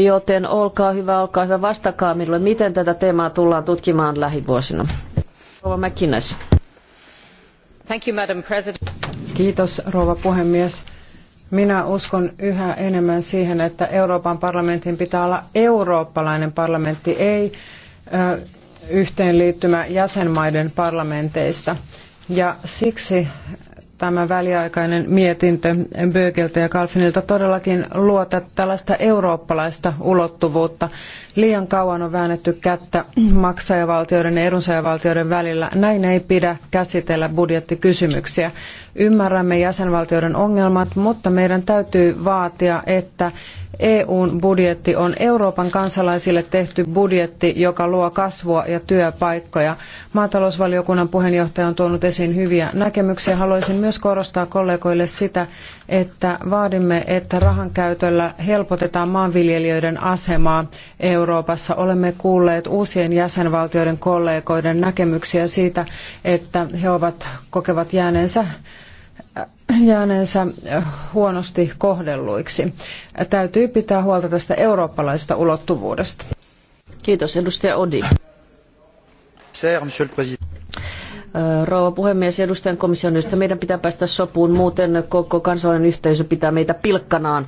Joten olkaa hyvä, olkaa hyvä, vastakaa minulle, miten tätä teemaa tullaan tutkimaan lähivuosina. Rouva Mäkinäs. Kiitos rouva puhemies. Minä uskon yhä enemmän siihen, että Euroopan parlamentin pitää olla eurooppalainen parlamentti, ei ö, yhteenliittymä jäsenmaiden parlamenteista. Ja siksi tämä väliaikainen mietintö Bögeltä ja Kalfinilta todellakin luota tällaista eurooppalaista ulottuvuutta. Liian kauan on väännetty kättä maksajavaltioiden ja edunsaajavaltioiden välillä. Näin ei pidä käsitellä budjettikysymyksiä. Ymmärrämme jäsenvaltioiden ongelmat, mutta meidän täytyy vaatia, että EUn budjetti on Euroopan kansalaisille tehty budjetti, joka luo kasvua ja työpaikkoja. Maatalousvaliokunnan puheenjohtaja on tuonut esiin hyviä näkemyksiä. Haluaisin myös korostaa kollegoille sitä, että vaadimme, että rahan käytöllä helpotetaan maanviljelijöiden asemaa Euroopassa. Olemme kuulleet uusien jäsenvaltioiden kollegoiden näkemyksiä siitä, että he ovat kokevat jääneensä jääneensä huonosti kohdelluiksi. Täytyy pitää huolta tästä eurooppalaisesta ulottuvuudesta. Kiitos, edustaja Odi. Monsieur le Président. Rouva puhemies, edustajan komission meidän pitää päästä sopuun, muuten koko kansainvälinen yhteisö pitää meitä pilkkanaan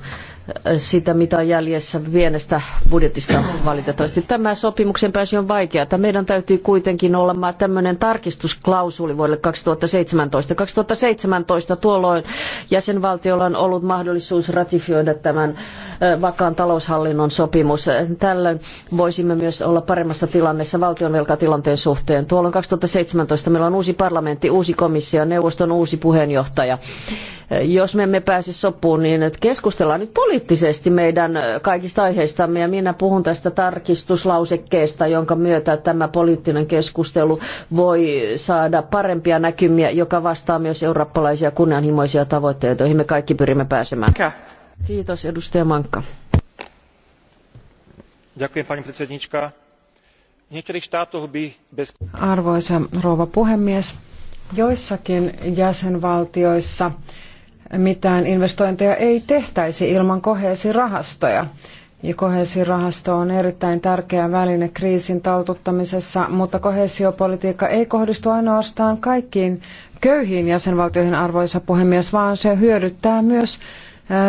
sitä, mitä on jäljessä pienestä budjetista valitettavasti. Tämä sopimuksen pääsy on vaikeaa. Meidän täytyy kuitenkin olla tämmöinen tarkistusklausuli vuodelle 2017. 2017 tuolloin jäsenvaltiolla on ollut mahdollisuus ratifioida tämän vakaan taloushallinnon sopimus. Tällöin voisimme myös olla paremmassa tilanteessa valtionvelkatilanteen suhteen. Tuolloin 2017 meillä on uusi parlamentti, uusi komissio ja neuvoston uusi puheenjohtaja. Jos me emme pääse sopuun, niin keskustellaan nyt poli- poliittisesti meidän kaikista aiheistamme ja minä puhun tästä tarkistuslausekkeesta, jonka myötä tämä poliittinen keskustelu voi saada parempia näkymiä, joka vastaa myös eurooppalaisia kunnianhimoisia tavoitteita, joihin me kaikki pyrimme pääsemään. Kiitos edustaja Mankka. Arvoisa rouva puhemies, joissakin jäsenvaltioissa mitään investointeja ei tehtäisi ilman kohesirahastoja. Ja kohesirahasto on erittäin tärkeä väline kriisin taltuttamisessa, mutta kohesiopolitiikka ei kohdistu ainoastaan kaikkiin köyhiin jäsenvaltioihin, arvoisa puhemies, vaan se hyödyttää myös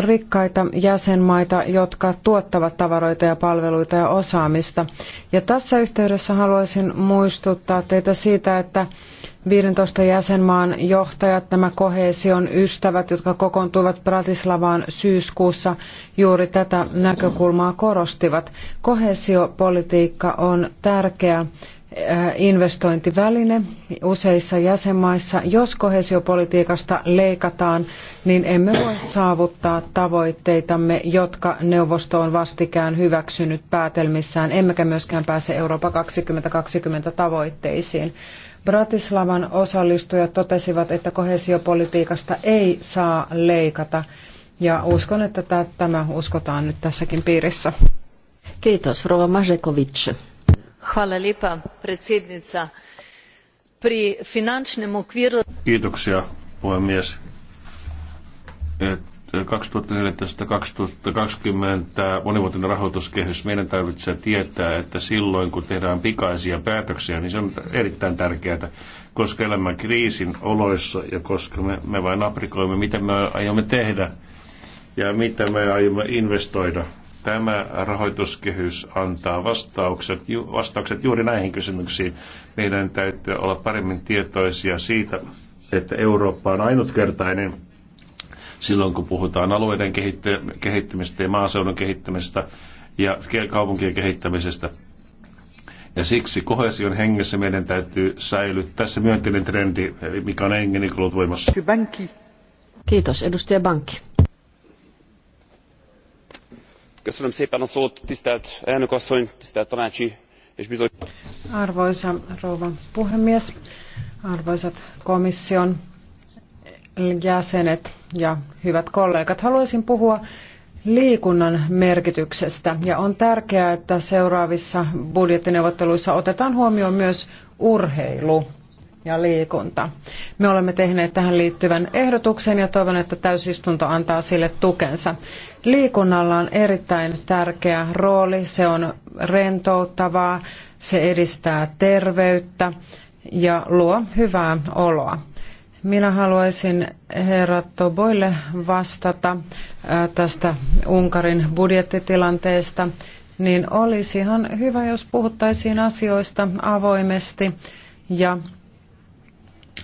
rikkaita jäsenmaita, jotka tuottavat tavaroita ja palveluita ja osaamista. Ja tässä yhteydessä haluaisin muistuttaa teitä siitä, että 15 jäsenmaan johtajat, nämä kohesion ystävät, jotka kokoontuivat Bratislavaan syyskuussa, juuri tätä näkökulmaa korostivat. Kohesiopolitiikka on tärkeä investointiväline useissa jäsenmaissa. Jos koheesiopolitiikasta leikataan, niin emme voi saavuttaa tavoitteitamme, jotka neuvosto on vastikään hyväksynyt päätelmissään, emmekä myöskään pääse Eurooppa 2020 tavoitteisiin. Bratislavan osallistujat totesivat, että koheesiopolitiikasta ei saa leikata, ja uskon, että tämä uskotaan nyt tässäkin piirissä. Kiitos, Rova Mazekovic. Pri finančnem okviru... Kiitoksia, puhemies. Et 2014-2020 e, monivuotinen rahoituskehys, meidän tarvitsee tietää, että silloin kun tehdään pikaisia päätöksiä, niin se on erittäin tärkeää, koska elämme kriisin oloissa ja koska me, me vain aprikoimme, mitä me aiomme tehdä ja mitä me aiomme investoida Tämä rahoituskehys antaa vastaukset, vastaukset juuri näihin kysymyksiin. Meidän täytyy olla paremmin tietoisia siitä, että Eurooppa on ainutkertainen silloin, kun puhutaan alueiden kehittämisestä ja maaseudun kehittämisestä ja kaupunkien kehittämisestä. Ja siksi kohesion hengessä meidän täytyy säilyttää tässä myönteinen trendi, mikä on kulut voimassa. Kiitos, edustaja Bankki. Arvoisa rouva puhemies, arvoisat komission jäsenet ja hyvät kollegat, haluaisin puhua liikunnan merkityksestä ja on tärkeää, että seuraavissa budjettineuvotteluissa otetaan huomioon myös urheilu ja liikunta. Me olemme tehneet tähän liittyvän ehdotuksen ja toivon, että täysistunto antaa sille tukensa. Liikunnalla on erittäin tärkeä rooli. Se on rentouttavaa, se edistää terveyttä ja luo hyvää oloa. Minä haluaisin herra Toboille vastata äh, tästä Unkarin budjettitilanteesta, niin olisihan hyvä, jos puhuttaisiin asioista avoimesti ja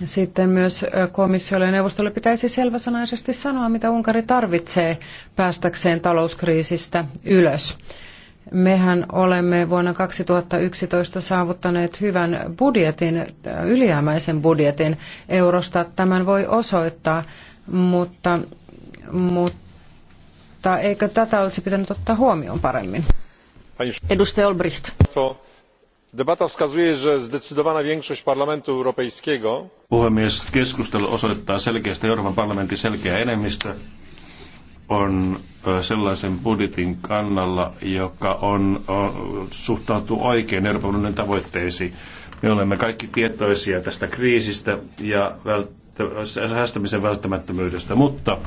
sitten myös komissiolle ja neuvostolle pitäisi selväsanaisesti sanoa, mitä Unkari tarvitsee päästäkseen talouskriisistä ylös. Mehän olemme vuonna 2011 saavuttaneet hyvän budjetin, ylijäämäisen budjetin eurosta. Tämän voi osoittaa, mutta, mutta eikö tätä olisi pitänyt ottaa huomioon paremmin? Edustaja Olbricht debata wskazuje że zdecydowana większość parlamentu europejskiego puhemies keskustelu osoittaa selkeästi euroopan parlamentin selkeä enemmistö on sellaisen budjetin kannalla, joka on, suhtautuu oikein Euroopan unionin tavoitteisiin. Me olemme kaikki tietoisia tästä kriisistä ja säästämisen välttämättömyydestä, mutta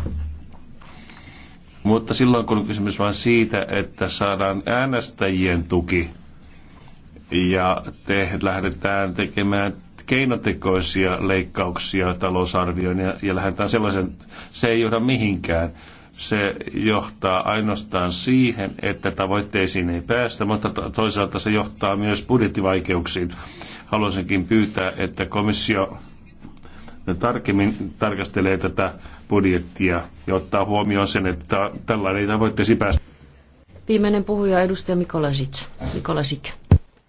mutta silloin kun on kysymys vain siitä, että saadaan äänestäjien tuki ja te lähdetään tekemään keinotekoisia leikkauksia talousarvioon ja, ja lähdetään sellaisen, se ei johda mihinkään. Se johtaa ainoastaan siihen, että tavoitteisiin ei päästä, mutta toisaalta se johtaa myös budjettivaikeuksiin. Haluaisinkin pyytää, että komissio tarkemmin tarkastelee tätä budjettia ja ottaa huomioon sen, että tällainen ei tavoitteisiin päästä. Viimeinen puhuja edustaja Mikolasic. Mikolasic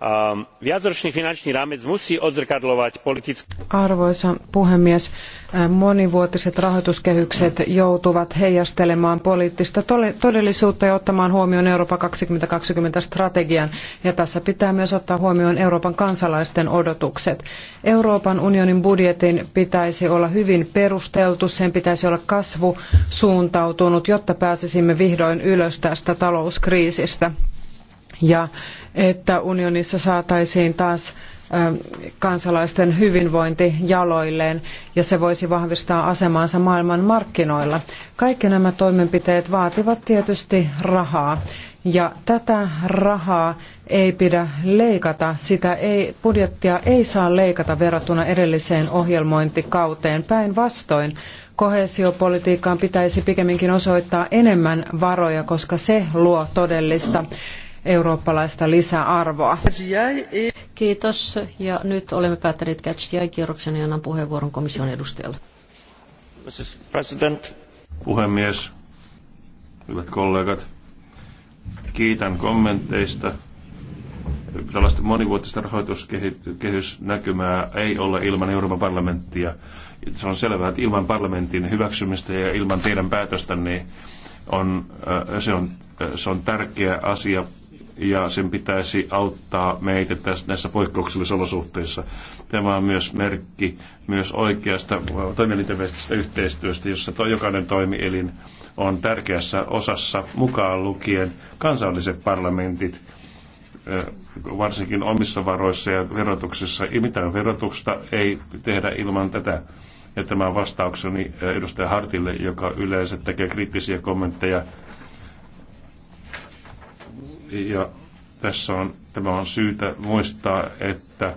Um, viacročný finančný rámec musí odzrkadľovať politickú... Arvoisa puhemies, eh, monivuotiset rahoituskehykset joutuvat heijastelemaan poliittista todellisuutta ja ottamaan huomioon Euroopan 2020 strategian. Ja tässä pitää myös ottaa huomioon Euroopan kansalaisten odotukset. Euroopan unionin budjetin pitäisi olla hyvin perusteltu, sen pitäisi olla kasvu suuntautunut, jotta pääsisimme vihdoin ylös tästä talouskriisistä ja että unionissa saataisiin taas kansalaisten hyvinvointi jaloilleen ja se voisi vahvistaa asemaansa maailman markkinoilla. Kaikki nämä toimenpiteet vaativat tietysti rahaa ja tätä rahaa ei pidä leikata, sitä ei, budjettia ei saa leikata verrattuna edelliseen ohjelmointikauteen. Päinvastoin koheesiopolitiikkaan pitäisi pikemminkin osoittaa enemmän varoja, koska se luo todellista eurooppalaista lisäarvoa. Kiitos. Ja nyt olemme päättäneet Catch kierroksen ja annan puheenvuoron komission edustajalle. Mrs. President. Puhemies, hyvät kollegat, kiitän kommenteista. Tällaista monivuotista rahoituskehysnäkymää ei ole ilman Euroopan parlamenttia. Se on selvää, että ilman parlamentin hyväksymistä ja ilman teidän päätöstänne niin on, äh, se, on, äh, se on tärkeä asia ja sen pitäisi auttaa meitä tässä, näissä poikkeuksellisissa olosuhteissa. Tämä on myös merkki myös oikeasta toimielinten yhteistyöstä, jossa to, jokainen toimielin on tärkeässä osassa mukaan lukien kansalliset parlamentit, varsinkin omissa varoissa ja verotuksessa. Mitään verotusta, ei tehdä ilman tätä. Ja tämä on vastaukseni edustaja Hartille, joka yleensä tekee kriittisiä kommentteja ja tässä on, tämä on syytä muistaa, että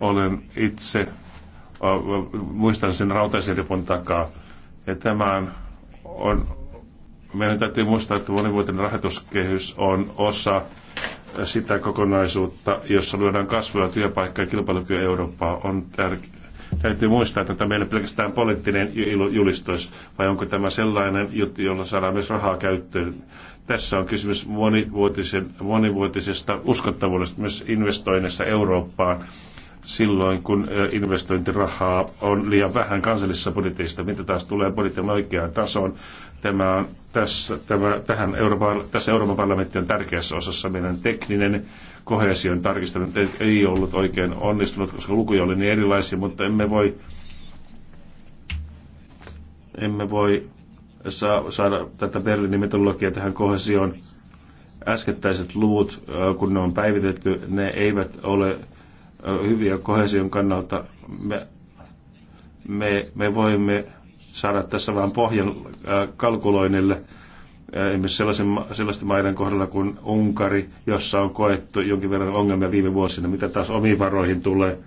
olen itse, äh, muistan sen rautaisen takaa. Ja tämä on, meidän täytyy muistaa, että monivuotinen rahoituskehys on osa sitä kokonaisuutta, jossa luodaan kasvua, työpaikkaa ja kilpailukykyä Eurooppaa. On tärkeää täytyy muistaa, että tämä ei ole pelkästään poliittinen julistus, vai onko tämä sellainen juttu, jolla saadaan myös rahaa käyttöön tässä on kysymys monivuotisen, monivuotisesta uskottavuudesta myös investoinnissa Eurooppaan silloin, kun investointirahaa on liian vähän kansallisissa budjeteissa, mitä taas tulee budjetin oikeaan tasoon. Tämä on, tässä, tämä, tähän Euroopan, tässä Euroopan parlamentti on tärkeässä osassa. Meidän tekninen kohesion tarkistaminen ei ollut oikein onnistunut, koska lukuja oli niin erilaisia, mutta emme voi, emme voi saa, saada tätä Berliinin metodologiaa tähän kohesioon. Äskettäiset luvut, kun ne on päivitetty, ne eivät ole hyviä kohesion kannalta. Me, me, me voimme saada tässä vähän pohjan kalkuloinnille esimerkiksi sellaisen, sellaisten maiden kohdalla kuin Unkari, jossa on koettu jonkin verran ongelmia viime vuosina, mitä taas omiin varoihin tulee.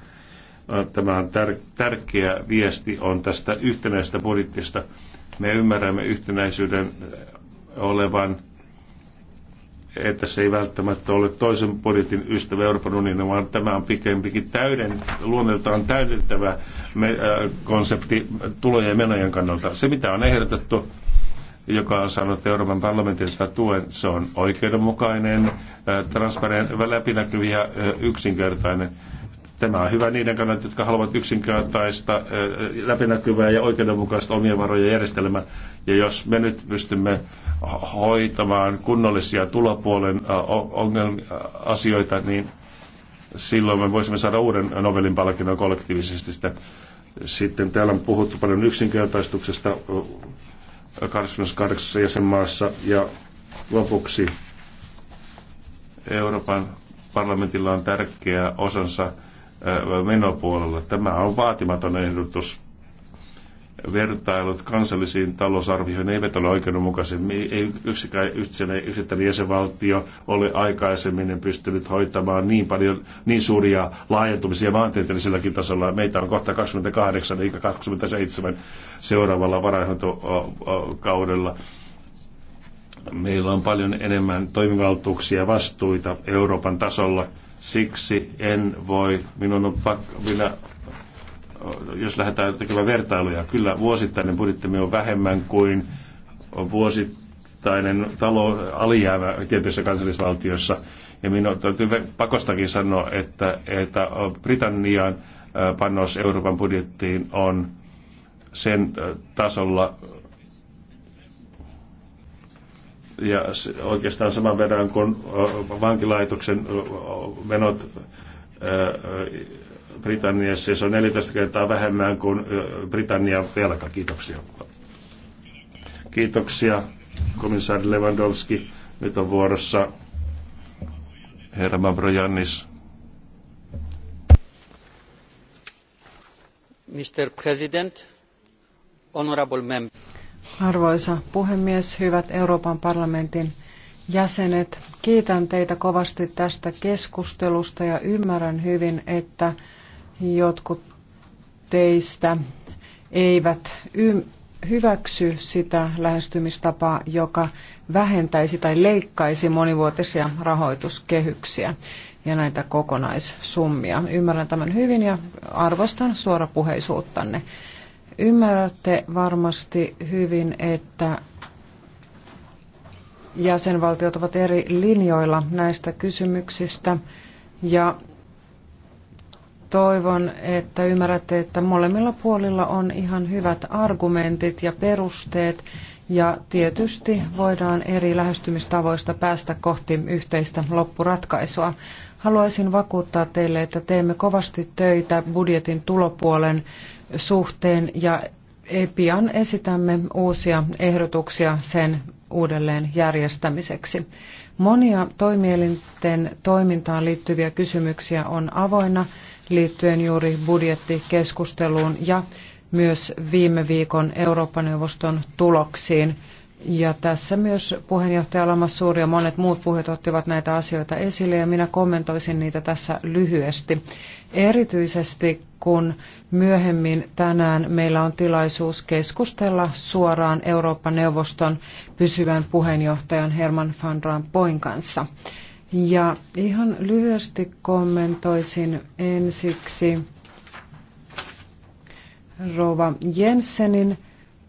Tämä on tär, tärkeä viesti on tästä yhtenäistä budjettista me ymmärrämme yhtenäisyyden äh, olevan, että se ei välttämättä ole toisen budjetin ystävä Euroopan unionin, vaan tämä on pikempikin täyden, luonneltaan täydentävä me, äh, konsepti tulojen ja menojen kannalta. Se, mitä on ehdotettu, joka on saanut Euroopan parlamentilta tuen. Se on oikeudenmukainen, äh, transparent, läpinäkyvä ja äh, yksinkertainen. Tämä on hyvä niiden kannalta, jotka haluavat yksinkertaista, läpinäkyvää ja oikeudenmukaista omien varojen järjestelmää. Ja jos me nyt pystymme hoitamaan kunnollisia tulopuolen ongelmia, asioita, niin silloin me voisimme saada uuden Nobelin palkinnon kollektiivisesti sitä. Sitten täällä on puhuttu paljon yksinkertaistuksesta 28 jäsenmaassa ja lopuksi Euroopan parlamentilla on tärkeä osansa Äh, menopuolella. Tämä on vaatimaton ehdotus. Vertailut kansallisiin talousarvioihin eivät ole oikeudenmukaisia. Ei yksikään yksittäinen jäsenvaltio ole aikaisemmin pystynyt hoitamaan niin paljon, niin suuria laajentumisia maantieteelliselläkin tasolla. Meitä on kohta 28 eikä 27 seuraavalla varainhoitokaudella meillä on paljon enemmän toimivaltuuksia ja vastuita Euroopan tasolla. Siksi en voi, minun on pakko, minä, jos lähdetään tekemään vertailuja, kyllä vuosittainen budjettimme on vähemmän kuin vuosittainen talo, alijäämä tietyissä kansallisvaltiossa. Ja minun täytyy pakostakin sanoa, että, että Britannian panos Euroopan budjettiin on sen tasolla, ja oikeastaan saman verran kuin vankilaitoksen menot Britanniassa, ja se on 14 kertaa vähemmän kuin Britannian velka. Kiitoksia. Kiitoksia, komissaari Lewandowski. Nyt on vuorossa herra Mavrojannis. Mr. President, honorable members. Arvoisa puhemies, hyvät Euroopan parlamentin jäsenet, kiitän teitä kovasti tästä keskustelusta ja ymmärrän hyvin, että jotkut teistä eivät hyväksy sitä lähestymistapaa, joka vähentäisi tai leikkaisi monivuotisia rahoituskehyksiä ja näitä kokonaissummia. Ymmärrän tämän hyvin ja arvostan suorapuheisuuttanne. Ymmärrätte varmasti hyvin, että jäsenvaltiot ovat eri linjoilla näistä kysymyksistä ja toivon, että ymmärrätte, että molemmilla puolilla on ihan hyvät argumentit ja perusteet ja tietysti voidaan eri lähestymistavoista päästä kohti yhteistä loppuratkaisua. Haluaisin vakuuttaa teille, että teemme kovasti töitä budjetin tulopuolen suhteen ja pian esitämme uusia ehdotuksia sen uudelleen järjestämiseksi. Monia toimielinten toimintaan liittyviä kysymyksiä on avoinna liittyen juuri budjettikeskusteluun ja myös viime viikon Eurooppa-neuvoston tuloksiin – ja tässä myös puheenjohtaja Lamassuuri ja monet muut puheet ottivat näitä asioita esille ja minä kommentoisin niitä tässä lyhyesti. Erityisesti kun myöhemmin tänään meillä on tilaisuus keskustella suoraan Eurooppa-neuvoston pysyvän puheenjohtajan Herman van Rompuyn kanssa. Ja ihan lyhyesti kommentoisin ensiksi Rova Jensenin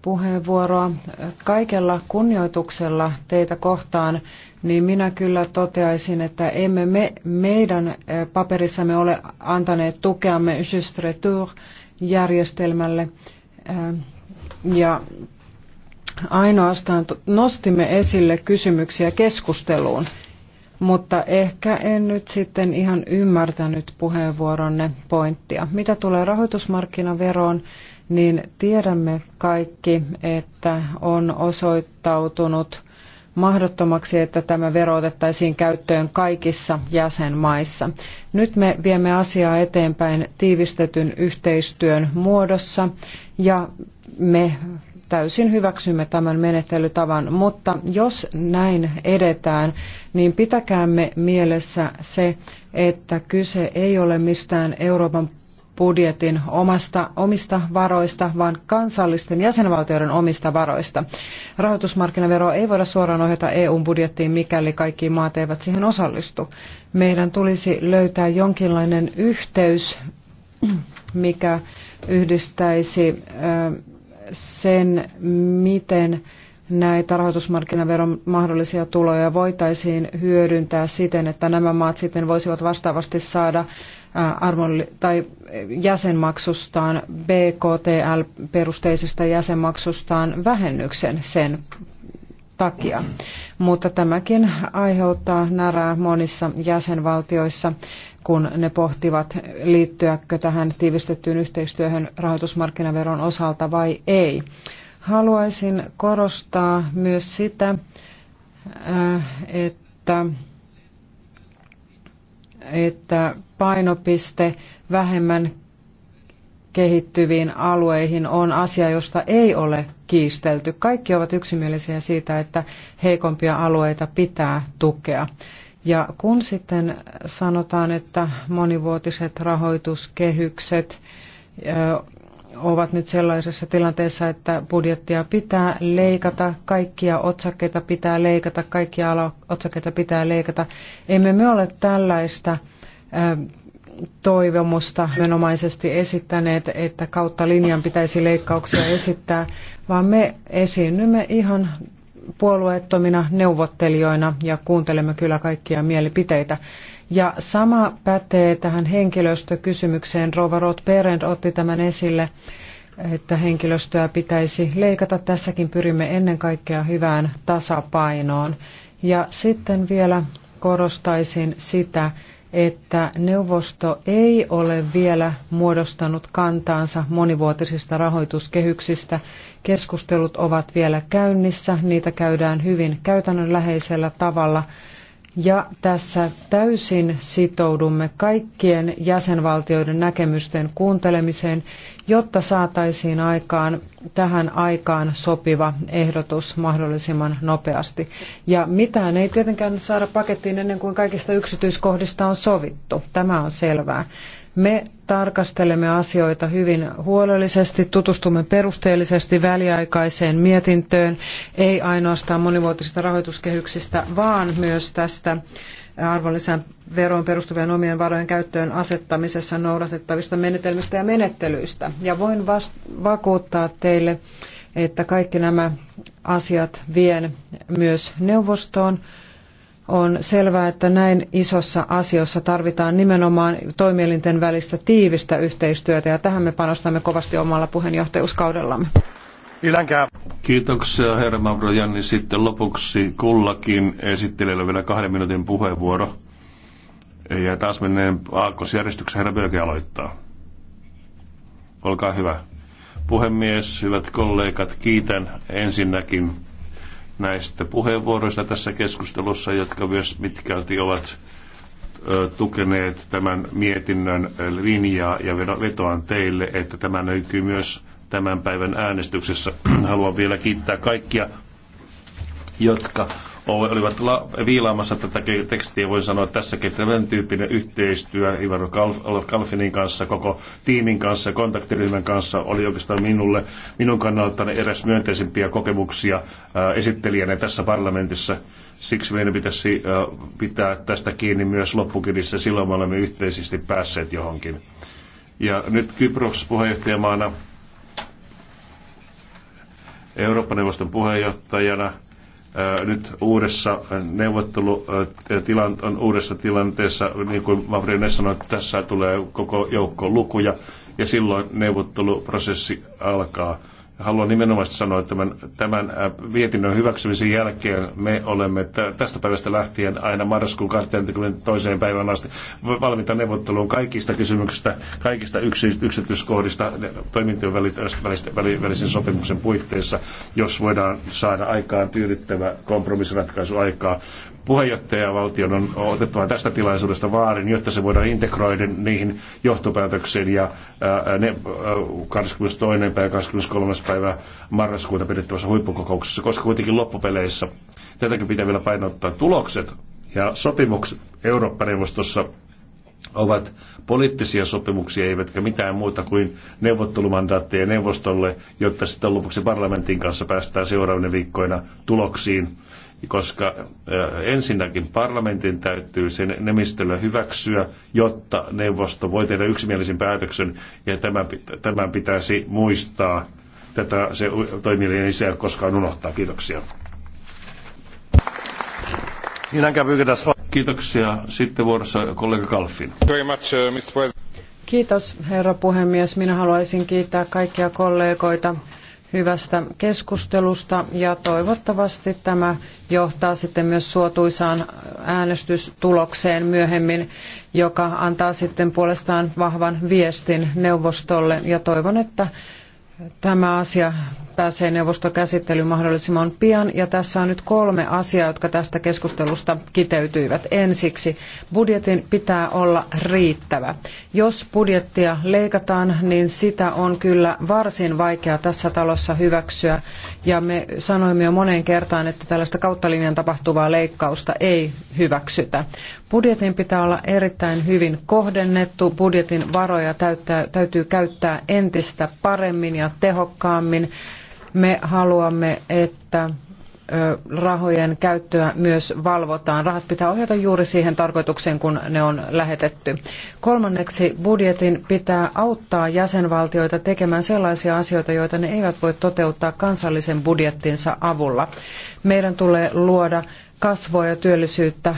puheenvuoroa. Kaikella kunnioituksella teitä kohtaan, niin minä kyllä toteaisin, että emme me meidän eh, paperissamme ole antaneet tukeamme Just järjestelmälle eh, Ja ainoastaan nostimme esille kysymyksiä keskusteluun. Mutta ehkä en nyt sitten ihan ymmärtänyt puheenvuoronne pointtia. Mitä tulee rahoitusmarkkinaveroon, niin tiedämme kaikki, että on osoittautunut mahdottomaksi, että tämä vero otettaisiin käyttöön kaikissa jäsenmaissa. Nyt me viemme asiaa eteenpäin tiivistetyn yhteistyön muodossa ja me täysin hyväksymme tämän menettelytavan, mutta jos näin edetään, niin pitäkäämme mielessä se, että kyse ei ole mistään Euroopan budjetin omasta, omista varoista, vaan kansallisten jäsenvaltioiden omista varoista. Rahoitusmarkkinaveroa ei voida suoraan ohjata EU-budjettiin, mikäli kaikki maat eivät siihen osallistu. Meidän tulisi löytää jonkinlainen yhteys, mikä yhdistäisi sen, miten näitä rahoitusmarkkinaveron mahdollisia tuloja voitaisiin hyödyntää siten, että nämä maat sitten voisivat vastaavasti saada Äh, arvon, tai jäsenmaksustaan, BKTL-perusteisesta jäsenmaksustaan vähennyksen sen takia. Mutta tämäkin aiheuttaa närää monissa jäsenvaltioissa, kun ne pohtivat liittyäkö tähän tiivistettyyn yhteistyöhön rahoitusmarkkinaveron osalta vai ei. Haluaisin korostaa myös sitä, äh, että että painopiste vähemmän kehittyviin alueihin on asia, josta ei ole kiistelty. Kaikki ovat yksimielisiä siitä, että heikompia alueita pitää tukea. Ja kun sitten sanotaan, että monivuotiset rahoituskehykset ovat nyt sellaisessa tilanteessa, että budjettia pitää leikata, kaikkia otsakkeita pitää leikata, kaikkia ala- otsakkeita pitää leikata. Emme me ole tällaista toivomusta menomaisesti esittäneet, että kautta linjan pitäisi leikkauksia esittää, vaan me esiinnymme ihan puolueettomina neuvottelijoina ja kuuntelemme kyllä kaikkia mielipiteitä. Ja sama pätee tähän henkilöstökysymykseen. Rova Roth Berend otti tämän esille, että henkilöstöä pitäisi leikata. Tässäkin pyrimme ennen kaikkea hyvään tasapainoon. Ja sitten vielä korostaisin sitä, että neuvosto ei ole vielä muodostanut kantaansa monivuotisista rahoituskehyksistä. Keskustelut ovat vielä käynnissä, niitä käydään hyvin käytännönläheisellä tavalla – ja tässä täysin sitoudumme kaikkien jäsenvaltioiden näkemysten kuuntelemiseen, jotta saataisiin aikaan tähän aikaan sopiva ehdotus mahdollisimman nopeasti. Ja mitään ei tietenkään saada pakettiin ennen kuin kaikista yksityiskohdista on sovittu. Tämä on selvää. Me tarkastelemme asioita hyvin huolellisesti, tutustumme perusteellisesti väliaikaiseen mietintöön, ei ainoastaan monivuotisista rahoituskehyksistä, vaan myös tästä arvonlisäveroon perustuvien omien varojen käyttöön asettamisessa noudatettavista menetelmistä ja menettelyistä. Ja voin vakuuttaa teille, että kaikki nämä asiat vien myös neuvostoon on selvää, että näin isossa asiassa tarvitaan nimenomaan toimielinten välistä tiivistä yhteistyötä ja tähän me panostamme kovasti omalla puheenjohtajuuskaudellamme. Kiitoksia herra Mavrojanni. Sitten lopuksi kullakin esittelijällä vielä kahden minuutin puheenvuoro. Ja taas menneen aakkosjärjestyksen herra Böke aloittaa. Olkaa hyvä. Puhemies, hyvät kollegat, kiitän ensinnäkin näistä puheenvuoroista tässä keskustelussa, jotka myös mitkälti ovat tukeneet tämän mietinnön linjaa ja vetoan teille, että tämä näkyy myös tämän päivän äänestyksessä. Haluan vielä kiittää kaikkia, jotka olivat la- viilaamassa tätä tekstiä. Voin sanoa että tässäkin, että tämän tyyppinen yhteistyö Ivar Kalfinin kanssa, koko tiimin kanssa, kontaktiryhmän kanssa oli oikeastaan minulle, minun kannaltani eräs myönteisimpiä kokemuksia ää, esittelijänä tässä parlamentissa. Siksi meidän pitäisi ää, pitää tästä kiinni myös loppukirjassa, silloin me olemme yhteisesti päässeet johonkin. Ja nyt Kypros puheenjohtajamaana Eurooppa-neuvoston puheenjohtajana – nyt uudessa neuvottelutilanteessa, on uudessa tilanteessa, niin kuin Vavrine sanoi, että tässä tulee koko joukko lukuja ja silloin neuvotteluprosessi alkaa haluan nimenomaan sanoa, että tämän, tämän äh, mietinnön hyväksymisen jälkeen me olemme tästä päivästä lähtien aina marraskuun 22. päivän asti valmiita neuvotteluun kaikista kysymyksistä, kaikista yksi, yksityiskohdista toimintojen äh, välisen sopimuksen puitteissa, jos voidaan saada aikaan tyydyttävä kompromissiratkaisu aikaa. Puheenjohtajavaltion on otettava tästä tilaisuudesta vaarin, jotta se voidaan integroida niihin johtopäätöksiin ja ne 22. päivä 23. päivä marraskuuta pidettävässä huippukokouksessa, koska kuitenkin loppupeleissä tätäkin pitää vielä painottaa. Tulokset ja sopimukset Eurooppa-neuvostossa ovat poliittisia sopimuksia, eivätkä mitään muuta kuin neuvottelumandaatteja neuvostolle, jotta sitten lopuksi parlamentin kanssa päästään seuraavina viikkoina tuloksiin, koska ensinnäkin parlamentin täytyy sen enemmistöllä hyväksyä, jotta neuvosto voi tehdä yksimielisen päätöksen, ja tämän, tämän pitäisi muistaa. Tätä se toimielinen isä koskaan unohtaa. Kiitoksia. Kiitoksia. Sitten vuorossa kollega Kalfin. Uh, Kiitos, herra puhemies. Minä haluaisin kiittää kaikkia kollegoita hyvästä keskustelusta ja toivottavasti tämä johtaa sitten myös suotuisaan äänestystulokseen myöhemmin, joka antaa sitten puolestaan vahvan viestin neuvostolle ja toivon, että tämä asia pääsee neuvostokäsittelyyn mahdollisimman pian. Ja tässä on nyt kolme asiaa, jotka tästä keskustelusta kiteytyivät. Ensiksi budjetin pitää olla riittävä. Jos budjettia leikataan, niin sitä on kyllä varsin vaikea tässä talossa hyväksyä. Ja me sanoimme jo moneen kertaan, että tällaista kauttalinjan tapahtuvaa leikkausta ei hyväksytä. Budjetin pitää olla erittäin hyvin kohdennettu. Budjetin varoja täyttää, täytyy käyttää entistä paremmin ja tehokkaammin me haluamme, että rahojen käyttöä myös valvotaan. Rahat pitää ohjata juuri siihen tarkoitukseen, kun ne on lähetetty. Kolmanneksi budjetin pitää auttaa jäsenvaltioita tekemään sellaisia asioita, joita ne eivät voi toteuttaa kansallisen budjettinsa avulla. Meidän tulee luoda kasvua ja työllisyyttä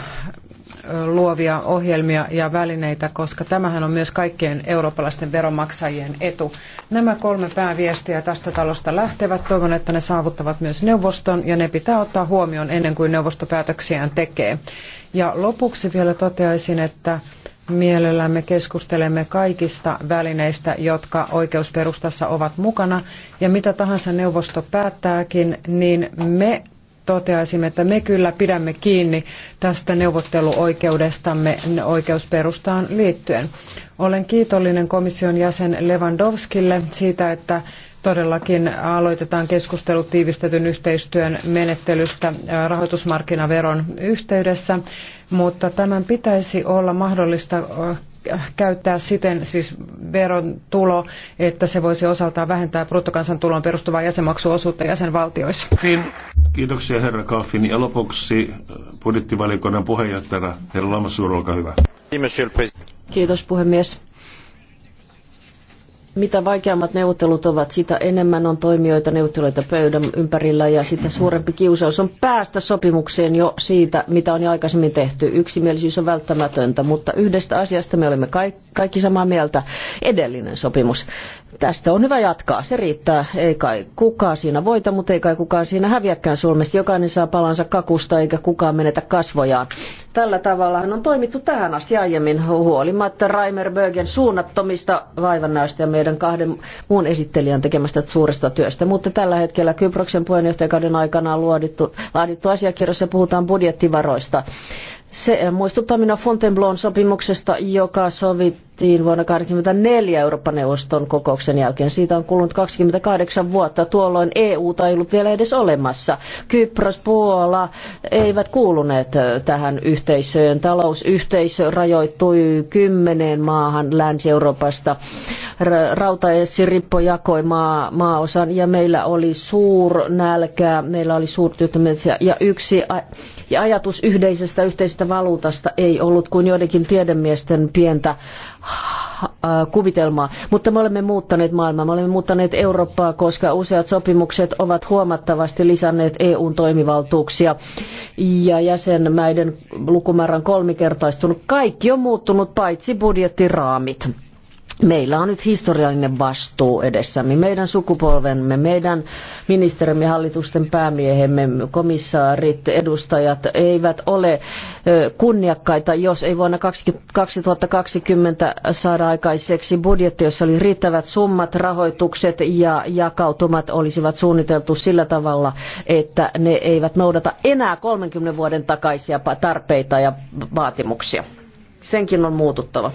luovia ohjelmia ja välineitä, koska tämähän on myös kaikkien eurooppalaisten veronmaksajien etu. Nämä kolme pääviestiä tästä talosta lähtevät. Toivon, että ne saavuttavat myös neuvoston ja ne pitää ottaa huomioon ennen kuin neuvostopäätöksiään tekee. Ja lopuksi vielä toteaisin, että Mielellämme keskustelemme kaikista välineistä, jotka oikeusperustassa ovat mukana. Ja mitä tahansa neuvosto päättääkin, niin me toteaisimme, että me kyllä pidämme kiinni tästä neuvotteluoikeudestamme oikeusperustaan liittyen. Olen kiitollinen komission jäsen Lewandowskille siitä, että todellakin aloitetaan keskustelu tiivistetyn yhteistyön menettelystä äh, rahoitusmarkkinaveron yhteydessä, mutta tämän pitäisi olla mahdollista äh, käyttää siten siis veron tulo, että se voisi osaltaan vähentää bruttokansantuloon perustuvaa jäsenmaksuosuutta jäsenvaltioissa. Kiitoksia herra Kaffin. Ja lopuksi äh, budjettivaliokunnan puheenjohtaja herra Lamassuur, olkaa hyvä. Kiitos puhemies mitä vaikeammat neuvottelut ovat, sitä enemmän on toimijoita neuvotteluita pöydän ympärillä ja sitä suurempi kiusaus on päästä sopimukseen jo siitä, mitä on jo aikaisemmin tehty. Yksimielisyys on välttämätöntä, mutta yhdestä asiasta me olemme kaikki samaa mieltä. Edellinen sopimus. Tästä on hyvä jatkaa, se riittää. Ei kai kukaan siinä voita, mutta ei kai kukaan siinä häviäkään Suomesta. Jokainen saa palansa kakusta eikä kukaan menetä kasvojaan. Tällä tavalla on toimittu tähän asti aiemmin huolimatta Raimer Bögen suunnattomista vaivannäöstä ja meidän kahden muun esittelijän tekemästä suuresta työstä. Mutta tällä hetkellä Kyproksen puheenjohtajakauden aikana on luodittu, laadittu asiakirjassa puhutaan budjettivaroista. Se eh, muistuttaa minua Fontainebleau sopimuksesta, joka sovittiin sovittiin vuonna 1984 Eurooppa-neuvoston kokouksen jälkeen. Siitä on kulunut 28 vuotta. Tuolloin EU ei ollut vielä edes olemassa. Kypros, Puola eivät kuuluneet tähän yhteisöön. Talousyhteisö rajoittui kymmeneen maahan Länsi-Euroopasta. Rautaesirippo jakoi maa, maaosan ja meillä oli suur nälkä, meillä oli suurtyöttömyys ja yksi ja ajatus yhteisestä yhteisestä valuutasta ei ollut kuin joidenkin tiedemiesten pientä Äh, kuvitelmaa. Mutta me olemme muuttaneet maailmaa, me olemme muuttaneet Eurooppaa, koska useat sopimukset ovat huomattavasti lisänneet EUn toimivaltuuksia ja jäsenmäiden lukumäärän kolmikertaistunut. Kaikki on muuttunut paitsi budjettiraamit. Meillä on nyt historiallinen vastuu edessämme. Meidän sukupolvemme, meidän ministerimme, hallitusten päämiehemme, komissaarit, edustajat eivät ole kunniakkaita, jos ei vuonna 2020 saada aikaiseksi budjetti, jossa oli riittävät summat, rahoitukset ja jakautumat olisivat suunniteltu sillä tavalla, että ne eivät noudata enää 30 vuoden takaisia tarpeita ja vaatimuksia. Senkin on muututtava.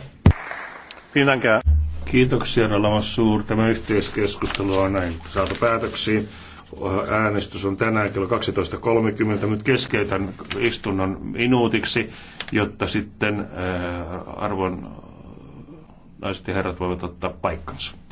Kiitoksia, Ralamas Suur. Tämä yhteiskeskustelu on näin saatu päätöksiin. Äänestys on tänään kello 12.30. Nyt keskeytän istunnon minuutiksi, jotta sitten äh, arvon naiset ja herrat voivat ottaa paikkansa.